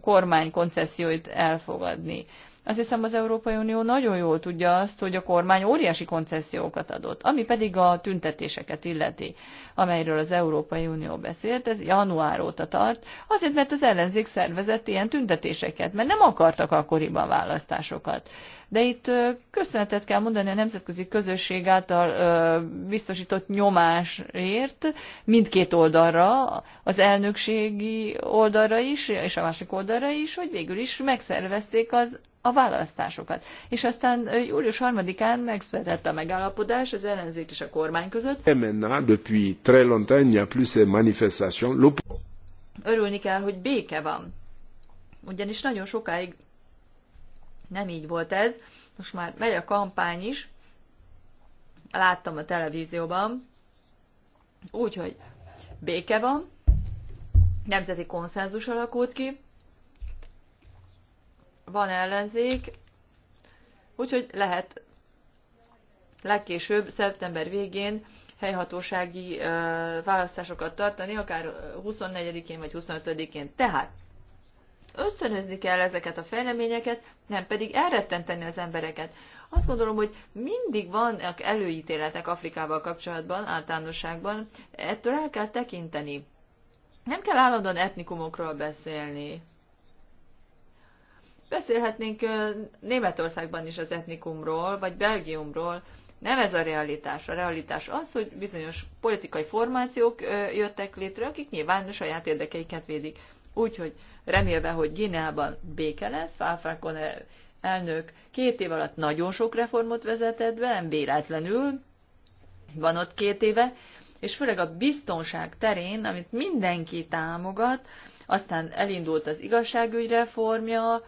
kormány koncesszióit elfogadni. Azt hiszem az Európai Unió nagyon jól tudja azt, hogy a kormány óriási koncesziókat adott, ami pedig a tüntetéseket illeti, amelyről az Európai Unió beszélt, ez január óta tart, azért, mert az ellenzék szervezett ilyen tüntetéseket, mert nem akartak akkoriban választásokat. De itt köszönetet kell mondani a nemzetközi közösség által biztosított nyomásért mindkét oldalra, az elnökségi oldalra is, és a másik oldalra is, hogy végül is megszervezték az a választásokat. És aztán július 3-án megszületett a megállapodás az ellenzék és a kormány között. depuis très longtemps, a plus manifestations. Örülni kell, hogy béke van. Ugyanis nagyon sokáig nem így volt ez. Most már megy a kampány is. Láttam a televízióban. Úgyhogy béke van, nemzeti konszenzus alakult ki, van ellenzék, úgyhogy lehet legkésőbb szeptember végén helyhatósági választásokat tartani, akár 24-én vagy 25-én. Tehát összönözni kell ezeket a fejleményeket, nem pedig elrettenteni az embereket. Azt gondolom, hogy mindig vannak előítéletek Afrikával kapcsolatban, általánosságban, ettől el kell tekinteni. Nem kell állandóan etnikumokról beszélni. Beszélhetnénk Németországban is az etnikumról, vagy Belgiumról. Nem ez a realitás. A realitás az, hogy bizonyos politikai formációk jöttek létre, akik nyilván a saját érdekeiket védik. Úgyhogy remélve, hogy Gineában béke lesz, Fáfákon elnök két év alatt nagyon sok reformot vezetett be, nem véletlenül, van ott két éve, és főleg a biztonság terén, amit mindenki támogat, aztán elindult az igazságügy reformja,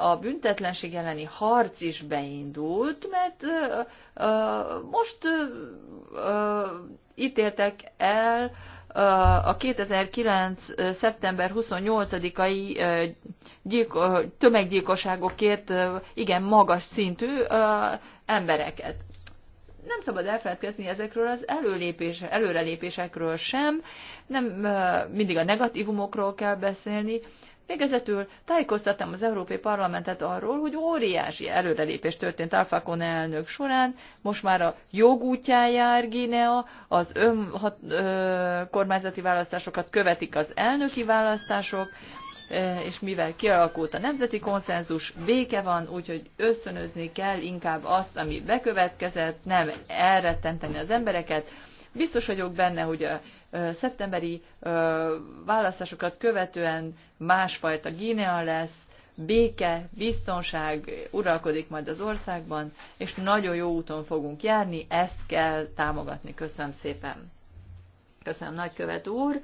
a büntetlenség elleni harc is beindult, mert most ítéltek el a 2009. szeptember 28-ai tömeggyilkosságokért igen magas szintű embereket. Nem szabad elfeledkezni ezekről az előlépés, előrelépésekről sem, nem mindig a negatívumokról kell beszélni, Végezetül tájékoztattam az Európai Parlamentet arról, hogy óriási előrelépés történt Alfa Kone elnök során, most már a jogútján jár Ginea, az önkormányzati választásokat követik az elnöki választások, és mivel kialakult a nemzeti konszenzus, béke van, úgyhogy összönözni kell inkább azt, ami bekövetkezett, nem elrettenteni az embereket. Biztos vagyok benne, hogy a szeptemberi választásokat követően másfajta Guinea lesz, béke, biztonság uralkodik majd az országban, és nagyon jó úton fogunk járni, ezt kell támogatni. Köszönöm szépen. Köszönöm, nagykövet úr.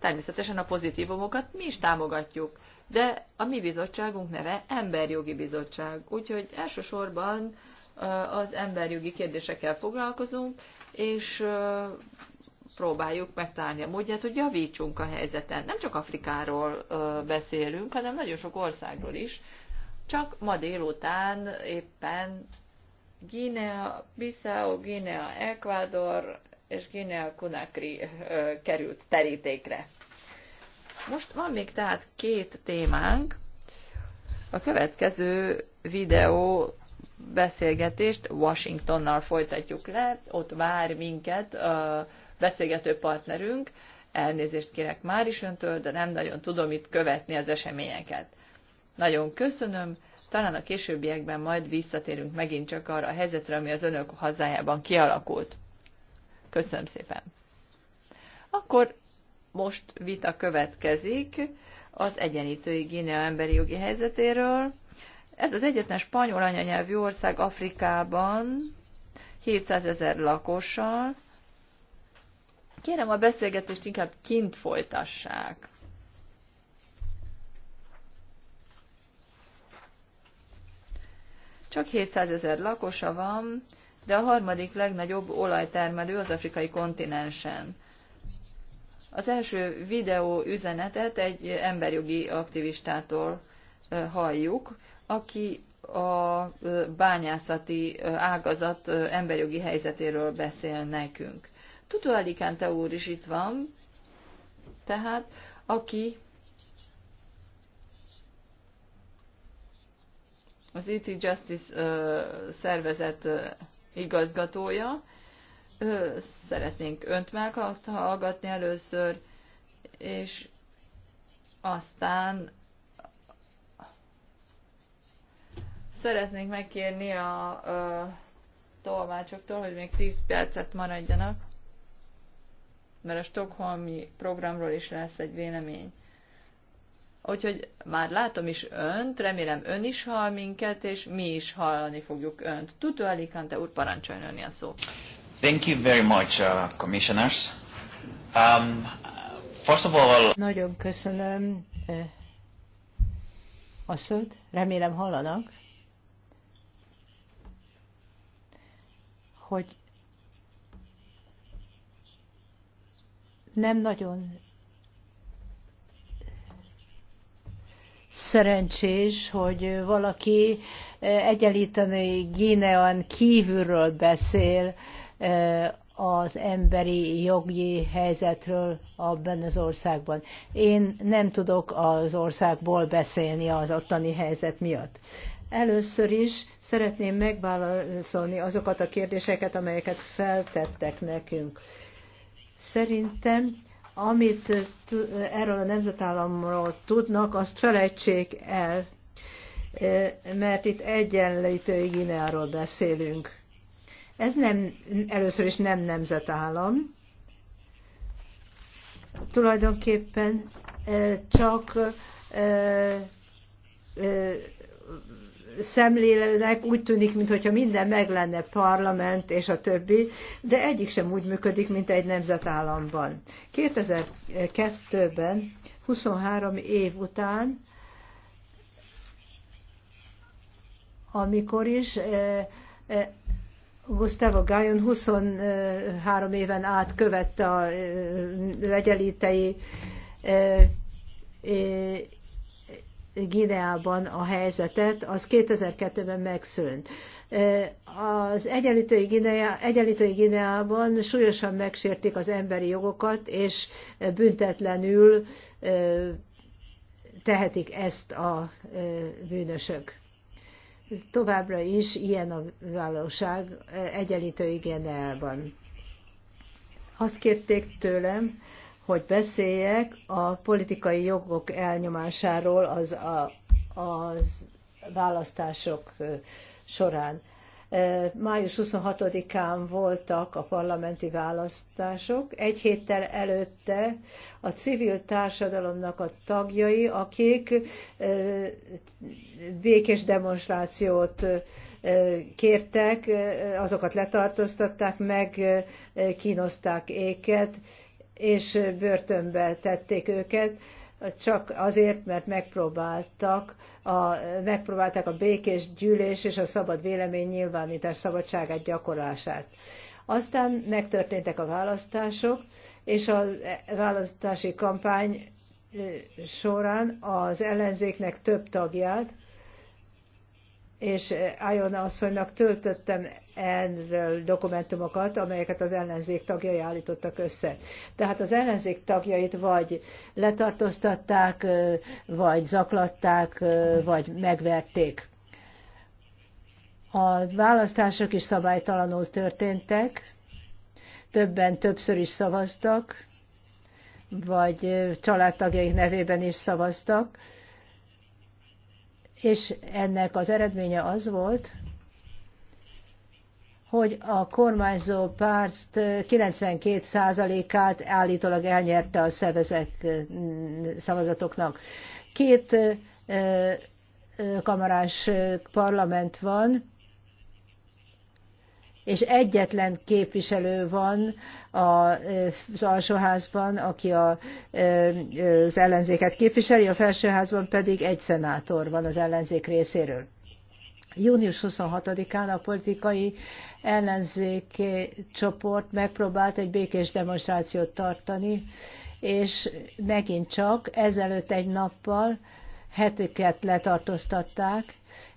Természetesen a pozitívumokat mi is támogatjuk, de a mi bizottságunk neve Emberjogi Bizottság, úgyhogy elsősorban az emberjogi kérdésekkel foglalkozunk, és próbáljuk megtalálni a módját, hogy javítsunk a helyzeten. Nem csak Afrikáról beszélünk, hanem nagyon sok országról is. Csak ma délután éppen Guinea, Bissau, Guinea, Ecuador és Guinea Conakry került terítékre. Most van még tehát két témánk. A következő videó beszélgetést Washingtonnal folytatjuk le, ott vár minket beszélgető partnerünk, elnézést kérek már is öntől, de nem nagyon tudom itt követni az eseményeket. Nagyon köszönöm, talán a későbbiekben majd visszatérünk megint csak arra a helyzetre, ami az önök hazájában kialakult. Köszönöm szépen. Akkor most vita következik az egyenítői Guinea emberi jogi helyzetéről. Ez az egyetlen spanyol anyanyelvű ország Afrikában, 700 ezer lakossal, Kérem, a beszélgetést inkább kint folytassák. Csak 700 ezer lakosa van, de a harmadik legnagyobb olajtermelő az afrikai kontinensen. Az első videó üzenetet egy emberjogi aktivistától halljuk, aki a bányászati ágazat emberjogi helyzetéről beszél nekünk. Tudó Alicante úr is itt van, tehát aki az IT e Justice szervezet igazgatója, szeretnénk önt meghallgatni először, és aztán szeretnénk megkérni a, a tolmácsoktól, hogy még 10 percet maradjanak mert a stokholmi programról is lesz egy vélemény. Úgyhogy már látom is önt, remélem ön is hall minket, és mi is hallani fogjuk önt. Tutu Alicante úr, parancsoljon önni a szó. Thank you very much, uh, commissioners. Um, first of all... Nagyon köszönöm uh, eh, a szót, remélem hallanak, hogy nem nagyon szerencsés, hogy valaki eh, egyenlíteni Gínean kívülről beszél eh, az emberi jogi helyzetről abban az országban. Én nem tudok az országból beszélni az ottani helyzet miatt. Először is szeretném megválaszolni azokat a kérdéseket, amelyeket feltettek nekünk Szerintem, amit erről a nemzetállamról tudnak, azt felejtsék el, e, mert itt egyenlítő Gineáról beszélünk. Ez nem, először is nem nemzetállam. Tulajdonképpen e, csak e, szemlélenek, úgy tűnik, mintha minden meg lenne parlament és a többi, de egyik sem úgy működik, mint egy nemzetállamban. 2002-ben, 23 év után, amikor is eh, eh, Gustavo Gajon 23 éven át követte a eh, legyelítei Gineában a helyzetet, az 2002-ben megszűnt. E, az egyenlítői, Ginea, egyenlítői Gineában súlyosan megsértik az emberi jogokat, és büntetlenül e, tehetik ezt a e, bűnösök. Továbbra is ilyen a valóság egyenlítői Gineában. Azt kérték tőlem, hogy beszéljek a politikai jogok elnyomásáról az, a, az választások során. Május 26-án voltak a parlamenti választások, egy héttel előtte a civil társadalomnak a tagjai, akik békés demonstrációt kértek, azokat letartóztatták, meg kínozták éket, és börtönbe tették őket, csak azért, mert megpróbáltak a, megpróbálták a békés gyűlés és a szabad vélemény nyilvánítás szabadságát gyakorlását. Aztán megtörténtek a választások, és a választási kampány során az ellenzéknek több tagját és Ajona eh, asszonynak töltöttem erről dokumentumokat, amelyeket az ellenzék tagjai állítottak össze. Tehát az ellenzék tagjait vagy letartóztatták, eh, vagy zaklatták, eh, vagy megverték. A választások is szabálytalanul történtek, többen többször is szavaztak, vagy családtagjaik nevében is szavaztak és ennek az eredménye az volt, hogy a kormányzó párt 92%-át állítólag elnyerte a szervezek szavazatoknak. Két kamarás parlament van, és egyetlen képviselő van az alsóházban, aki a, az ellenzéket képviseli, a felsőházban pedig egy szenátor van az ellenzék részéről. Június 26-án a politikai ellenzék csoport megpróbált egy békés demonstrációt tartani, és megint csak ezelőtt egy nappal hetüket letartóztatták,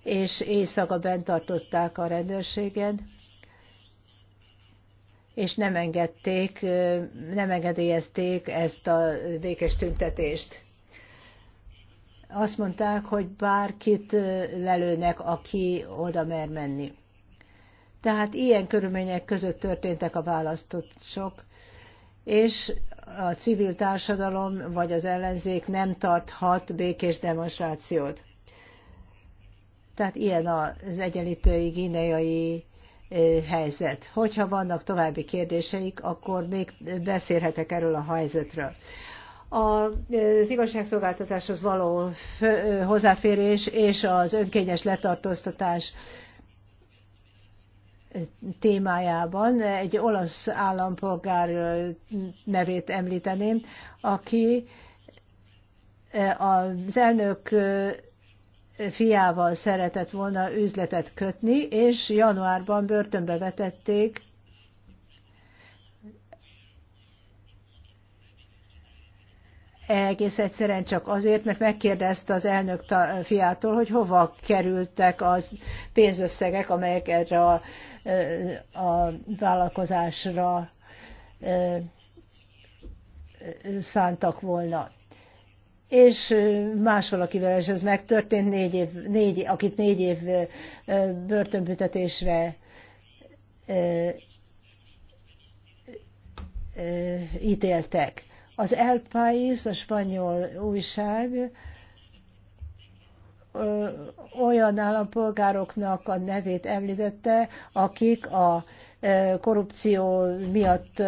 és éjszaka bent tartották a rendőrségen, és nem engedték, nem engedélyezték ezt a békés tüntetést. Azt mondták, hogy bárkit lelőnek, aki oda mer menni. Tehát ilyen körülmények között történtek a választások, és a civil társadalom vagy az ellenzék nem tarthat békés demonstrációt. Tehát ilyen az egyenlítői gineai helyzet. Hogyha vannak további kérdéseik, akkor még beszélhetek erről a helyzetről. Az igazságszolgáltatáshoz való hozzáférés és az önkényes letartóztatás témájában egy olasz állampolgár nevét említeném, aki az elnök fiával szeretett volna üzletet kötni, és januárban börtönbe vetették. Egész egyszerűen csak azért, mert megkérdezte az elnök fiától, hogy hova kerültek az pénzösszegek, amelyek erre a, a vállalkozásra szántak volna és más valakivel is ez megtörtént, négy év, négy, akit négy év börtönbüntetésre ítéltek. Az El País, a spanyol újság, olyan állampolgároknak a nevét említette, akik a korrupció miatt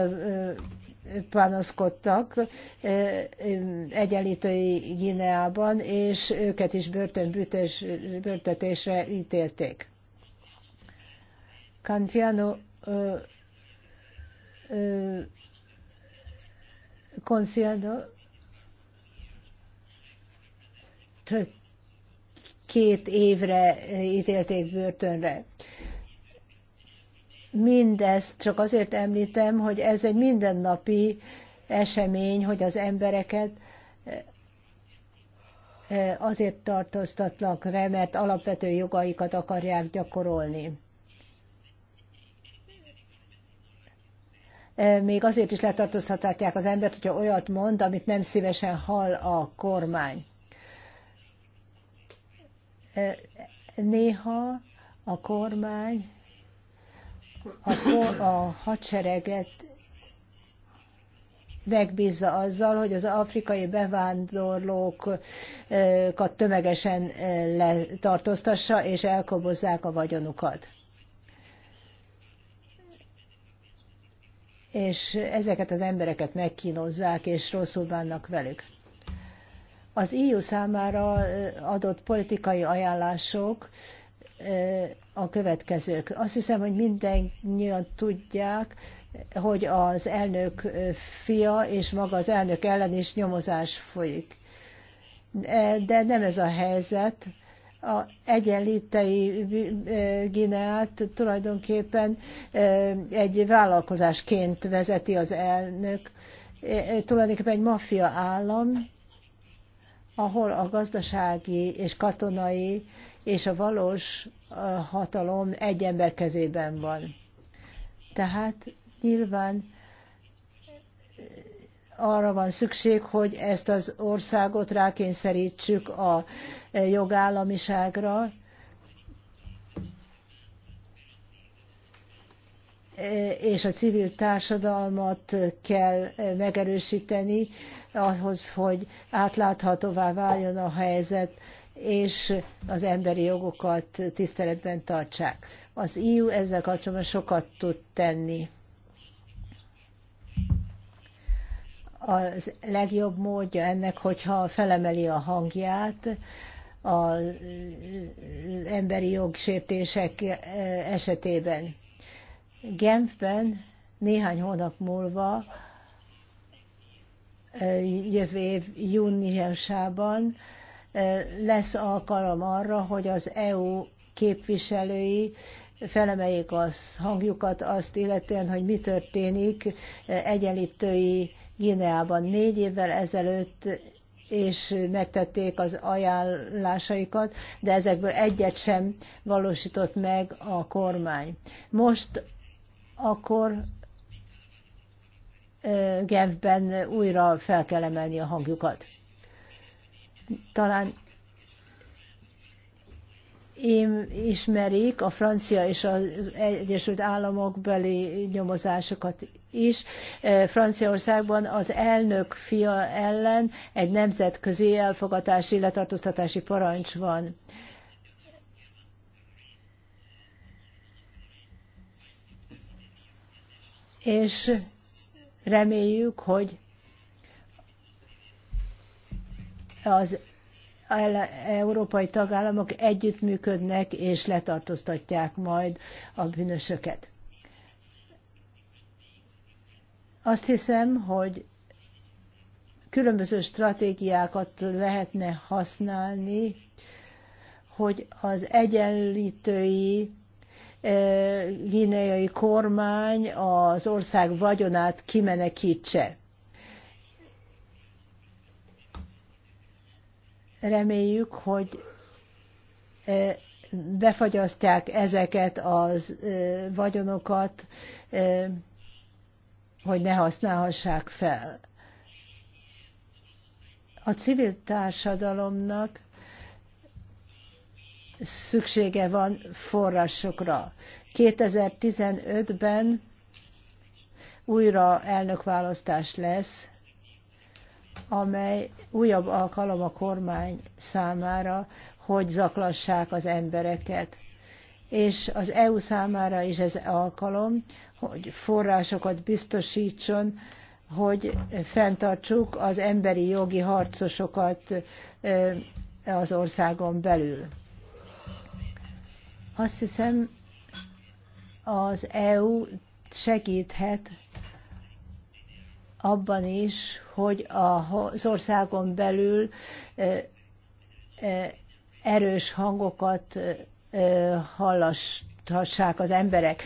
panaszkodtak eh, egyenlítői Gineában, és őket is börtönbüntetésre ítélték. Cantiano Conciano két évre ítélték börtönre mindezt csak azért említem, hogy ez egy mindennapi esemény, hogy az embereket eh, eh, azért tartóztatnak rá, mert alapvető jogaikat akarják gyakorolni. Eh, még azért is letartóztatják az embert, hogyha olyat mond, amit nem szívesen hall a kormány. Néha a kormány a, a hadsereget megbízza azzal, hogy az afrikai bevándorlókat tömegesen eh, letartóztassa és elkobozzák a vagyonukat. És ezeket az embereket megkínozzák és rosszul bánnak velük. Az EU számára eh, adott politikai ajánlások a következők. Azt hiszem, hogy mindannyian tudják, hogy az elnök fia és maga az elnök ellen is nyomozás folyik. E, de nem ez a helyzet. A egyenlítei e, Gineát tulajdonképpen e, egy vállalkozásként vezeti az elnök. Tulajdonképpen egy maffia állam, ahol a gazdasági és katonai és a valós hatalom egy ember kezében van. Tehát nyilván eh, arra van szükség, hogy ezt az országot rákényszerítsük a eh, jogállamiságra, eh, és a civil társadalmat kell megerősíteni ahhoz, hogy átláthatóvá váljon a helyzet, és az emberi jogokat tiszteletben tartsák. Az EU ezzel kapcsolatban sokat tud tenni. A legjobb módja ennek, hogyha felemeli a hangját, az emberi jogsértések esetében. Genfben néhány hónap múlva, jövő év júniusában lesz alkalom arra, hogy az EU képviselői felemeljék a az hangjukat azt illetően, hogy mi történik egyenlítői Gineában. Négy évvel ezelőtt és megtették az ajánlásaikat, de ezekből egyet sem valósított meg a kormány. Most akkor Genfben újra fel kell emelni a hangjukat talán én ismerik a francia és az Egyesült Államok beli nyomozásokat is. E, Franciaországban az elnök fia ellen egy nemzetközi elfogatási, letartóztatási parancs van. És reméljük, hogy az európai tagállamok együttműködnek és letartóztatják majd a bűnösöket. Azt hiszem, hogy különböző stratégiákat lehetne használni, hogy az egyenlítői e, gineai kormány az ország vagyonát kimenekítse Reméljük, hogy befagyasztják ezeket az vagyonokat, hogy ne használhassák fel. A civil társadalomnak szüksége van forrásokra. 2015-ben újra elnökválasztás lesz, amely újabb alkalom a kormány számára, hogy zaklassák az embereket. És az EU számára is ez alkalom, hogy forrásokat biztosítson, hogy fenntartsuk az emberi jogi harcosokat az országon belül. Azt hiszem, az EU segíthet abban is, hogy az országon belül erős hangokat hallathassák az emberek.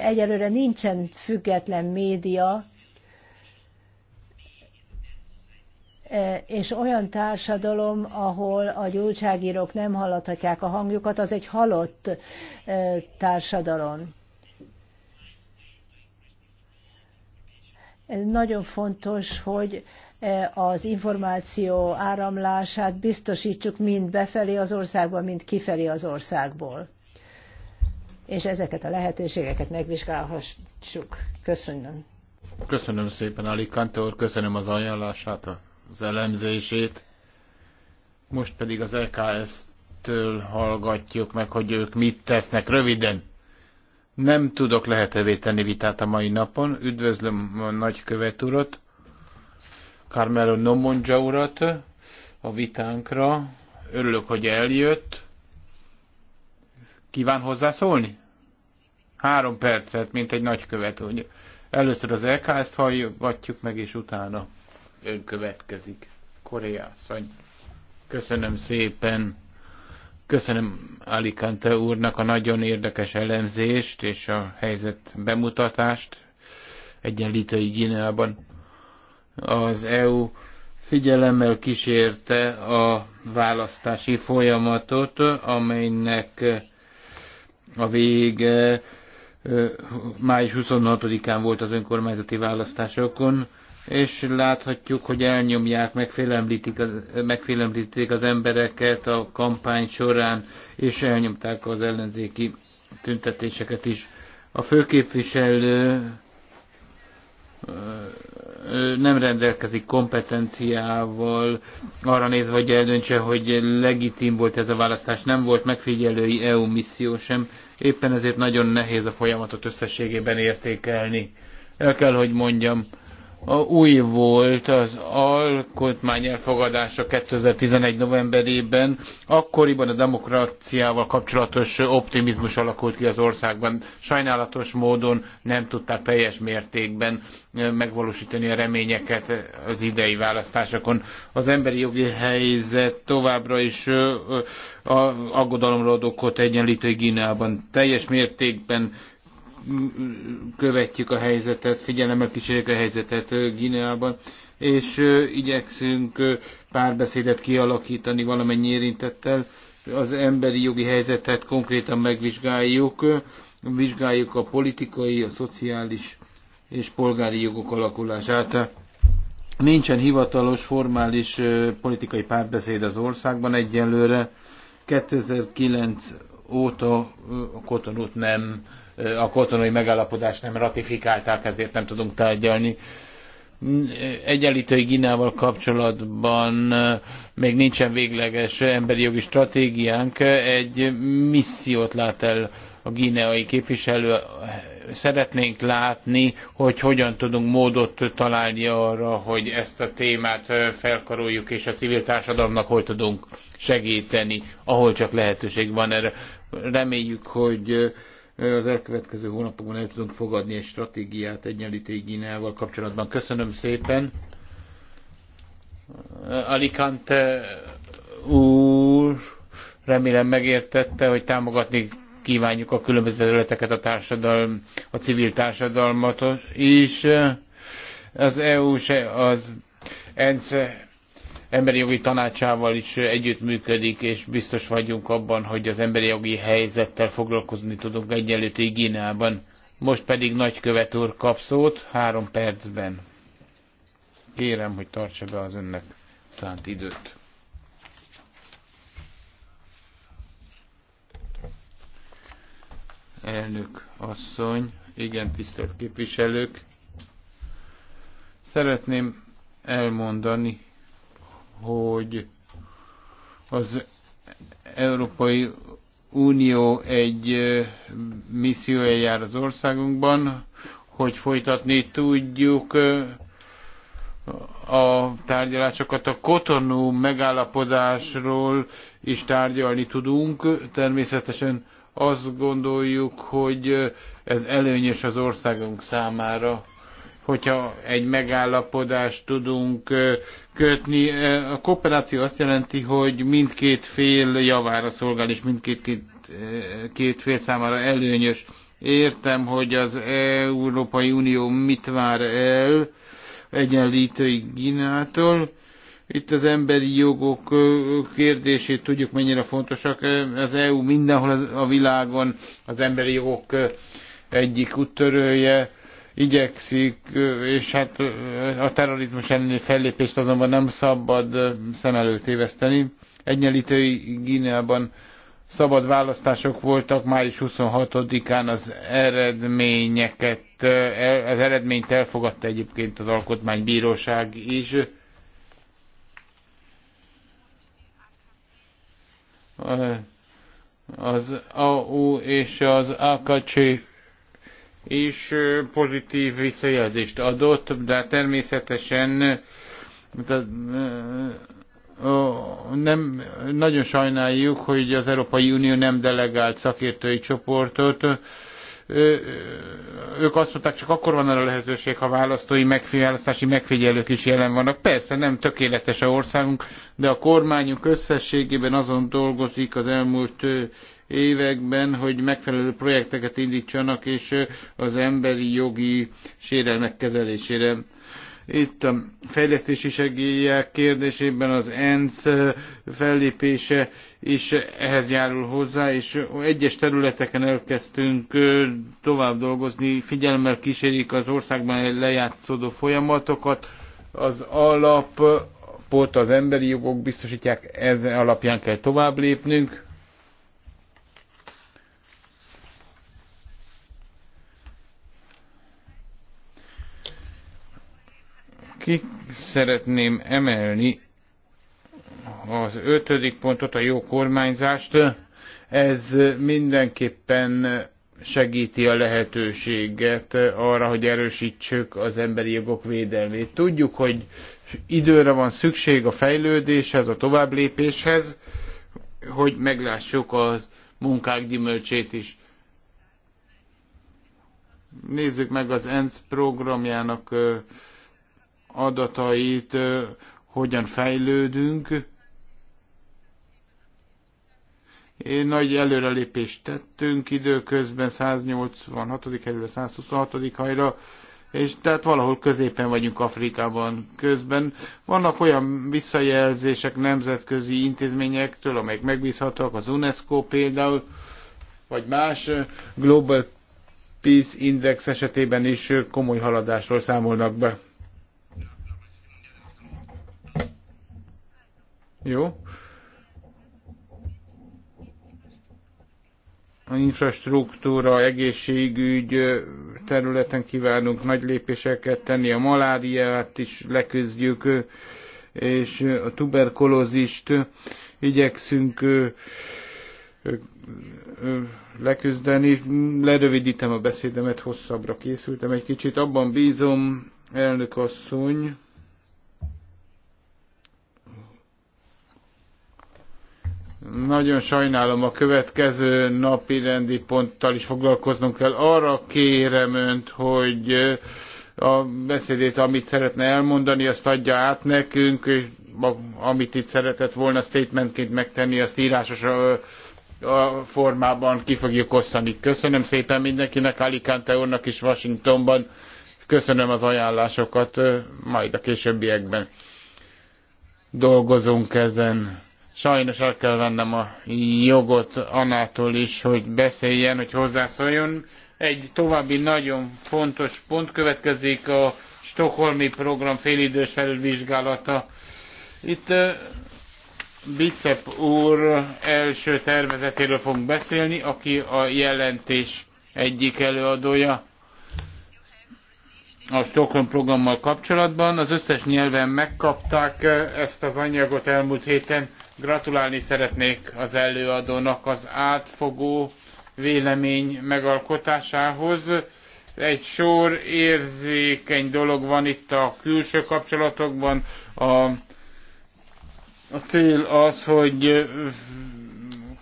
Egyelőre nincsen független média, és olyan társadalom, ahol a gyógyságírók nem hallathatják a hangjukat, az egy halott társadalom. Nagyon fontos, hogy e, az információ áramlását biztosítsuk mind befelé az országban, mind kifelé az országból. És ezeket a lehetőségeket megvizsgálhassuk. Köszönöm. Köszönöm szépen, Ali Kantor, köszönöm az ajánlását, az elemzését. Most pedig az EKS-től hallgatjuk meg, hogy ők mit tesznek röviden. Nem tudok lehetővé tenni vitát a mai napon. Üdvözlöm a nagykövet urat, Carmelo Nomonja urat a vitánkra. Örülök, hogy eljött. Kíván hozzászólni? Három percet, mint egy nagykövet. Ugye? Először az LKS-t hallgatjuk meg, és utána ön következik. Korea Köszönöm szépen. Köszönöm Alicante úrnak a nagyon érdekes elemzést és a helyzet bemutatást egyenlítői Gineában. Az EU figyelemmel kísérte a választási folyamatot, amelynek a vége május 26-án volt az önkormányzati választásokon és láthatjuk, hogy elnyomják, megfélemlítik az, megfélemlítik az embereket a kampány során, és elnyomták az ellenzéki tüntetéseket is. A főképviselő nem rendelkezik kompetenciával, arra nézve, hogy eldöntse, hogy legitim volt ez a választás, nem volt megfigyelői EU misszió sem, éppen ezért nagyon nehéz a folyamatot összességében értékelni. El kell, hogy mondjam, a, új volt az alkotmány elfogadása 2011. novemberében. Akkoriban a demokráciával kapcsolatos optimizmus alakult ki az országban. Sajnálatos módon nem tudták teljes mértékben megvalósítani a reményeket az idei választásokon. Az emberi jogi helyzet továbbra is aggodalomra ad okot egyenlítő Gíneában. Teljes mértékben követjük a helyzetet, figyelemmel kísérjük a helyzetet Gineában, és igyekszünk párbeszédet kialakítani valamennyi érintettel, az emberi jogi helyzetet konkrétan megvizsgáljuk, vizsgáljuk a politikai, a szociális és polgári jogok alakulását. Nincsen hivatalos, formális politikai párbeszéd az országban egyelőre. 2009 óta a kotonút nem a kotonai megállapodást nem ratifikálták, ezért nem tudunk tárgyalni. Egyenlítői Ginával kapcsolatban még nincsen végleges emberi jogi stratégiánk. Egy missziót lát el a gineai képviselő. Szeretnénk látni, hogy hogyan tudunk módot találni arra, hogy ezt a témát felkaroljuk, és a civil társadalomnak hol tudunk segíteni, ahol csak lehetőség van erre. Reméljük, hogy az elkövetkező hónapokban el tudunk fogadni egy stratégiát egyenlítői Gíneával kapcsolatban. Köszönöm szépen. Alicante úr, remélem megértette, hogy támogatni kívánjuk a különböző területeket, a, társadalm, a civil társadalmat is. Az EU, az ENSZ emberi jogi tanácsával is együttműködik, és biztos vagyunk abban, hogy az emberi jogi helyzettel foglalkozni tudunk egyenlőtt Gínában. Most pedig nagykövet úr kap szót három percben. Kérem, hogy tartsa be az önnek szánt időt. Elnök asszony, igen, tisztelt képviselők! Szeretném elmondani, hogy az Európai Unió egy missziója jár az országunkban, hogy folytatni tudjuk a tárgyalásokat a kotonú megállapodásról is tárgyalni tudunk. Természetesen azt gondoljuk, hogy ez előnyös az országunk számára hogyha egy megállapodást tudunk kötni. A kooperáció azt jelenti, hogy mindkét fél javára szolgál, és mindkét két, két fél számára előnyös. Értem, hogy az Európai Unió mit vár el egyenlítői Ginától, itt az emberi jogok kérdését tudjuk mennyire fontosak. Az EU mindenhol a világon az emberi jogok egyik úttörője igyekszik, és hát a terrorizmus elleni fellépést azonban nem szabad szem előtt éveszteni. Egyenlítői Gíneában szabad választások voltak, május 26-án az eredményeket, az eredményt elfogadta egyébként az Alkotmánybíróság is. Az AU és az AKC is pozitív visszajelzést adott, de hát természetesen hát, nem, nagyon sajnáljuk, hogy az Európai Unió nem delegált szakértői csoportot. Ők azt mondták, csak akkor van arra lehetőség, ha választói megválasztási megfigyelők is jelen vannak. Persze nem tökéletes a országunk, de a kormányunk összességében azon dolgozik az elmúlt években, hogy megfelelő projekteket indítsanak, és az emberi jogi sérelmek kezelésére. Itt a fejlesztési segélyek kérdésében az ENSZ fellépése is ehhez járul hozzá, és egyes területeken elkezdtünk tovább dolgozni, figyelemmel kísérik az országban lejátszódó folyamatokat, az alap alapot az emberi jogok biztosítják, ez alapján kell tovább lépnünk. Ki szeretném emelni az ötödik pontot, a jó kormányzást. Ez mindenképpen segíti a lehetőséget arra, hogy erősítsük az emberi jogok védelmét. Tudjuk, hogy időre van szükség a fejlődéshez, a továbblépéshez, hogy meglássuk az munkák gyümölcsét is. Nézzük meg az ENSZ programjának adatait, hogyan fejlődünk. Én nagy előrelépést tettünk időközben 186. helyre, 126. hajra, és tehát valahol középen vagyunk Afrikában közben. Vannak olyan visszajelzések nemzetközi intézményektől, amelyek megbízhatóak, az UNESCO például, vagy más Global Peace Index esetében is komoly haladásról számolnak be. Jó? A infrastruktúra, egészségügy területen kívánunk nagy lépéseket tenni, a maláriát is leküzdjük, és a tuberkulózist igyekszünk leküzdeni. Lerövidítem a beszédemet, hosszabbra készültem egy kicsit. Abban bízom, elnök asszony, Nagyon sajnálom, a következő napi rendi ponttal is foglalkoznunk kell. Arra kérem önt, hogy eh, a beszédét, amit szeretne elmondani, azt adja át nekünk, amit itt szeretett volna statementként megtenni, azt írásos eh, a formában ki fogjuk osztani. Köszönöm szépen mindenkinek, Alicante úrnak is Washingtonban. Köszönöm az ajánlásokat, eh, majd a későbbiekben dolgozunk ezen. Sajnos el kell vennem a jogot Anától is, hogy beszéljen, hogy hozzászóljon. Egy további nagyon fontos pont következik a Stokholmi program félidős felülvizsgálata. Itt eh, Bicep úr első tervezetéről fogunk beszélni, aki a jelentés egyik előadója a Stockholm programmal kapcsolatban. Az összes nyelven megkapták eh, ezt az anyagot elmúlt héten. Gratulálni szeretnék az előadónak az átfogó vélemény megalkotásához. Egy sor érzékeny dolog van itt a külső kapcsolatokban. A, a cél az, hogy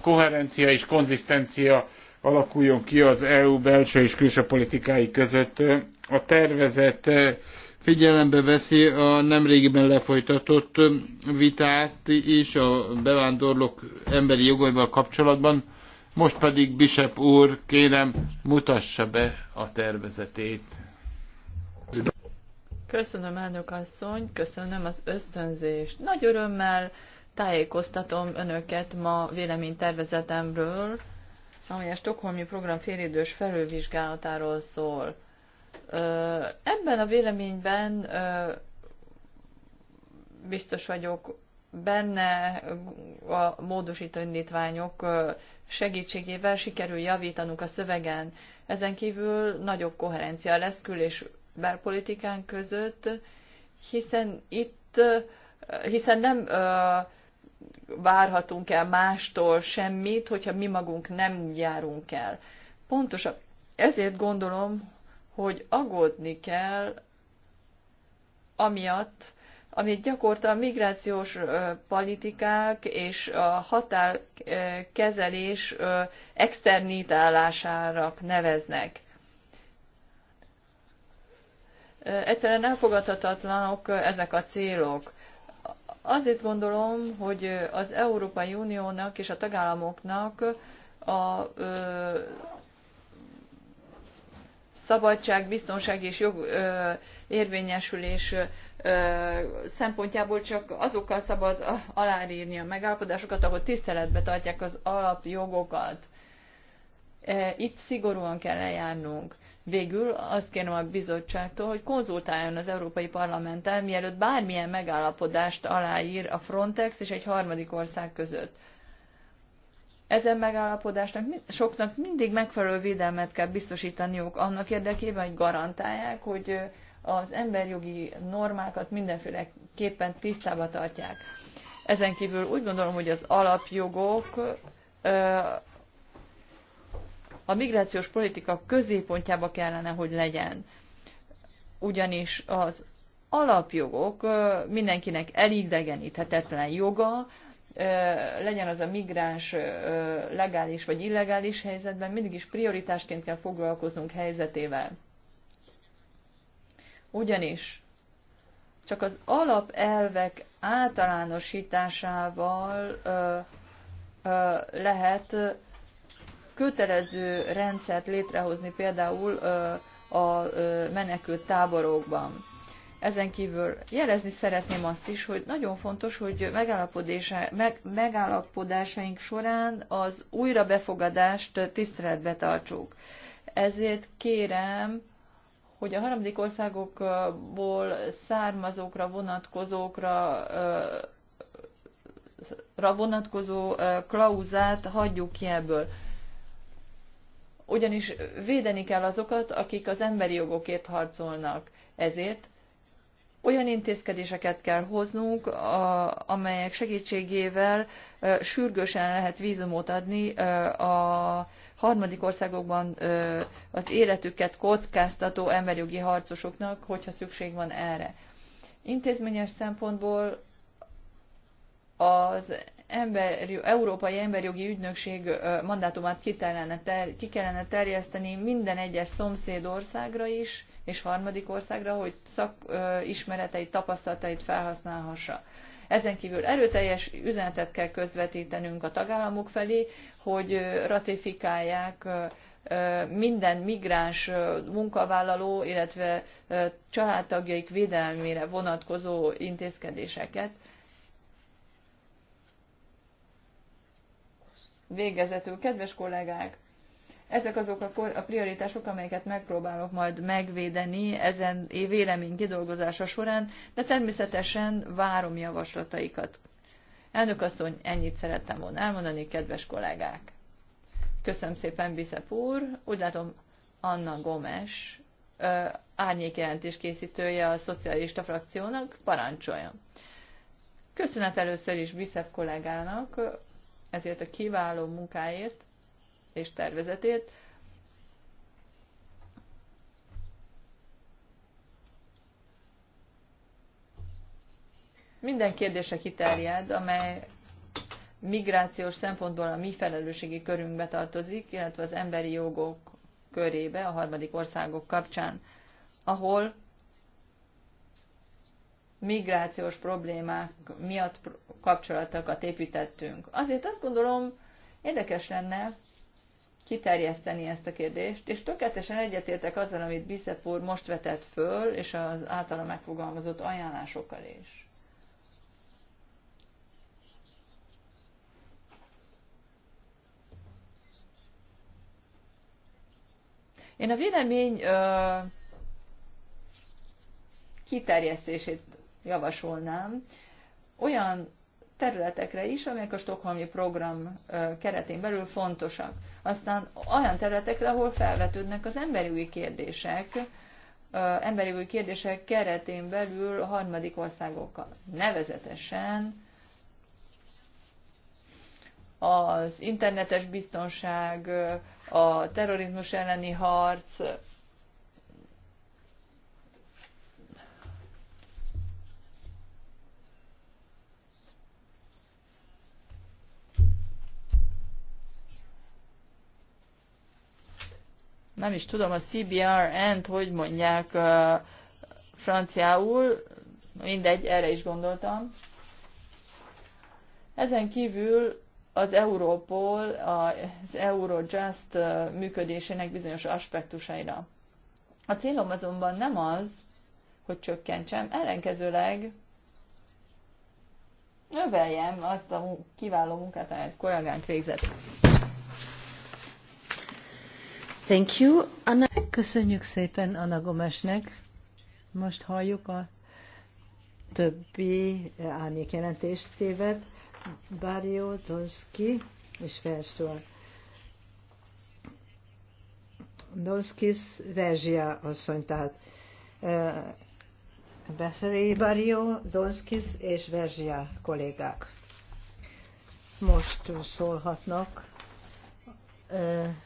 koherencia és konzisztencia alakuljon ki az EU belső és külső politikái között. A tervezett figyelembe veszi a nemrégiben lefolytatott vitát is a bevándorlók emberi jogaival kapcsolatban. Most pedig Bishop úr, kérem, mutassa be a tervezetét. Köszönöm, elnök asszony, köszönöm az ösztönzést. Nagy örömmel tájékoztatom önöket ma véleménytervezetemről, amely a Stockholmi Program félidős felülvizsgálatáról szól. Ebben a véleményben biztos vagyok benne a módosító indítványok segítségével sikerül javítanunk a szövegen. Ezen kívül nagyobb koherencia lesz kül- és belpolitikán között, hiszen itt, hiszen nem várhatunk el mástól semmit, hogyha mi magunk nem járunk el. Pontosan Ezért gondolom, hogy aggódni kell amiatt, amit gyakorta a migrációs politikák és a határkezelés externitálására neveznek. Egyszerűen elfogadhatatlanok ezek a célok. Azért gondolom, hogy az Európai Uniónak és a tagállamoknak a szabadság, biztonság és jog érvényesülés szempontjából csak azokkal szabad alárírni a megállapodásokat, ahol tiszteletbe tartják az alapjogokat. E, itt szigorúan kell eljárnunk. Végül azt kérem a bizottságtól, hogy konzultáljon az Európai Parlamenttel, mielőtt bármilyen megállapodást aláír a Frontex és egy harmadik ország között. Ezen megállapodásnak soknak mindig megfelelő védelmet kell biztosítaniuk annak érdekében, hogy garantálják, hogy az emberjogi normákat mindenféleképpen tisztába tartják. Ezen kívül úgy gondolom, hogy az alapjogok a migrációs politika középpontjába kellene, hogy legyen. Ugyanis az alapjogok mindenkinek elidegeníthetetlen joga, legyen az a migráns legális vagy illegális helyzetben, mindig is prioritásként kell foglalkoznunk helyzetével. Ugyanis csak az alapelvek általánosításával ö, ö, lehet kötelező rendszert létrehozni például ö, a ö, menekült táborokban. Ezen kívül jelezni szeretném azt is, hogy nagyon fontos, hogy meg, megállapodásaink során az újrabefogadást tiszteletbe tartsuk. Ezért kérem, hogy a harmadik országokból származókra vonatkozókra ra vonatkozó klauzát hagyjuk ki ebből. Ugyanis védeni kell azokat, akik az emberi jogokért harcolnak. Ezért olyan intézkedéseket kell hoznunk, amelyek segítségével sürgősen lehet vízumot adni a harmadik országokban az életüket kockáztató emberjogi harcosoknak, hogyha szükség van erre. Intézményes szempontból az ember, Európai Emberjogi Ügynökség mandátumát ki kellene, ki kellene terjeszteni minden egyes szomszédországra is, és harmadik országra, hogy szakismereteit, tapasztalatait felhasználhassa. Ezen kívül erőteljes üzenetet kell közvetítenünk a tagállamok felé, hogy ratifikálják minden migráns munkavállaló, illetve családtagjaik védelmére vonatkozó intézkedéseket. Végezetül, kedves kollégák, ezek azok a, kor, a prioritások, amelyeket megpróbálok majd megvédeni ezen vélemény kidolgozása során, de természetesen várom javaslataikat. Elnök asszony, ennyit szerettem volna elmondani, kedves kollégák. Köszönöm szépen, Biszep úr. Úgy látom, Anna Gomes, árnyékjelentés készítője a szocialista frakciónak, parancsoljon. Köszönet először is Biszep kollégának ezért a kiváló munkáért, és tervezetét. Minden kérdése kiterjed, amely migrációs szempontból a mi felelősségi körünkbe tartozik, illetve az emberi jogok körébe a harmadik országok kapcsán, ahol migrációs problémák miatt kapcsolatokat építettünk. Azért azt gondolom, érdekes lenne kiterjeszteni ezt a kérdést, és tökéletesen egyetértek azzal, amit Bicep úr most vetett föl, és az általa megfogalmazott ajánlásokkal is. Én a vélemény ö, kiterjesztését javasolnám olyan területekre is, amelyek a stokholmi program keretén belül fontosak. Aztán olyan területekre, ahol felvetődnek az emberi új kérdések, emberi új kérdések keretén belül a harmadik országokkal. Nevezetesen az internetes biztonság, a terrorizmus elleni harc, nem is tudom, a CBRN-t hogy mondják uh, franciául, mindegy, erre is gondoltam. Ezen kívül az Europol, az Eurojust működésének bizonyos aspektusaira. A célom azonban nem az, hogy csökkentsem, ellenkezőleg növeljem azt a kiváló munkát, amelyet kollégánk végzett. Thank you, Anna. Köszönjük szépen Anna Gomesnek. Most halljuk a többi árnyék jelentéstévet. Bárió, Donszki és Verzsor. Donszkis Verzsia asszony, tehát Beszeré Bárió, Donskis és Verzsia kollégák. Most szólhatnak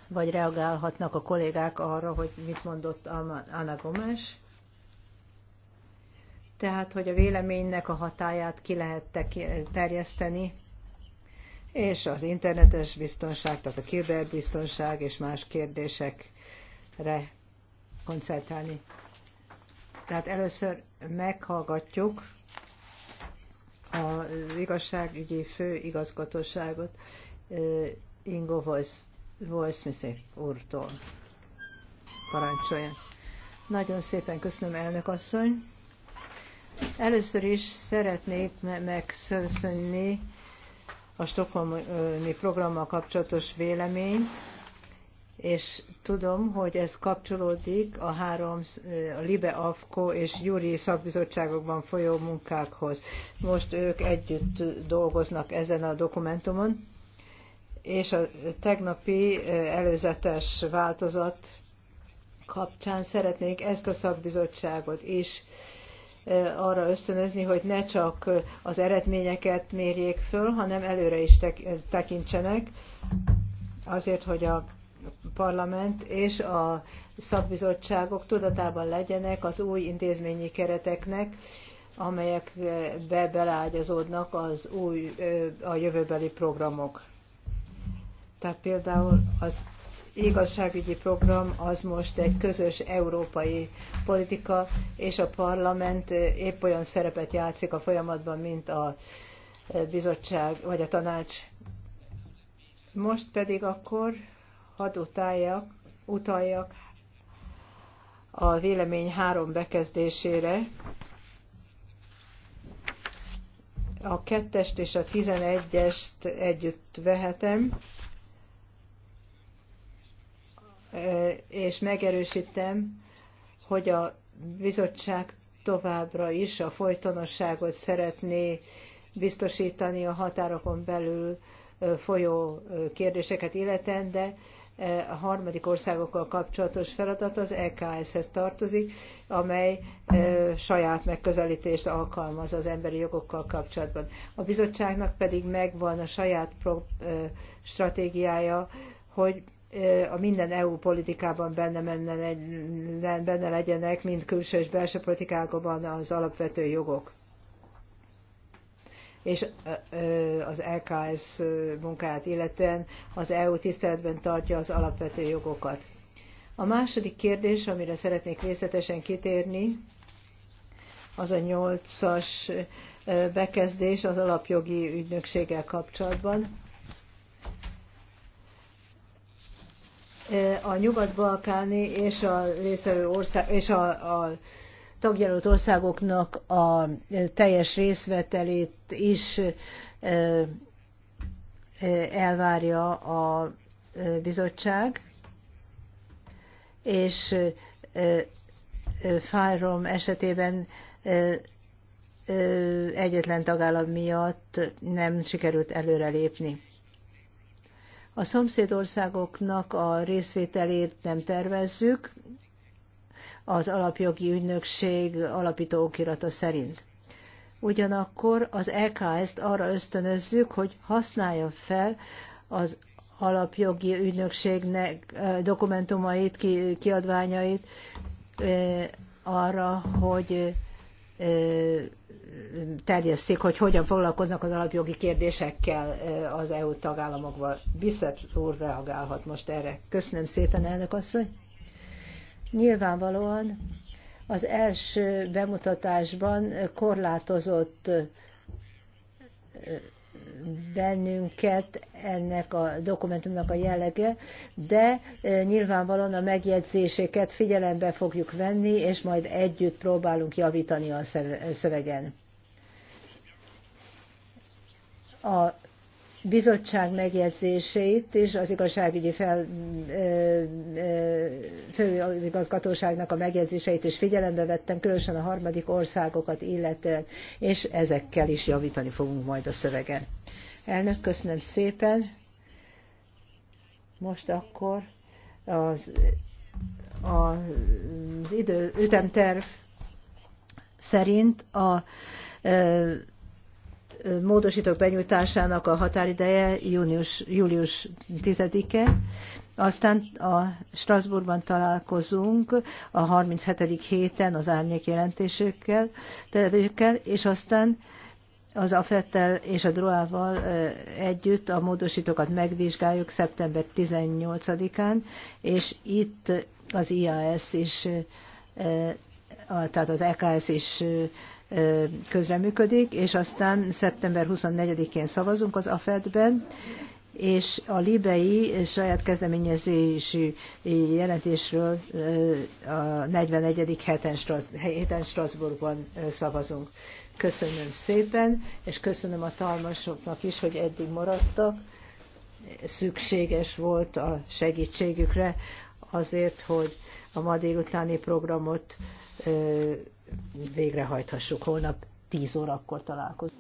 vagy reagálhatnak a kollégák arra, hogy mit mondott Anna Gomes. Tehát, hogy a véleménynek a hatáját ki lehet terjeszteni, és az internetes biztonság, tehát a kiberbiztonság és más kérdésekre koncentrálni. Tehát először meghallgatjuk az igazságügyi főigazgatóságot, Ingo Voice Voice úrtól. Parancsolja. Nagyon szépen köszönöm, elnök asszony. Először is szeretnék megköszönni a Stockholmi programmal kapcsolatos véleményt, és tudom, hogy ez kapcsolódik a három, a Libe Afko és Júri szakbizottságokban folyó munkákhoz. Most ők együtt dolgoznak ezen a dokumentumon és a tegnapi előzetes változat kapcsán szeretnék ezt a szakbizottságot is arra ösztönözni, hogy ne csak az eredményeket mérjék föl, hanem előre is tekintsenek, azért, hogy a parlament és a szakbizottságok tudatában legyenek az új intézményi kereteknek, amelyekbe beleágyazódnak az új, a jövőbeli programok. Tehát például az igazságügyi program az most egy közös európai politika, és a parlament épp olyan szerepet játszik a folyamatban, mint a bizottság vagy a tanács. Most pedig akkor hadd utáljak, utaljak a vélemény három bekezdésére. A kettest és a tizenegyest együtt vehetem és megerősítem, hogy a bizottság továbbra is a folytonosságot szeretné biztosítani a határokon belül folyó kérdéseket illeten, de a harmadik országokkal kapcsolatos feladat az EKS-hez tartozik, amely saját megközelítést alkalmaz az emberi jogokkal kapcsolatban. A bizottságnak pedig megvan a saját stratégiája, hogy a minden EU politikában benne, menne, benne legyenek, mind külső és belső politikákban az alapvető jogok. És az LKS munkáját illetően az EU tiszteletben tartja az alapvető jogokat. A második kérdés, amire szeretnék részletesen kitérni, az a nyolcas bekezdés az alapjogi ügynökséggel kapcsolatban a nyugat-balkáni és a részvevő ország, és a, a tagjelölt országoknak a teljes részvetelét is elvárja a bizottság, és Fájrom esetében egyetlen tagállam miatt nem sikerült előrelépni. A szomszédországoknak a részvételét nem tervezzük az alapjogi ügynökség alapító okirata szerint. Ugyanakkor az EKS-t arra ösztönözzük, hogy használja fel az alapjogi ügynökségnek dokumentumait, kiadványait arra, hogy terjesszék, hogy hogyan foglalkoznak az alapjogi kérdésekkel az EU tagállamokban. Biszett úr reagálhat most erre. Köszönöm szépen, elnök asszony. Nyilvánvalóan az első bemutatásban korlátozott bennünket ennek a dokumentumnak a jellege, de nyilvánvalóan a megjegyzéseket figyelembe fogjuk venni, és majd együtt próbálunk javítani a szövegen a bizottság megjegyzéseit és az igazságügyi fel, főigazgatóságnak a megjegyzéseit is figyelembe vettem, különösen a harmadik országokat illetően, és ezekkel is javítani fogunk majd a szövegen. Elnök, köszönöm szépen. Most akkor az, az idő, ütemterv szerint a módosítók benyújtásának a határideje június, július 10-e, aztán a Strasbourgban találkozunk a 37. héten az árnyék jelentésekkel, és aztán az AFET-tel és a DROA-val együtt a módosítókat megvizsgáljuk szeptember 18-án, és itt az IAS is, tehát az EKS is közreműködik, és aztán szeptember 24-én szavazunk az AFED-ben, és a libei saját kezdeményezési jelentésről a 41. héten Strasbourgban szavazunk. Köszönöm szépen, és köszönöm a talmasoknak is, hogy eddig maradtak. Szükséges volt a segítségükre azért, hogy a ma délutáni programot végrehajthassuk. Holnap 10 órakor találkozunk.